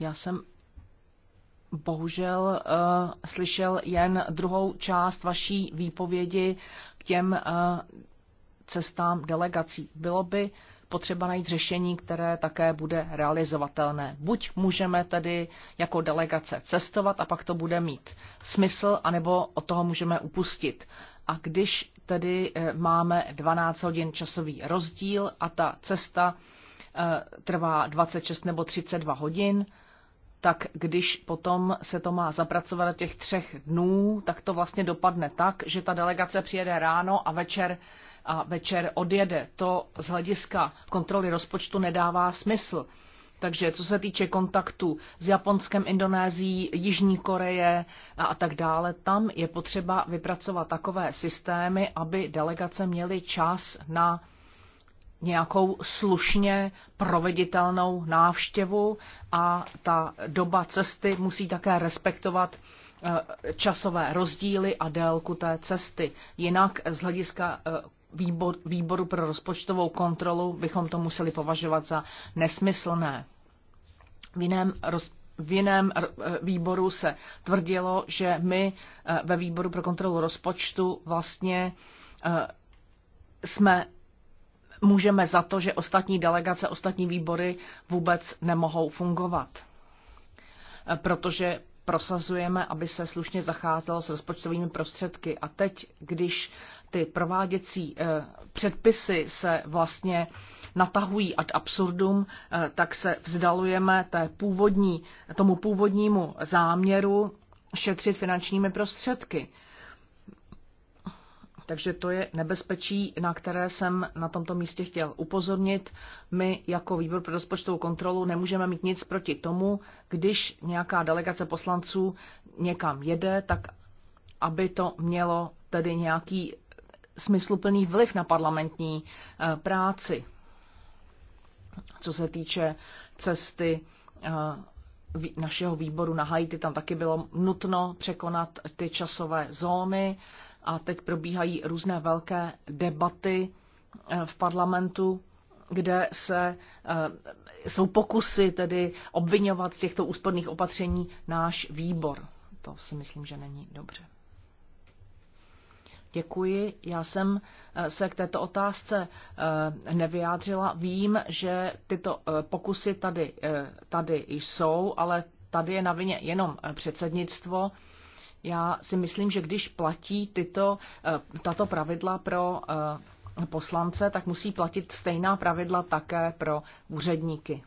Já jsem bohužel uh, slyšel jen druhou část vaší výpovědi k těm uh, cestám delegací. Bylo by potřeba najít řešení, které také bude realizovatelné. Buď můžeme tedy jako delegace cestovat a pak to bude mít smysl, anebo od toho můžeme upustit. A když tedy eh, máme 12 hodin časový rozdíl a ta cesta trvá 26 nebo 32 hodin, tak když potom se to má zapracovat do těch třech dnů, tak to vlastně dopadne tak, že ta delegace přijede ráno a večer a večer odjede. To z hlediska kontroly rozpočtu nedává smysl. Takže co se týče kontaktu s Japonskem, Indonésií, Jižní Koreje a, a tak dále, tam je potřeba vypracovat takové systémy, aby delegace měly čas na nějakou slušně proveditelnou návštěvu a ta doba cesty musí také respektovat eh, časové rozdíly a délku té cesty. Jinak z hlediska eh, výbor, výboru pro rozpočtovou kontrolu bychom to museli považovat za nesmyslné. V jiném, roz, v jiném eh, výboru se tvrdilo, že my ve výboru pro kontrolu rozpočtu vlastně jsme můžeme za to, že ostatní delegace, ostatní výbory vůbec nemohou fungovat. Protože prosazujeme, aby se slušně zacházelo s rozpočtovými prostředky. A teď, když ty prováděcí eh, předpisy se vlastně natahují ad absurdum, eh, tak se vzdalujeme té původní, tomu původnímu záměru šetřit finančními prostředky. Takže to je nebezpečí, na které jsem na tomto místě chtěl upozornit. My jako výbor pro rozpočtovou kontrolu nemůžeme mít nic proti tomu, když nějaká delegace poslanců někam jede, tak aby to mělo tedy nějaký smysluplný vliv na parlamentní eh, práci. Co se týče cesty eh, našeho výboru na Haiti, tam taky bylo nutno překonat ty časové zóny a teď probíhají různé velké debaty eh, v parlamentu, kde se, eh, jsou pokusy tedy obvinovat z těchto úsporných opatření náš výbor. To si myslím, že není dobře. Děkuji. Já jsem eh, se k této otázce nevyjádřila. Vím, že tyto pokusy tady, tady jsou, ale tady je na vině jenom předsednictvo. Já si myslím, že když platí tyto, eh, tato pravidla pro eh, poslance, tak musí platit stejná pravidla také pro úředníky.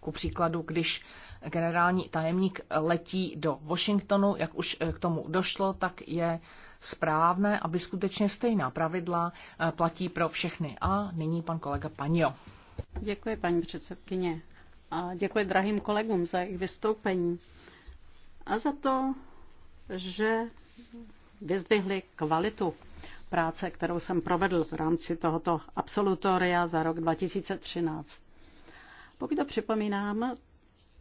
Ku příkladu, když generální tajemník letí do Washingtonu, jak už eh, k tomu došlo, tak je správné, aby skutečně stejná pravidla platí pro všechny. A nyní pan kolega Panio. Děkuji, paní předsedkyně. A děkuji drahým kolegům za jejich vystoupení a za to, že vyzdvihli kvalitu práce, kterou jsem provedl v rámci tohoto absolutoria za rok 2013. Pokud to připomínám,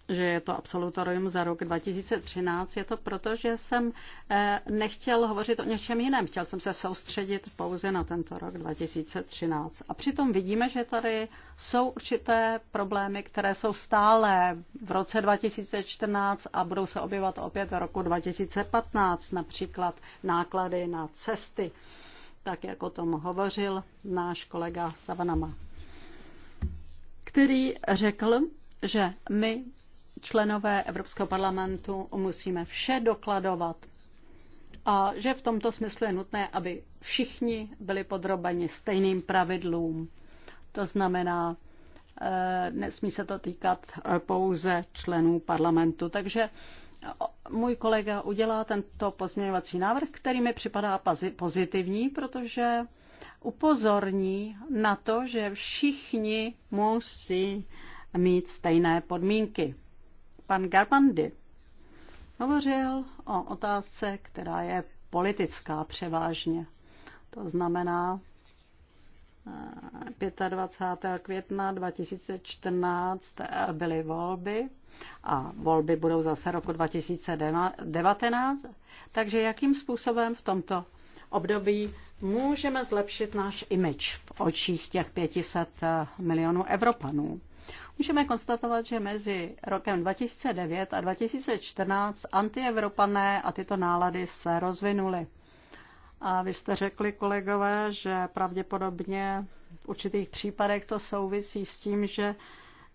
že je to absolutorium za rok 2013, je to proto, že jsem eh, nechtěl hovořit o něčem jiném. Chtěl jsem se soustředit pouze na tento rok 2013. A přitom vidíme, že tady jsou určité problémy, které jsou stále v roce 2014 a budou se objevovat opět v roku 2015, například náklady na cesty, tak jak o tom hovořil náš kolega Savanama který řekl, že my členové Evropského parlamentu musíme vše dokladovat a že v tomto smyslu je nutné, aby všichni byli podrobeni stejným pravidlům. To znamená, eh, nesmí se to týkat eh, pouze členů parlamentu. Takže eh, můj kolega udělá tento pozměňovací návrh, který mi připadá pozitivní, protože upozorní na to, že všichni musí mít stejné podmínky. Pan Garbandy hovořil o otázce, která je politická převážně. To znamená eh, 25. května 2014 byly volby a volby budou zase roku 2019. Takže jakým způsobem v tomto období můžeme zlepšit náš image v očích těch 500 eh, milionů Evropanů? Můžeme konstatovat, že mezi rokem 2009 a 2014 antievropané a tyto nálady se rozvinuly. A vy jste řekli, kolegové, že pravděpodobně v určitých případech to souvisí s tím, že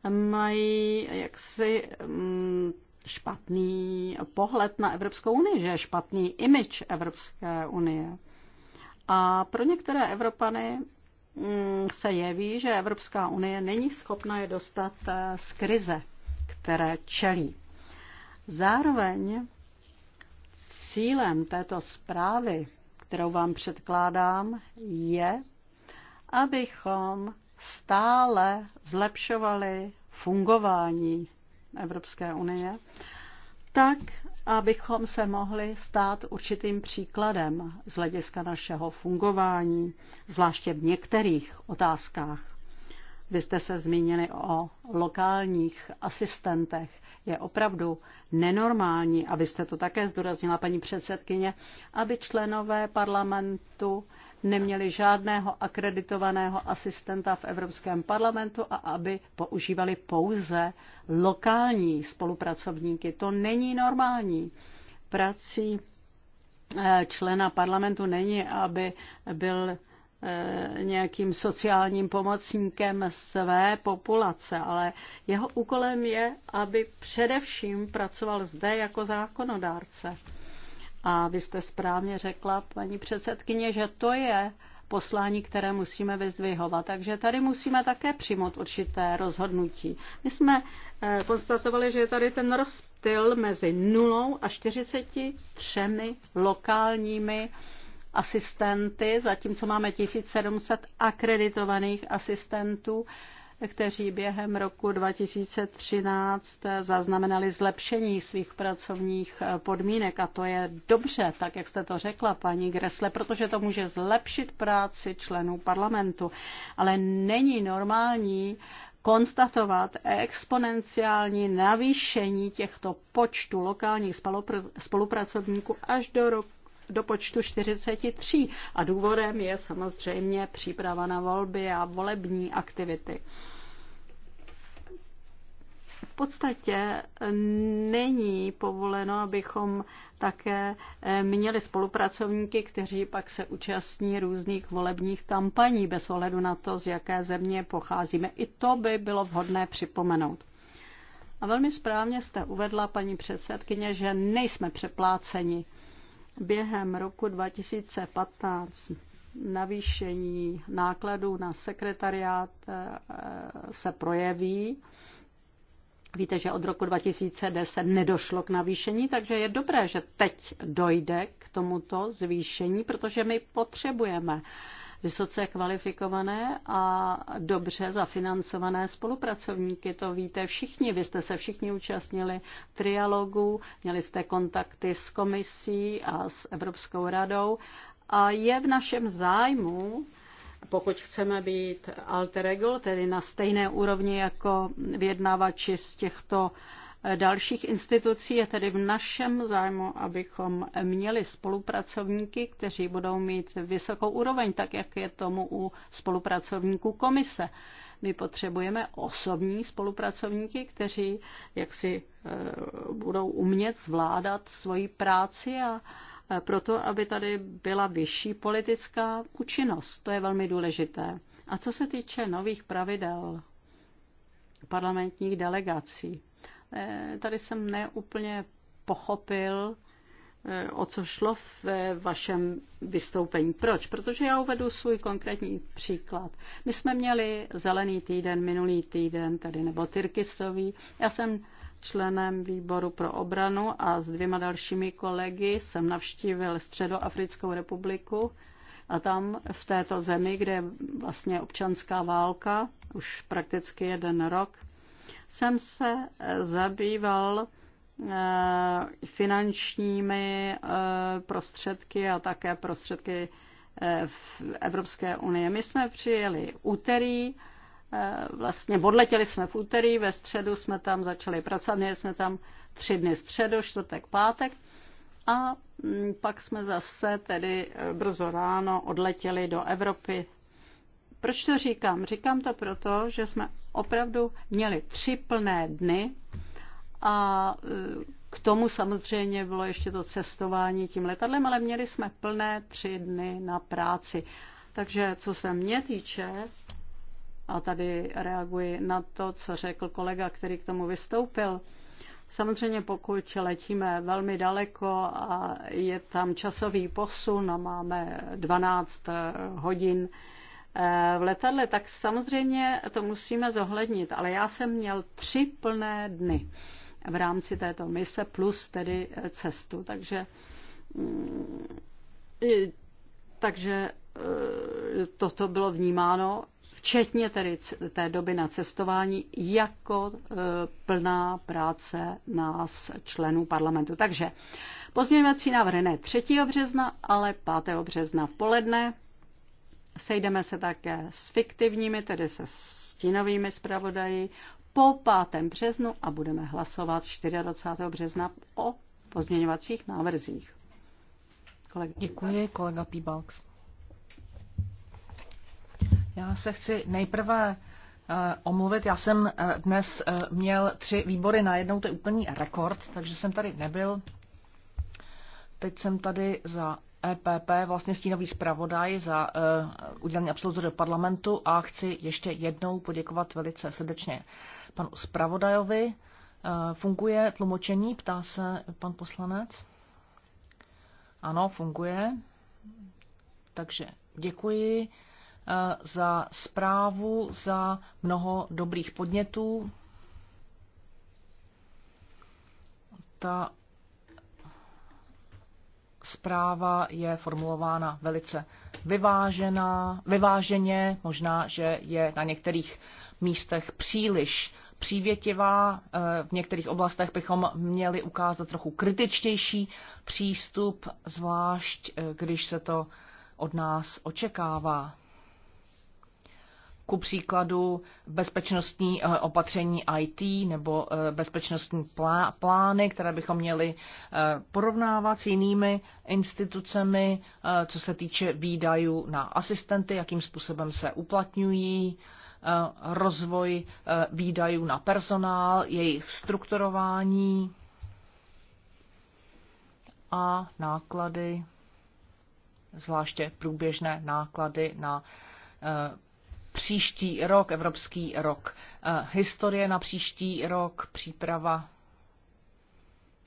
mají jaksi mm, špatný pohled na Evropskou unii, že je špatný image Evropské unie. A pro některé Evropany Mm, se jeví, že Evropská unie není schopna je dostat eh, z krize, které čelí. Zároveň cílem této zprávy, kterou vám předkládám, je, abychom stále zlepšovali fungování Evropské unie tak, abychom se mohli stát určitým příkladem z hlediska našeho fungování, zvláště v některých otázkách. Vy jste se zmínili o lokálních asistentech. Je opravdu nenormální, abyste to také zdůraznila, paní předsedkyně, aby členové parlamentu neměli žádného akreditovaného asistenta v Evropském parlamentu a aby používali pouze lokální spolupracovníky. To není normální. Prací eh, člena parlamentu není, aby byl eh, nějakým sociálním pomocníkem své populace, ale jeho úkolem je, aby především pracoval zde jako zákonodárce. A vy jste správně řekla, paní předsedkyně, že to je poslání, které musíme vyzdvihovat. Takže tady musíme také přijmout určité rozhodnutí. My jsme eh, konstatovali, že je tady ten rozptyl mezi nulou a 43 lokálními asistenty, zatímco máme 1700 akreditovaných asistentů kteří během roku 2013 zaznamenali zlepšení svých pracovních podmínek. A to je dobře, tak jak jste to řekla, paní Gresle, protože to může zlepšit práci členů parlamentu. Ale není normální konstatovat exponenciální navýšení těchto počtů lokálních spolupracovníků až do roku do počtu 43 a důvodem je samozřejmě příprava na volby a volební aktivity. V podstatě není povoleno, abychom také eh, měli spolupracovníky, kteří pak se účastní různých volebních kampaní bez ohledu na to, z jaké země pocházíme. I to by bylo vhodné připomenout. A velmi správně jste uvedla, paní předsedkyně, že nejsme přepláceni během roku 2015 navýšení nákladů na sekretariát eh, se projeví. Víte, že od roku 2010 nedošlo k navýšení, takže je dobré, že teď dojde k tomuto zvýšení, protože my potřebujeme uh, vysoce kvalifikované a dobře zafinancované spolupracovníky. To víte všichni, vy jste se všichni účastnili trialogu, měli jste kontakty s komisí a s Evropskou radou a je v našem zájmu, pokud chceme být alter ego, tedy na stejné úrovni jako vyjednavači z těchto uh, dalších institucí. Je tedy v našem zájmu, abychom měli spolupracovníky, kteří budou mít vysokou úroveň, tak jak je tomu u spolupracovníků komise. My potřebujeme osobní spolupracovníky, kteří jaksi eh, budou umět zvládat svoji práci a eh, proto, aby tady byla vyšší politická účinnost. To je velmi důležité. A co se týče nových pravidel parlamentních delegací, Eh, tady jsem neúplně pochopil, eh, o co šlo ve vašem vystoupení. Proč? Protože já uvedu svůj konkrétní příklad. My jsme měli zelený týden, minulý týden, tedy nebo Tyrkisový. Já jsem členem výboru pro obranu a s dvěma dalšími kolegy jsem navštívil Středoafrickou republiku a tam v této zemi, kde je vlastně občanská válka, už prakticky jeden rok, jsem se eh, zabýval eh, finančními eh, prostředky a také prostředky v Evropské unie. My jsme přijeli úterý, vlastně odletěli jsme v úterý, ve středu jsme tam začali pracovat, měli jsme tam tři dny středu, čtvrtek, pátek a mm, pak jsme zase tedy brzo ráno odletěli do Evropy proč to říkám? Říkám to proto, že jsme opravdu měli tři plné dny a e, k tomu samozřejmě bylo ještě to cestování tím letadlem, ale měli jsme plné tři dny na práci. Takže co se mě týče, a tady reaguji na to, co řekl kolega, který k tomu vystoupil, Samozřejmě pokud letíme velmi daleko a je tam časový posun a máme 12 e, hodin Eh, v letadle, tak samozřejmě to musíme zohlednit. Ale já jsem měl tři plné dny v rámci této mise plus tedy eh, cestu. Takže, mm, takže eh, toto bylo vnímáno, včetně tedy té doby na cestování, jako plná práce nás, členů parlamentu. Takže pozměňovací návrh ne 3. března, ale 5. března v poledne Sejdeme se také s fiktivními, tedy se stínovými zpravodaji po 5. březnu a budeme hlasovat 24. března o pozměňovacích návrzích. Kolega. Děkuji, kolega Pibalks. Já se chci nejprve eh, omluvit. Já jsem eh, dnes eh, měl tři výbory na jednou, to je úplný rekord, takže jsem tady nebyl. Teď jsem tady za EPP, vlastně stínový zpravodaj za uh, udělení absolutory parlamentu a chci ještě jednou poděkovat velice srdečně panu zpravodajovi. Uh, funguje tlumočení, ptá se pan poslanec. Ano, funguje. Takže děkuji uh, za zprávu, za mnoho dobrých podnětů. Ta zpráva je formulována velice vyvážená, vyváženě, možná, že je na některých místech příliš přívětivá. Eh, v některých oblastech bychom měli ukázat trochu kritičtější přístup, zvlášť eh, když se to od nás očekává ku příkladu bezpečnostní eh, opatření IT nebo eh, bezpečnostní plány, které bychom měli eh, porovnávat s jinými institucemi, co se týče výdajů na asistenty, jakým způsobem se uplatňují, rozvoj výdajů na personál, jejich strukturování a náklady, zvláště průběžné náklady na příští rok, Evropský rok eh, historie na příští rok, příprava.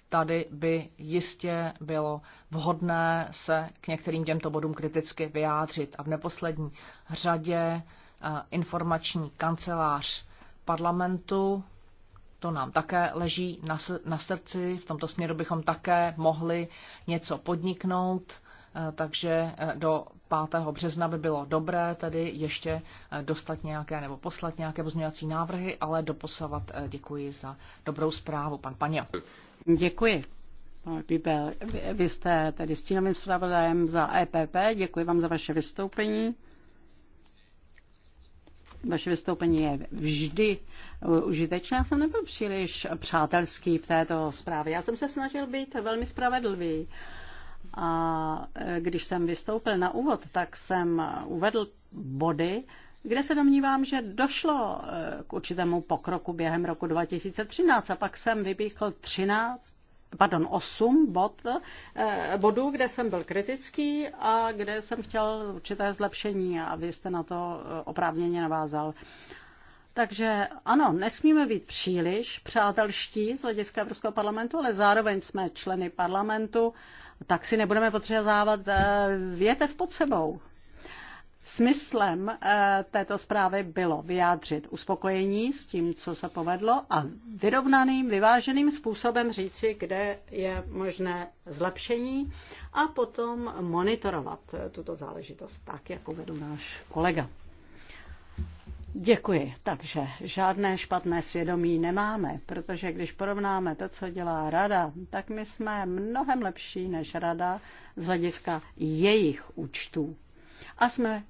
Tady by jistě bylo vhodné se k některým těmto bodům kriticky vyjádřit. A v neposlední řadě eh, informační kancelář parlamentu, to nám také leží na srdci, v tomto směru bychom také mohli něco podniknout Eh, takže eh, do 5. března by bylo dobré tedy ještě eh, dostat nějaké nebo poslat nějaké pozměňovací návrhy, ale doposavat děkuji za dobrou zprávu, pan Paně. Děkuji. Pípel. vy, vy jste tedy stínovým zpravodajem za EPP. Děkuji vám za vaše vystoupení. Vaše vystoupení je vždy užitečné. Já jsem nebyl příliš přátelský v této zprávě. Já jsem se snažil být velmi spravedlivý. Uh, a e, když jsem vystoupil na úvod, tak jsem uvedl body, kde se domnívám, že došlo e, k určitému pokroku během roku 2013 a pak jsem vypíchl 13 pardon, osm bod, eh, bodů, kde jsem byl kritický a kde jsem chtěl určité zlepšení a vy jste na to e, oprávněně navázal. Takže ano, nesmíme být příliš přátelští z hlediska Evropského parlamentu, ale zároveň jsme členy parlamentu. Eh, tak si nebudeme potřebovat eh, větev pod sebou. Smyslem eh, této zprávy bylo vyjádřit uspokojení s tím, co se povedlo a vyrovnaným, vyváženým způsobem říci, kde je možné zlepšení a potom monitorovat tuto záležitost tak, jako vedl náš kolega. Děkuji. Takže žádné špatné svědomí nemáme, protože když porovnáme to, co dělá rada, tak my jsme mnohem lepší než rada z hlediska jejich účtů. A jsme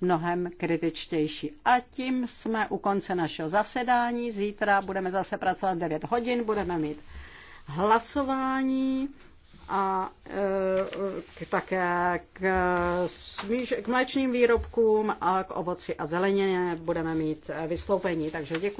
mnohem kritičtější. A tím jsme u konce našeho zasedání. Zítra budeme zase pracovat 9 hodin, budeme mít hlasování a e, k, také k, smíž, k mléčným výrobkům a k ovoci a zelenině budeme mít vystoupení. Takže děkuji.